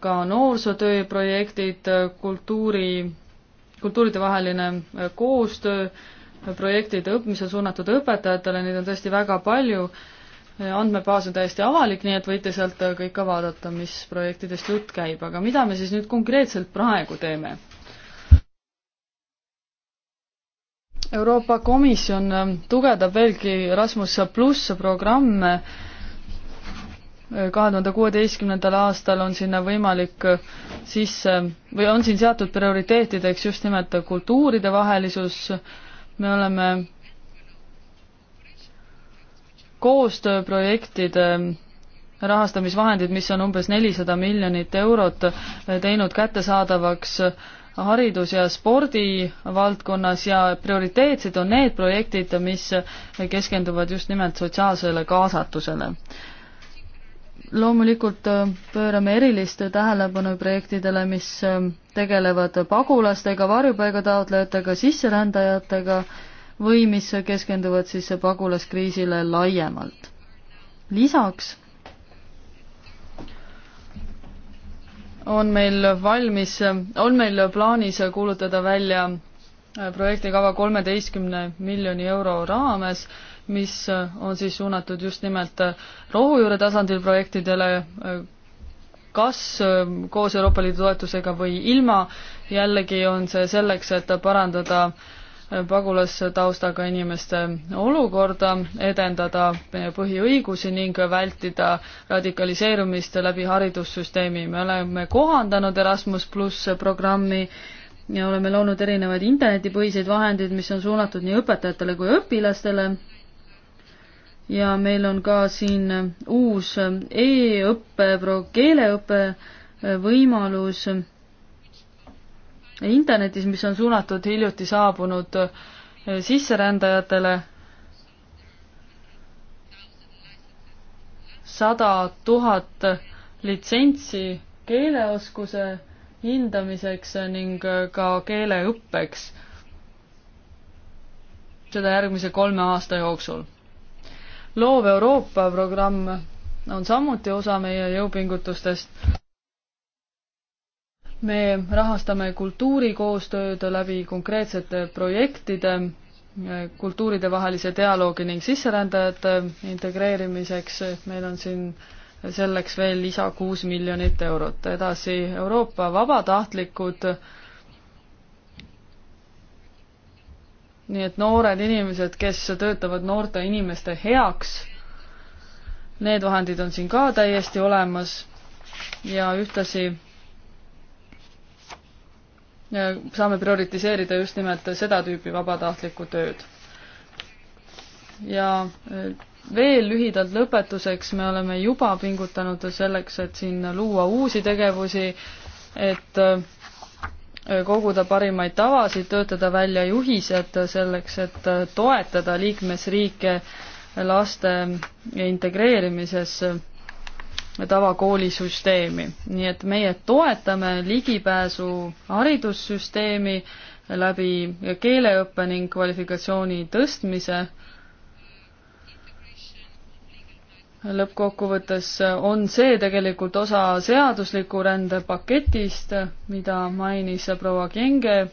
ka noorsootöö projektid, kultuuri, kultuuridevaheline äh, koostöö, projektid, mis on suunatud õpetajatele, neid on tõesti väga palju andmebaas on täiesti avalik, nii et võite sealt äh, kõik ka vaadata, mis projektidest jutt käib, aga mida me siis nüüd konkreetselt praegu teeme? Euroopa Komisjon äh, tugevdab veelgi Rasmus pluss programme. Äh, kahe tuhande kuueteistkümnendal aastal on sinna võimalik sisse või on siin seatud prioriteetideks just nimelt kultuuride vahelisus. me oleme koostööprojektide rahastamisvahendid, mis on umbes nelisada miljonit eurot, eh, teinud kättesaadavaks haridus- ja spordivaldkonnas ja prioriteetsed on need projektid, mis keskenduvad just nimelt sotsiaalsele kaasatusele. loomulikult eh, pöörame erilist tähelepanu projektidele, mis eh, tegelevad pagulastega, varjupaigataotlejatega, sisserändajatega, või mis keskenduvad siis pagulaskriisile laiemalt. lisaks on meil valmis, on meil plaanis kuulutada välja äh, projektikava kolmeteistkümne miljoni euro raames, mis äh, on siis suunatud just nimelt äh, rohujuure tasandil projektidele, kas koos Euroopa Liidu toetusega või ilma, jällegi on see selleks, et parandada äh, pagulastaustaga inimeste olukorda, edendada põhiõigusi ning vältida radikaliseerumist läbi haridussüsteemi. me oleme kohandanud Erasmus pluss programmi ja oleme loonud erinevaid internetipõhiseid vahendeid, mis on suunatud nii õpetajatele kui õpilastele. ja meil on ka siin uus e-õppe, keeleõppe võimalus internetis, mis on suunatud hiljuti saabunud eh, sisserändajatele. sada tuhat litsentsi keeleoskuse hindamiseks ning eh, ka keeleõppeks. seda järgmise kolme aasta jooksul. loov Euroopa programm on samuti osa meie jõupingutustest me rahastame kultuurikoostööd läbi konkreetsete projektide, kultuuridevahelise dialoogi ning sisserändajate integreerimiseks, meil on siin selleks veel lisa kuus miljonit eurot. edasi Euroopa vabatahtlikud, nii et noored inimesed, kes töötavad noorte inimeste heaks, need vahendid on siin ka täiesti olemas ja ühtlasi saame prioritiseerida just nimelt seda tüüpi vabatahtlikku tööd. ja äh, veel lühidalt lõpetuseks, me oleme juba pingutanud selleks, et siin luua uusi tegevusi, et äh, koguda parimaid tavasid, töötada välja juhised selleks, et äh, toetada liikmesriike laste integreerimisesse tavakoolisüsteemi. nii et meie toetame ligipääsu haridussüsteemi läbi keeleõppe ning kvalifikatsiooni tõstmise. lõppkokkuvõttes on see tegelikult osa seadusliku rände paketist, mida mainis proua Kenge.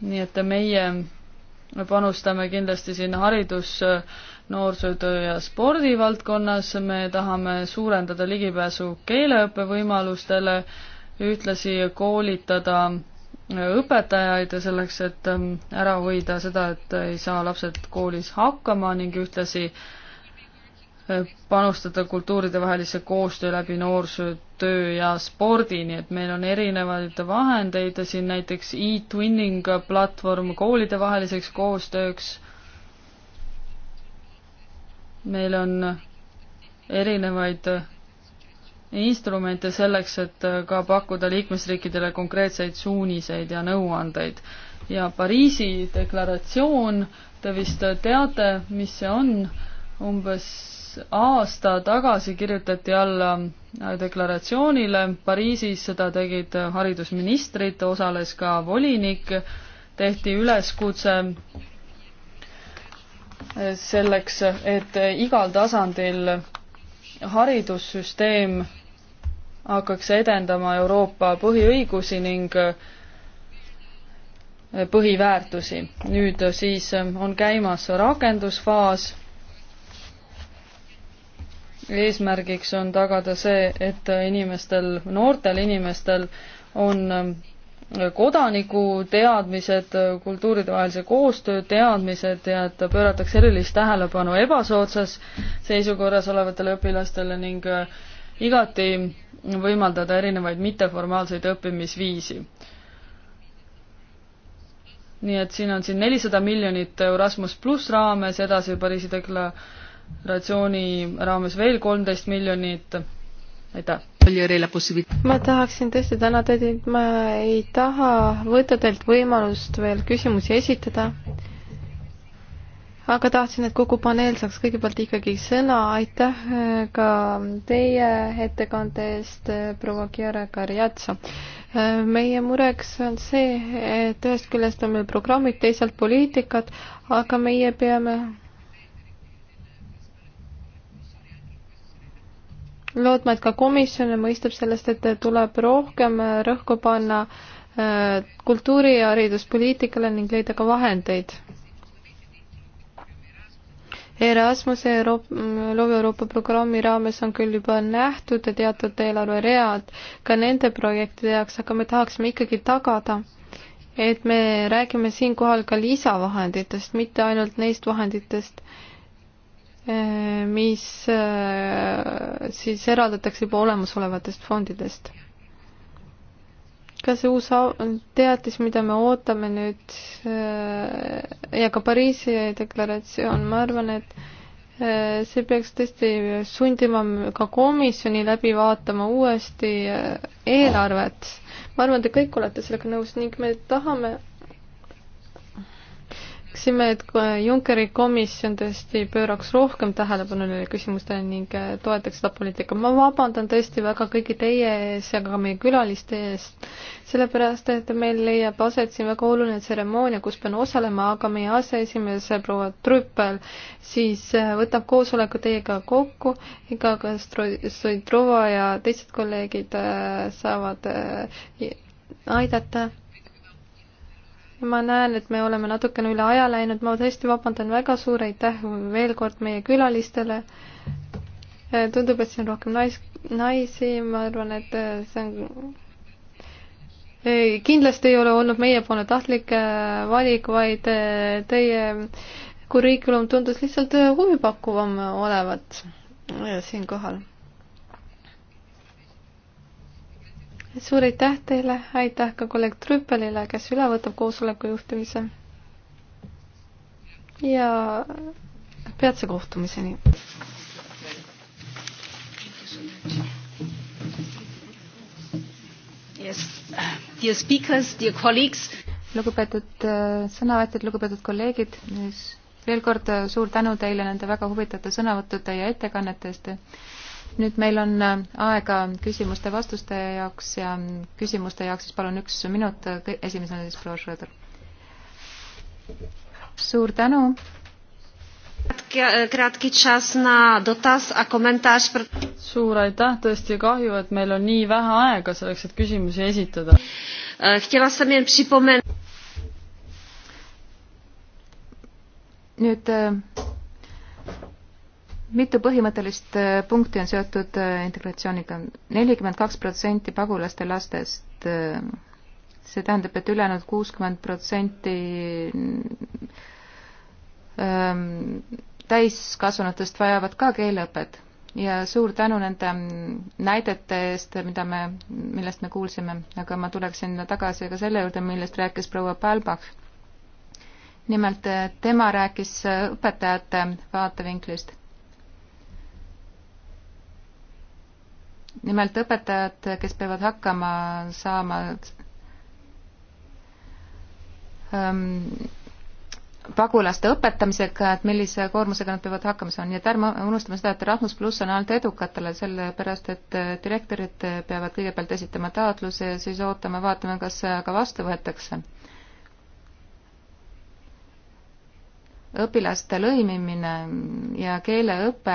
nii et meie panustame kindlasti sinna haridus äh, noorsootöö ja spordivaldkonnas, me tahame suurendada ligipääsu keeleõppe võimalustele, ühtlasi koolitada õpetajaid ja selleks, et ähm, ära hoida seda, et ei saa lapsed koolis hakkama ning ühtlasi äh, panustada kultuuridevahelisse koostöö läbi noorsootöö ja spordi, nii et meil on erinevaid vahendeid siin näiteks e-twinning platvorm koolidevaheliseks koostööks meil on erinevaid instrumente selleks, et ka pakkuda liikmesriikidele konkreetseid suuniseid ja nõuandeid. ja Pariisi deklaratsioon, te vist teate, mis see on, umbes aasta tagasi kirjutati alla deklaratsioonile Pariisis, seda tegid haridusministrid, osales ka volinik, tehti üleskutse selleks, et igal tasandil haridussüsteem hakkaks edendama Euroopa põhiõigusi ning põhiväärtusi. nüüd siis on käimas rakendusfaas. eesmärgiks on tagada see, et inimestel, noortel inimestel on kodanikuteadmised, kultuuridevahelise koostöö teadmised ja et pööratakse erilist tähelepanu ebasoodsas seisukorras olevatele õpilastele ning äh, igati võimaldada erinevaid mitteformaalseid õppimisviisi. nii et siin on siin nelisada miljonit Erasmus pluss raames, edasi Pariisi deklaratsiooni raames veel kolmteist miljonit, aitäh! ma tahaksin tõesti tänada teid, ma ei taha võtta teilt võimalust veel küsimusi esitada aga tahtsin, et kogu paneel saaks kõigepealt ikkagi sõna, aitäh äh, ka teie ettekande eest, äh, proua Kiara Karjatsa. Äh, meie mureks on see, et ühest küljest on meil programmid, teisalt poliitikad, aga meie peame lootma, et ka komisjon mõistab sellest, et tuleb rohkem äh, rõhku panna äh, kultuuri- ja hariduspoliitikale ning leida ka vahendeid. Erasmuse Euroop-, mm, Loovi Euroopa programmi raames on küll juba nähtud teatud eelarveread ka nende projektide jaoks, aga me tahaksime ikkagi tagada, et me räägime siinkohal ka lisavahenditest, mitte ainult neist vahenditest, Eh, mis eh, siis eraldatakse juba olemasolevatest fondidest. ka see uus teatis, mida me ootame nüüd eh, ja ka Pariisi deklaratsioon, ma arvan, et see peaks tõesti sundima ka komisjoni läbi vaatama uuesti eelarvet. ma arvan, te kõik olete sellega nõus ning me tahame tahaksime, et Junckeri komisjon tõesti pööraks rohkem tähelepanu neile küsimustele ning äh, toetaks seda poliitika. ma vabandan tõesti väga kõigi teie ees ja ka meie külaliste ees, sellepärast et meil leiab aset siin väga oluline tseremoonia, kus pean osalema, aga meie aseesimees äh, proua Trüppel siis äh, võtab koosoleku teiega kokku, ega ka Stoidrova ja teised kolleegid saavad aidata ma näen, et me oleme natukene üle aja läinud, ma tõesti vabandan, väga suur aitäh veel kord meie külalistele. Eh, tundub, et siin on rohkem nais, naisi, ma arvan, et eh, see on eh, kindlasti ei ole olnud meiepoolne tahtlik valik, vaid teie kuriikulum tundus lihtsalt huvipakkuvam olevat siinkohal suur aitäh teile, aitäh ka kolleeg Trüppelile, kes üle võtab koosoleku juhtimise. ja peatse kohtumiseni. Yes. Dear speakers, dear colleagues. lugupeetud äh, sõnavõtjad, lugupeetud kolleegid, veel kord äh, suur tänu teile nende väga huvitavate sõnavõttude ja ettekannete eest nüüd meil on äh, aega küsimuste-vastuste jaoks ja küsimuste jaoks siis palun üks minut, esimesena siis proua Schröder. suur tänu. Äh, suur aitäh, tõesti kahju, et meil on nii vähe aega selleks, et küsimusi esitada. Äh, nüüd mitu põhimõttelist äh, punkti on seotud äh, integratsiooniga. nelikümmend kaks protsenti pagulaste lastest, äh, see tähendab, et ülejäänud kuuskümmend protsenti ähm, täiskasvanutest vajavad ka keeleõpet ja suur tänu nende näidete eest, mida me, millest me kuulsime, aga ma tuleksin tagasi ka selle juurde, millest rääkis proua Palbach. nimelt tema rääkis õpetajate vaatevinklist nimelt õpetajad, kes peavad hakkama saama ähm, pagulaste õpetamisega, et millise koormusega nad peavad hakkama saama, nii et ärme unustame seda, et Erasmus pluss on ainult edukatele, sellepärast et äh, direktorid peavad kõigepealt esitama taotluse ja siis ootama, vaatame, kas ka vastu võetakse. õpilaste lõimimine ja keeleõpe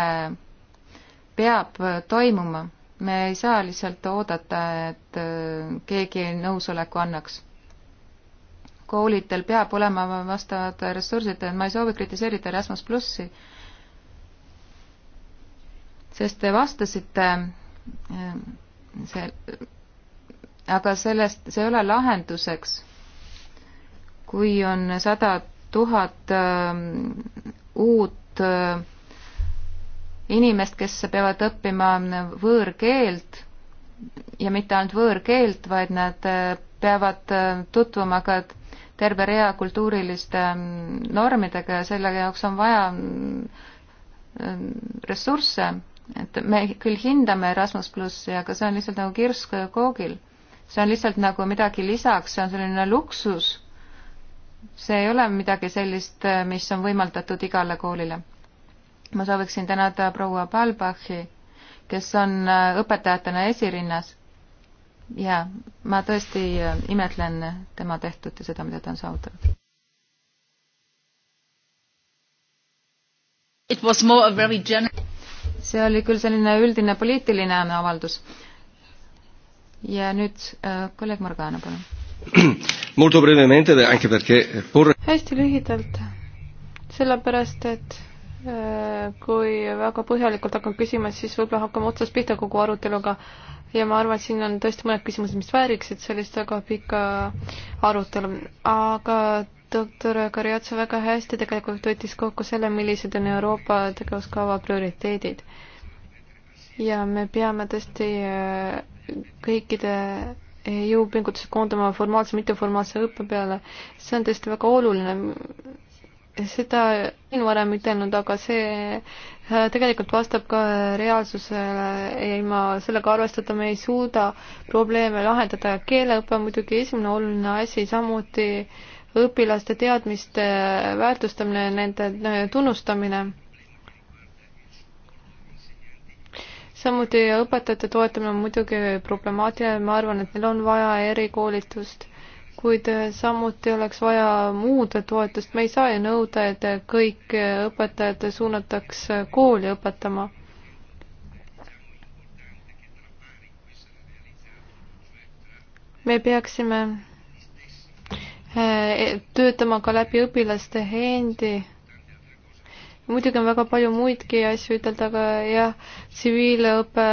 peab toimuma me ei saa lihtsalt oodata, et äh, keegi nõusoleku annaks. koolidel peab olema vastavad ressursid, et ma ei soovi kritiseerida Erasmus plussi, sest te vastasite äh, see, aga sellest, see ei ole lahenduseks, kui on sada tuhat äh, uut äh, inimest, kes peavad õppima võõrkeelt ja mitte ainult võõrkeelt, vaid nad äh, peavad äh, tutvuma ka terve rea kultuuriliste mm, normidega ja selle jaoks on vaja mm, mm, ressursse, et me küll hindame Erasmus plussi, aga see on lihtsalt nagu kirss koogil. see on lihtsalt nagu midagi lisaks, see on selline luksus. see ei ole midagi sellist, äh, mis on võimaldatud igale koolile ma sooviksin tänada proua Balbachi, kes on äh, õpetajatena esirinnas ja ma tõesti äh, imetlen tema tehtut ja seda, mida ta on saavutanud. see oli küll selline üldine poliitiline avaldus. ja nüüd äh, kolleeg Morgana, palun. *clears throat* hästi lühidalt, sellepärast et Äh, kui väga põhjalikult hakkame küsima, siis võib-olla hakkame otsast pihta kogu aruteluga ja ma arvan, et siin on tõesti mõned küsimused, mis vääriksid sellist väga pika arutelu, aga doktor Karjatso väga hästi tegelikult võttis kokku selle, millised on Euroopa tegevuskava prioriteedid. ja me peame tõesti äh, kõikide jõupingutused koondama formaalse, mitteformaalse õppe peale, see on tõesti väga oluline seda olen varem ütelnud, aga see äh, tegelikult vastab ka reaalsusele ja ilma sellega arvestada me ei suuda probleeme lahendada. keeleõpe on muidugi esimene oluline asi, samuti õpilaste teadmiste väärtustamine, nende äh, tunnustamine samuti õpetajate toetamine on muidugi problemaatiline, ma arvan, et neil on vaja erikoolitust kuid äh, samuti oleks vaja muud toetust, me ei saa ju nõuda, et äh, kõik äh, õpetajad suunataks kooli õpetama. me peaksime e-, töötama ka läbi õpilaste endi muidugi on väga palju muidki asju ütelda, aga jah, tsiviilõpe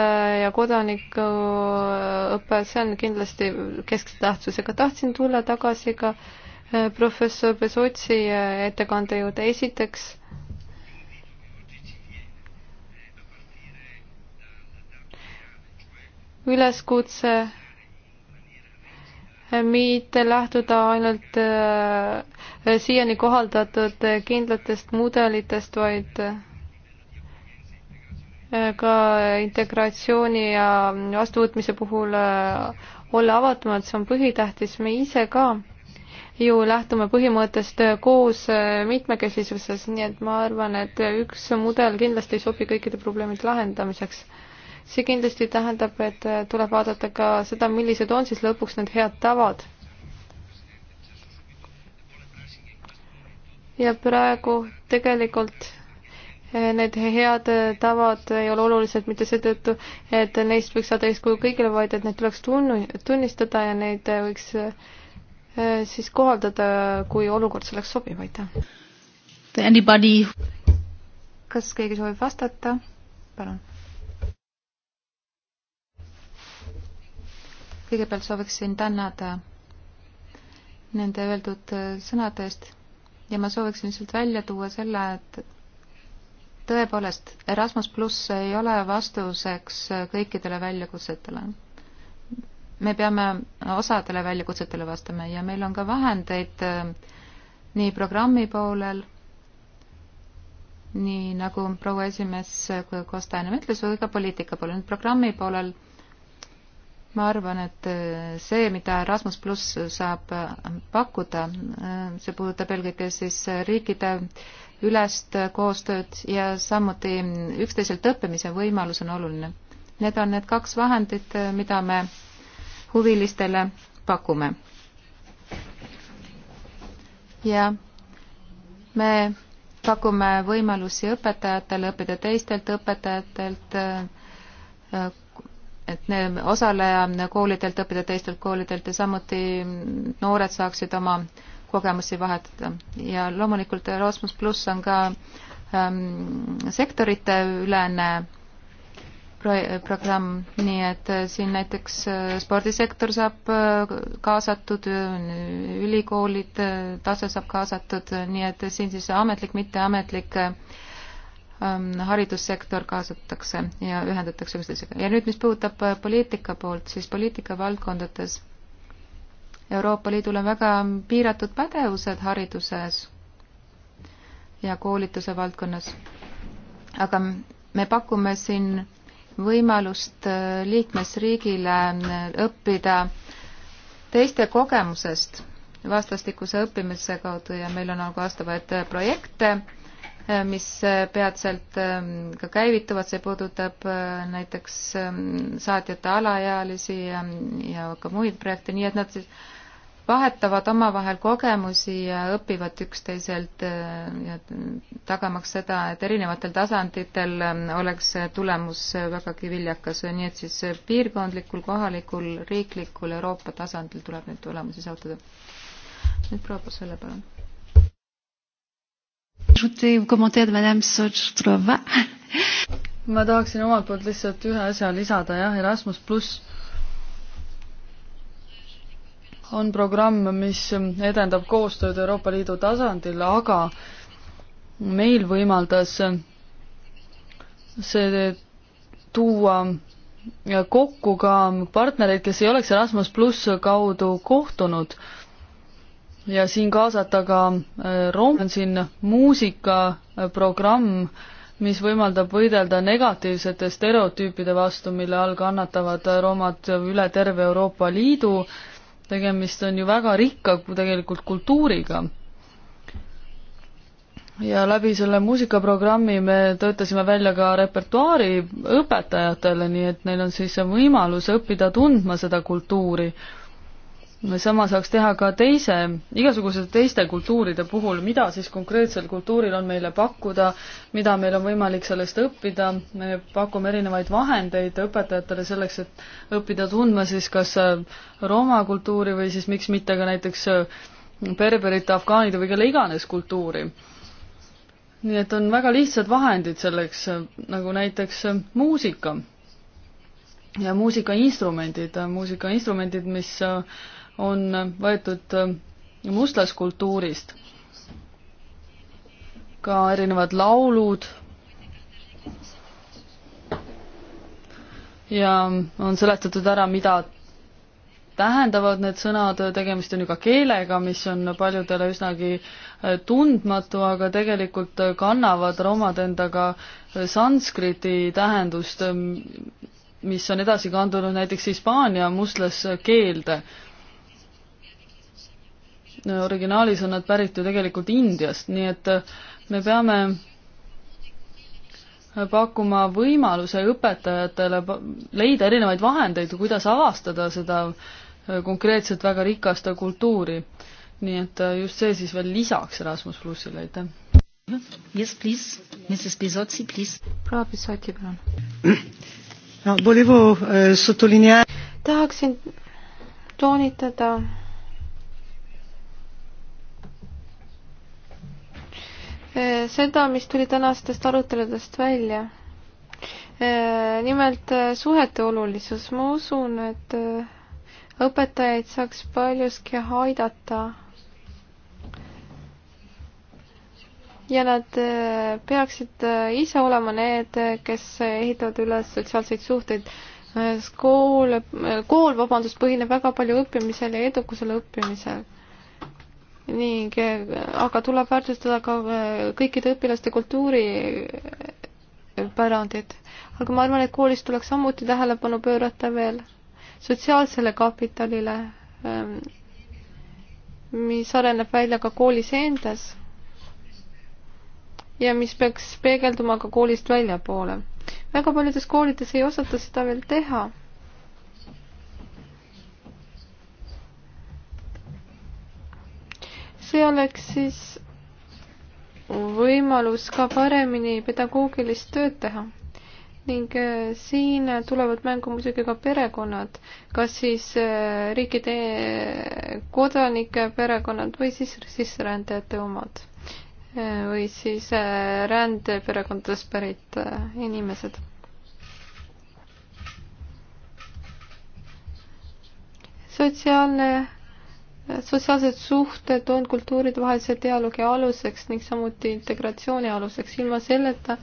ja kodanikuõpe, see on kindlasti keskse tähtsusega. tahtsin tulla tagasi ka eh, professor Besotsi eh, ettekande juurde. esiteks, üleskutse mitte lähtuda ainult äh, siiani kohaldatud kindlatest mudelitest, vaid äh, ka integratsiooni ja vastuvõtmise puhul äh, olla avatumad, see on põhitähtis, me ise ka ju lähtume põhimõttest koos mitmekesisuses, nii et ma arvan, et üks mudel kindlasti ei sobi kõikide probleemide lahendamiseks see kindlasti tähendab, et tuleb vaadata ka seda, millised on siis lõpuks need head tavad. ja praegu tegelikult eh, need head tavad ei ole olulised mitte seetõttu, et neist võiks saada eeskuju kõigile, vaid et neid tuleks tunnu-, tunnistada ja neid võiks eh, siis kohaldada, kui olukord selleks sobib, aitäh. Anybody? kas keegi soovib vastata? palun kõigepealt sooviksin tänada nende öeldud sõnade eest ja ma sooviksin lihtsalt välja tuua selle, et tõepoolest, Erasmus pluss ei ole vastuseks kõikidele väljakutsetele. me peame osadele väljakutsetele vastama ja meil on ka vahendeid äh, nii programmi poolel, nii nagu proua esimees äh, Kosta ennem ütles, või ka poliitika poolel. nüüd programmi poolel ma arvan, et äh, see, mida Erasmus pluss saab äh, pakkuda, äh, see puudutab eelkõige siis riikide ülest koostööd ja samuti mm, üksteiselt õppimise võimalus on oluline. Need on need kaks vahendit, mida me huvilistele pakume. ja me pakume võimalusi õpetajatele õppida teistelt õpetajatelt et osaleja koolidelt õppida teistelt koolidelt ja samuti noored saaksid oma kogemusi vahetada. ja loomulikult Erasmus pluss on ka ähm, sektoriteülene pro programm, nii et äh, siin näiteks äh, spordisektor saab äh, kaasatud, ülikoolid, tase saab kaasatud, nii et siin siis ametlik, mitteametlik äh, Ähm, haridussektor kaasatakse ja ühendatakse üksteisega. ja nüüd, mis puudutab äh, poliitika poolt, siis poliitika valdkondades Euroopa Liidul on väga piiratud pädevused hariduses ja koolituse valdkonnas. aga me pakume siin võimalust äh, liikmesriigile äh, õppida teiste kogemusest vastastikuse õppimise kaudu ja meil on nagu vastavaid projekte mis äh, peatselt ähm, ka käivituvad, see puudutab äh, näiteks ähm, saatjate alaealisi ja, ähm, ja ka muid projekte, nii et nad siis vahetavad omavahel kogemusi ja õpivad üksteiselt äh, ja tagamaks seda, et erinevatel tasanditel oleks tulemus vägagi viljakas, nii et siis piirkondlikul, kohalikul, riiklikul, Euroopa tasandil tuleb neid tulemusi saavutada. nüüd proua Possele, palun ajouter aux commentaires de Madame Sotštrova? ma tahaksin omalt poolt lihtsalt ühe asja lisada, jah, Erasmus pluss on programm, mis edendab koostööd Euroopa Liidu tasandil, aga meil võimaldas see tuua kokku ka partnereid, kes ei oleks Erasmus pluss kaudu kohtunud ja siin kaasata ka äh, rom-, on siin muusikaprogramm, äh, mis võimaldab võidelda negatiivsete stereotüüpide vastu, mille all kannatavad äh, romad üle terve Euroopa Liidu. tegemist on ju väga rikka tegelikult kultuuriga. ja läbi selle muusikaprogrammi me töötasime välja ka repertuaari õpetajatele, nii et neil on siis võimalus õppida tundma seda kultuuri sama saaks teha ka teise, igasuguste teiste kultuuride puhul, mida siis konkreetsel kultuuril on meile pakkuda, mida meil on võimalik sellest õppida, me pakume erinevaid vahendeid õpetajatele selleks, et õppida tundma siis kas äh, Rooma kultuuri või siis miks mitte ka näiteks äh, berberite, afgaanide või kelle iganes kultuuri. nii et on väga lihtsad vahendid selleks, äh, nagu näiteks muusika ja muusikainstrumendid, muusikainstrumendid, mis on võetud äh, mustlaskultuurist. ka erinevad laulud ja on seletatud ära, mida tähendavad need sõnad, tegemist on ju ka keelega, mis on paljudele üsnagi äh, tundmatu, aga tegelikult kannavad romad endaga äh, sanskriti tähendust, mis on edasi kandunud näiteks Hispaania mustlaskeelde originaalis on nad pärit ju tegelikult Indiast, nii et äh, me peame äh, pakkuma võimaluse õpetajatele leida erinevaid vahendeid, kuidas avastada seda äh, konkreetselt väga rikast kultuuri. nii et just see siis veel lisaks Erasmus plussile, aitäh. Yes, please, Mrs Pisotsi, please. proua Pisotsi, palun. no, volevo eh, sottolineare. tahaksin toonitada Eh, seda, mis tuli tänastest aruteludest välja. Eh, nimelt eh, suhete olulisus, ma usun, et õpetajaid saaks paljuski aidata. ja nad peaksid ise olema need, kes ehitavad üles sotsiaalseid suhteid. kool, kool, vabandust, põhineb väga palju õppimisel ja edukusel õppimisel ning eh, aga tuleb väärtustada ka eh, kõikide õpilaste kultuuripärandit. aga ma arvan, et koolis tuleks samuti tähelepanu pöörata veel sotsiaalsele kapitalile, eh, mis areneb välja ka koolis endas ja mis peaks peegelduma ka koolist väljapoole. väga paljudes koolides ei osata seda veel teha see oleks siis võimalus ka paremini pedagoogilist tööd teha. ning äh, siin tulevad mängu muidugi ka perekonnad, kas siis äh, riikide äh, kodanike perekonnad või siis sisserändajate omad või siis rändeperekondadest pärit inimesed. sotsiaalne sotsiaalsed suhted on kultuuride vahelise dialoogi aluseks ning samuti integratsiooni aluseks. ilma selleta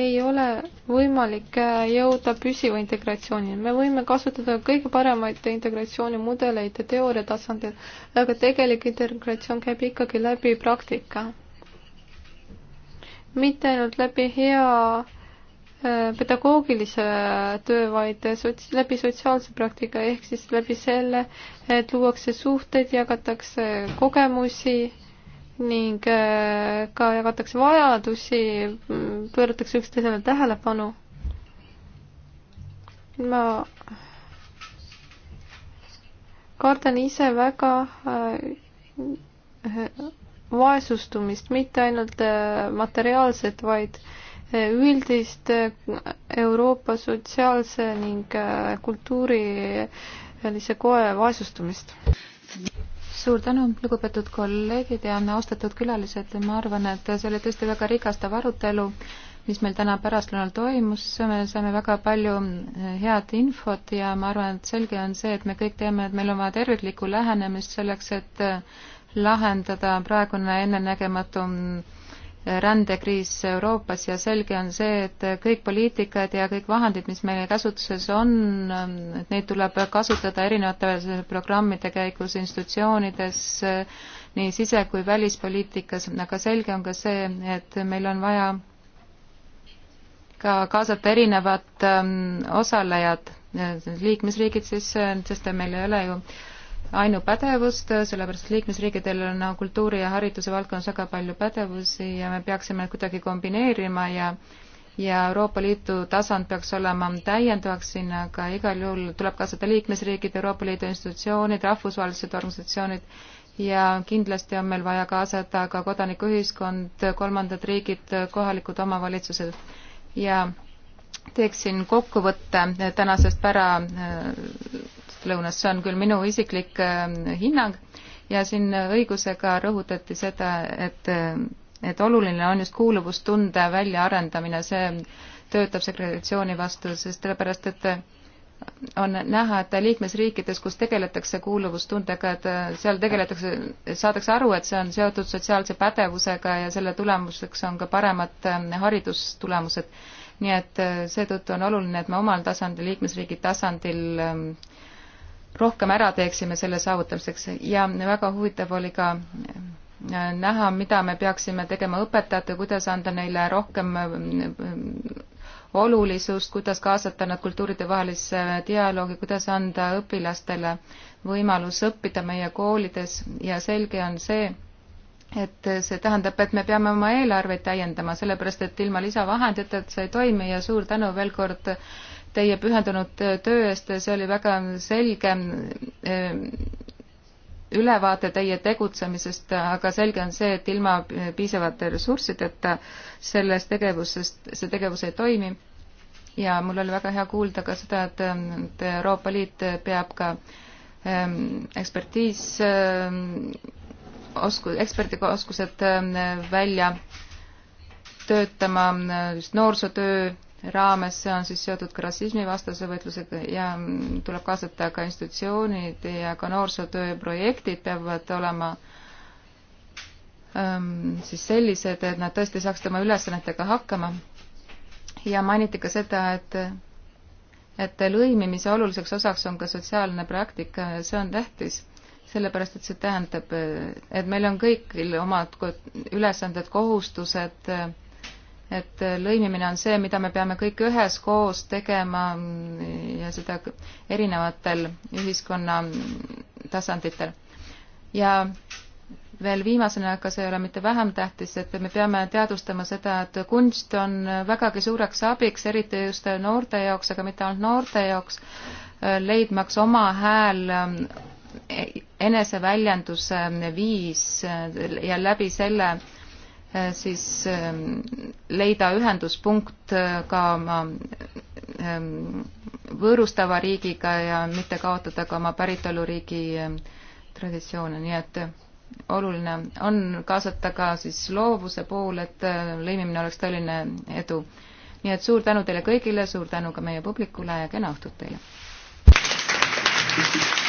ei ole võimalik jõuda püsiva integratsioonini. me võime kasutada kõige paremaid integratsioonimudeleid ja teooria tasandil, aga tegelik integratsioon käib ikkagi läbi praktika. mitte ainult läbi hea pedagoogilise töö, vaid sots-, läbi sotsiaalse praktika, ehk siis läbi selle, et luuakse suhteid, jagatakse kogemusi ning äh, ka jagatakse vajadusi, pööratakse üksteisele tähelepanu. ma kardan ise väga äh, vaesustumist, mitte ainult äh, materiaalset, vaid äh, üldist äh, Euroopa sotsiaalse ning äh, kultuurilise koe vaesustumist. suur tänu, lugupeetud kolleegid ja austatud külalised, ma arvan, et see oli tõesti väga rikastav arutelu, mis meil täna pärastlõunal toimus, me saime väga palju äh, head infot ja ma arvan, et selge on see, et me kõik teame, et meil on vaja terviklikku lähenemist selleks, et lahendada praegune ennenägematu mm, rändekriis Euroopas ja selge on see, et kõik poliitikad ja kõik vahendid, mis meie käsutuses on, et neid tuleb kasutada erinevate programmide käigus institutsioonides, nii sise- kui välispoliitikas, aga selge on ka see, et meil on vaja ka kaasata erinevad ähm, osalejad, liikmesriigid siis, sest meil ei ole ju äh, ainupädevust, sellepärast et liikmesriikidel on kultuuri ja hariduse valdkonnas väga palju pädevusi ja me peaksime kuidagi kombineerima ja ja Euroopa Liidu tasand peaks olema täiendavaks siin, aga igal juhul tuleb kaasata liikmesriigid, Euroopa Liidu institutsioonid, rahvusvahelised organisatsioonid ja kindlasti on meil vaja kaasata ka kodanikuühiskond, kolmandad riigid, kohalikud omavalitsused ja teeksin kokkuvõtte tänasest pära pärastlõunas, see on küll minu isiklik ähm, hinnang ja siin õigusega rõhutati seda, et, et oluline on just kuuluvustunde väljaarendamine, see töötab segregatsiooni vastu, sest sellepärast, et on näha, et liikmesriikides, kus tegeletakse kuuluvustundega, et äh, seal tegeletakse, saadakse aru, et see on seotud sotsiaalse pädevusega ja selle tulemuseks on ka paremad ähm, haridustulemused. nii et äh, seetõttu on oluline, et me omal tasandil, liikmesriigi tasandil ähm, rohkem ära teeksime selle saavutamiseks ja väga huvitav oli ka äh, näha, mida me peaksime tegema õpetajate, kuidas anda neile rohkem äh, olulisust, kuidas kaasata nad kultuuridevahelisse dialoogi, kuidas anda õpilastele võimalus õppida meie koolides ja selge on see, et see tähendab, et me peame oma eelarveid täiendama, sellepärast et ilma lisavahenditeta see ei toimi ja suur tänu veel kord äh, teie pühendunud töö eest, see oli väga selge ehm, ülevaate teie tegutsemisest, aga selge on see, et ilma piisavate ressurssideta selles tegevuses, see tegevus ei toimi. ja mul oli väga hea kuulda ka seda, et Euroopa Liit peab ka ehm, ekspertiis, ehm, osku-, ekspertiga oskused välja töötama, just noorsootöö raames, see on siis seotud ka rassismivastase võitlusega ja mm, tuleb kaasata ka institutsioonid ja ka noorsootöö projektid peavad olema ähm, siis sellised, et nad tõesti saaksid oma ülesannetega hakkama. ja mainiti ka seda, et et lõimimise oluliseks osaks on ka sotsiaalne praktika ja see on tähtis, sellepärast et see tähendab, et meil on kõigil omad ülesanded, kohustused äh, et lõimimine on see, mida me peame kõik üheskoos tegema ja seda erinevatel ühiskonna tasanditel. ja veel viimasena, aga see ei ole mitte vähem tähtis, et me peame teadvustama seda, et kunst on vägagi suureks abiks, eriti just noorte jaoks, aga mitte ainult noorte jaoks, leidmaks oma hääl, eh, eneseväljenduse viis ja läbi selle Äh, siis ähm, leida ühenduspunkt äh, ka oma ähm, võõrustava riigiga ja mitte kaotada ka oma päritoluriigi ähm, traditsioone, nii et äh, oluline on kaasata ka siis loovuse pool, et lõimimine oleks tõeline edu. nii et suur tänu teile kõigile, suur tänu ka meie publikule ja kena õhtut teile! Thank you.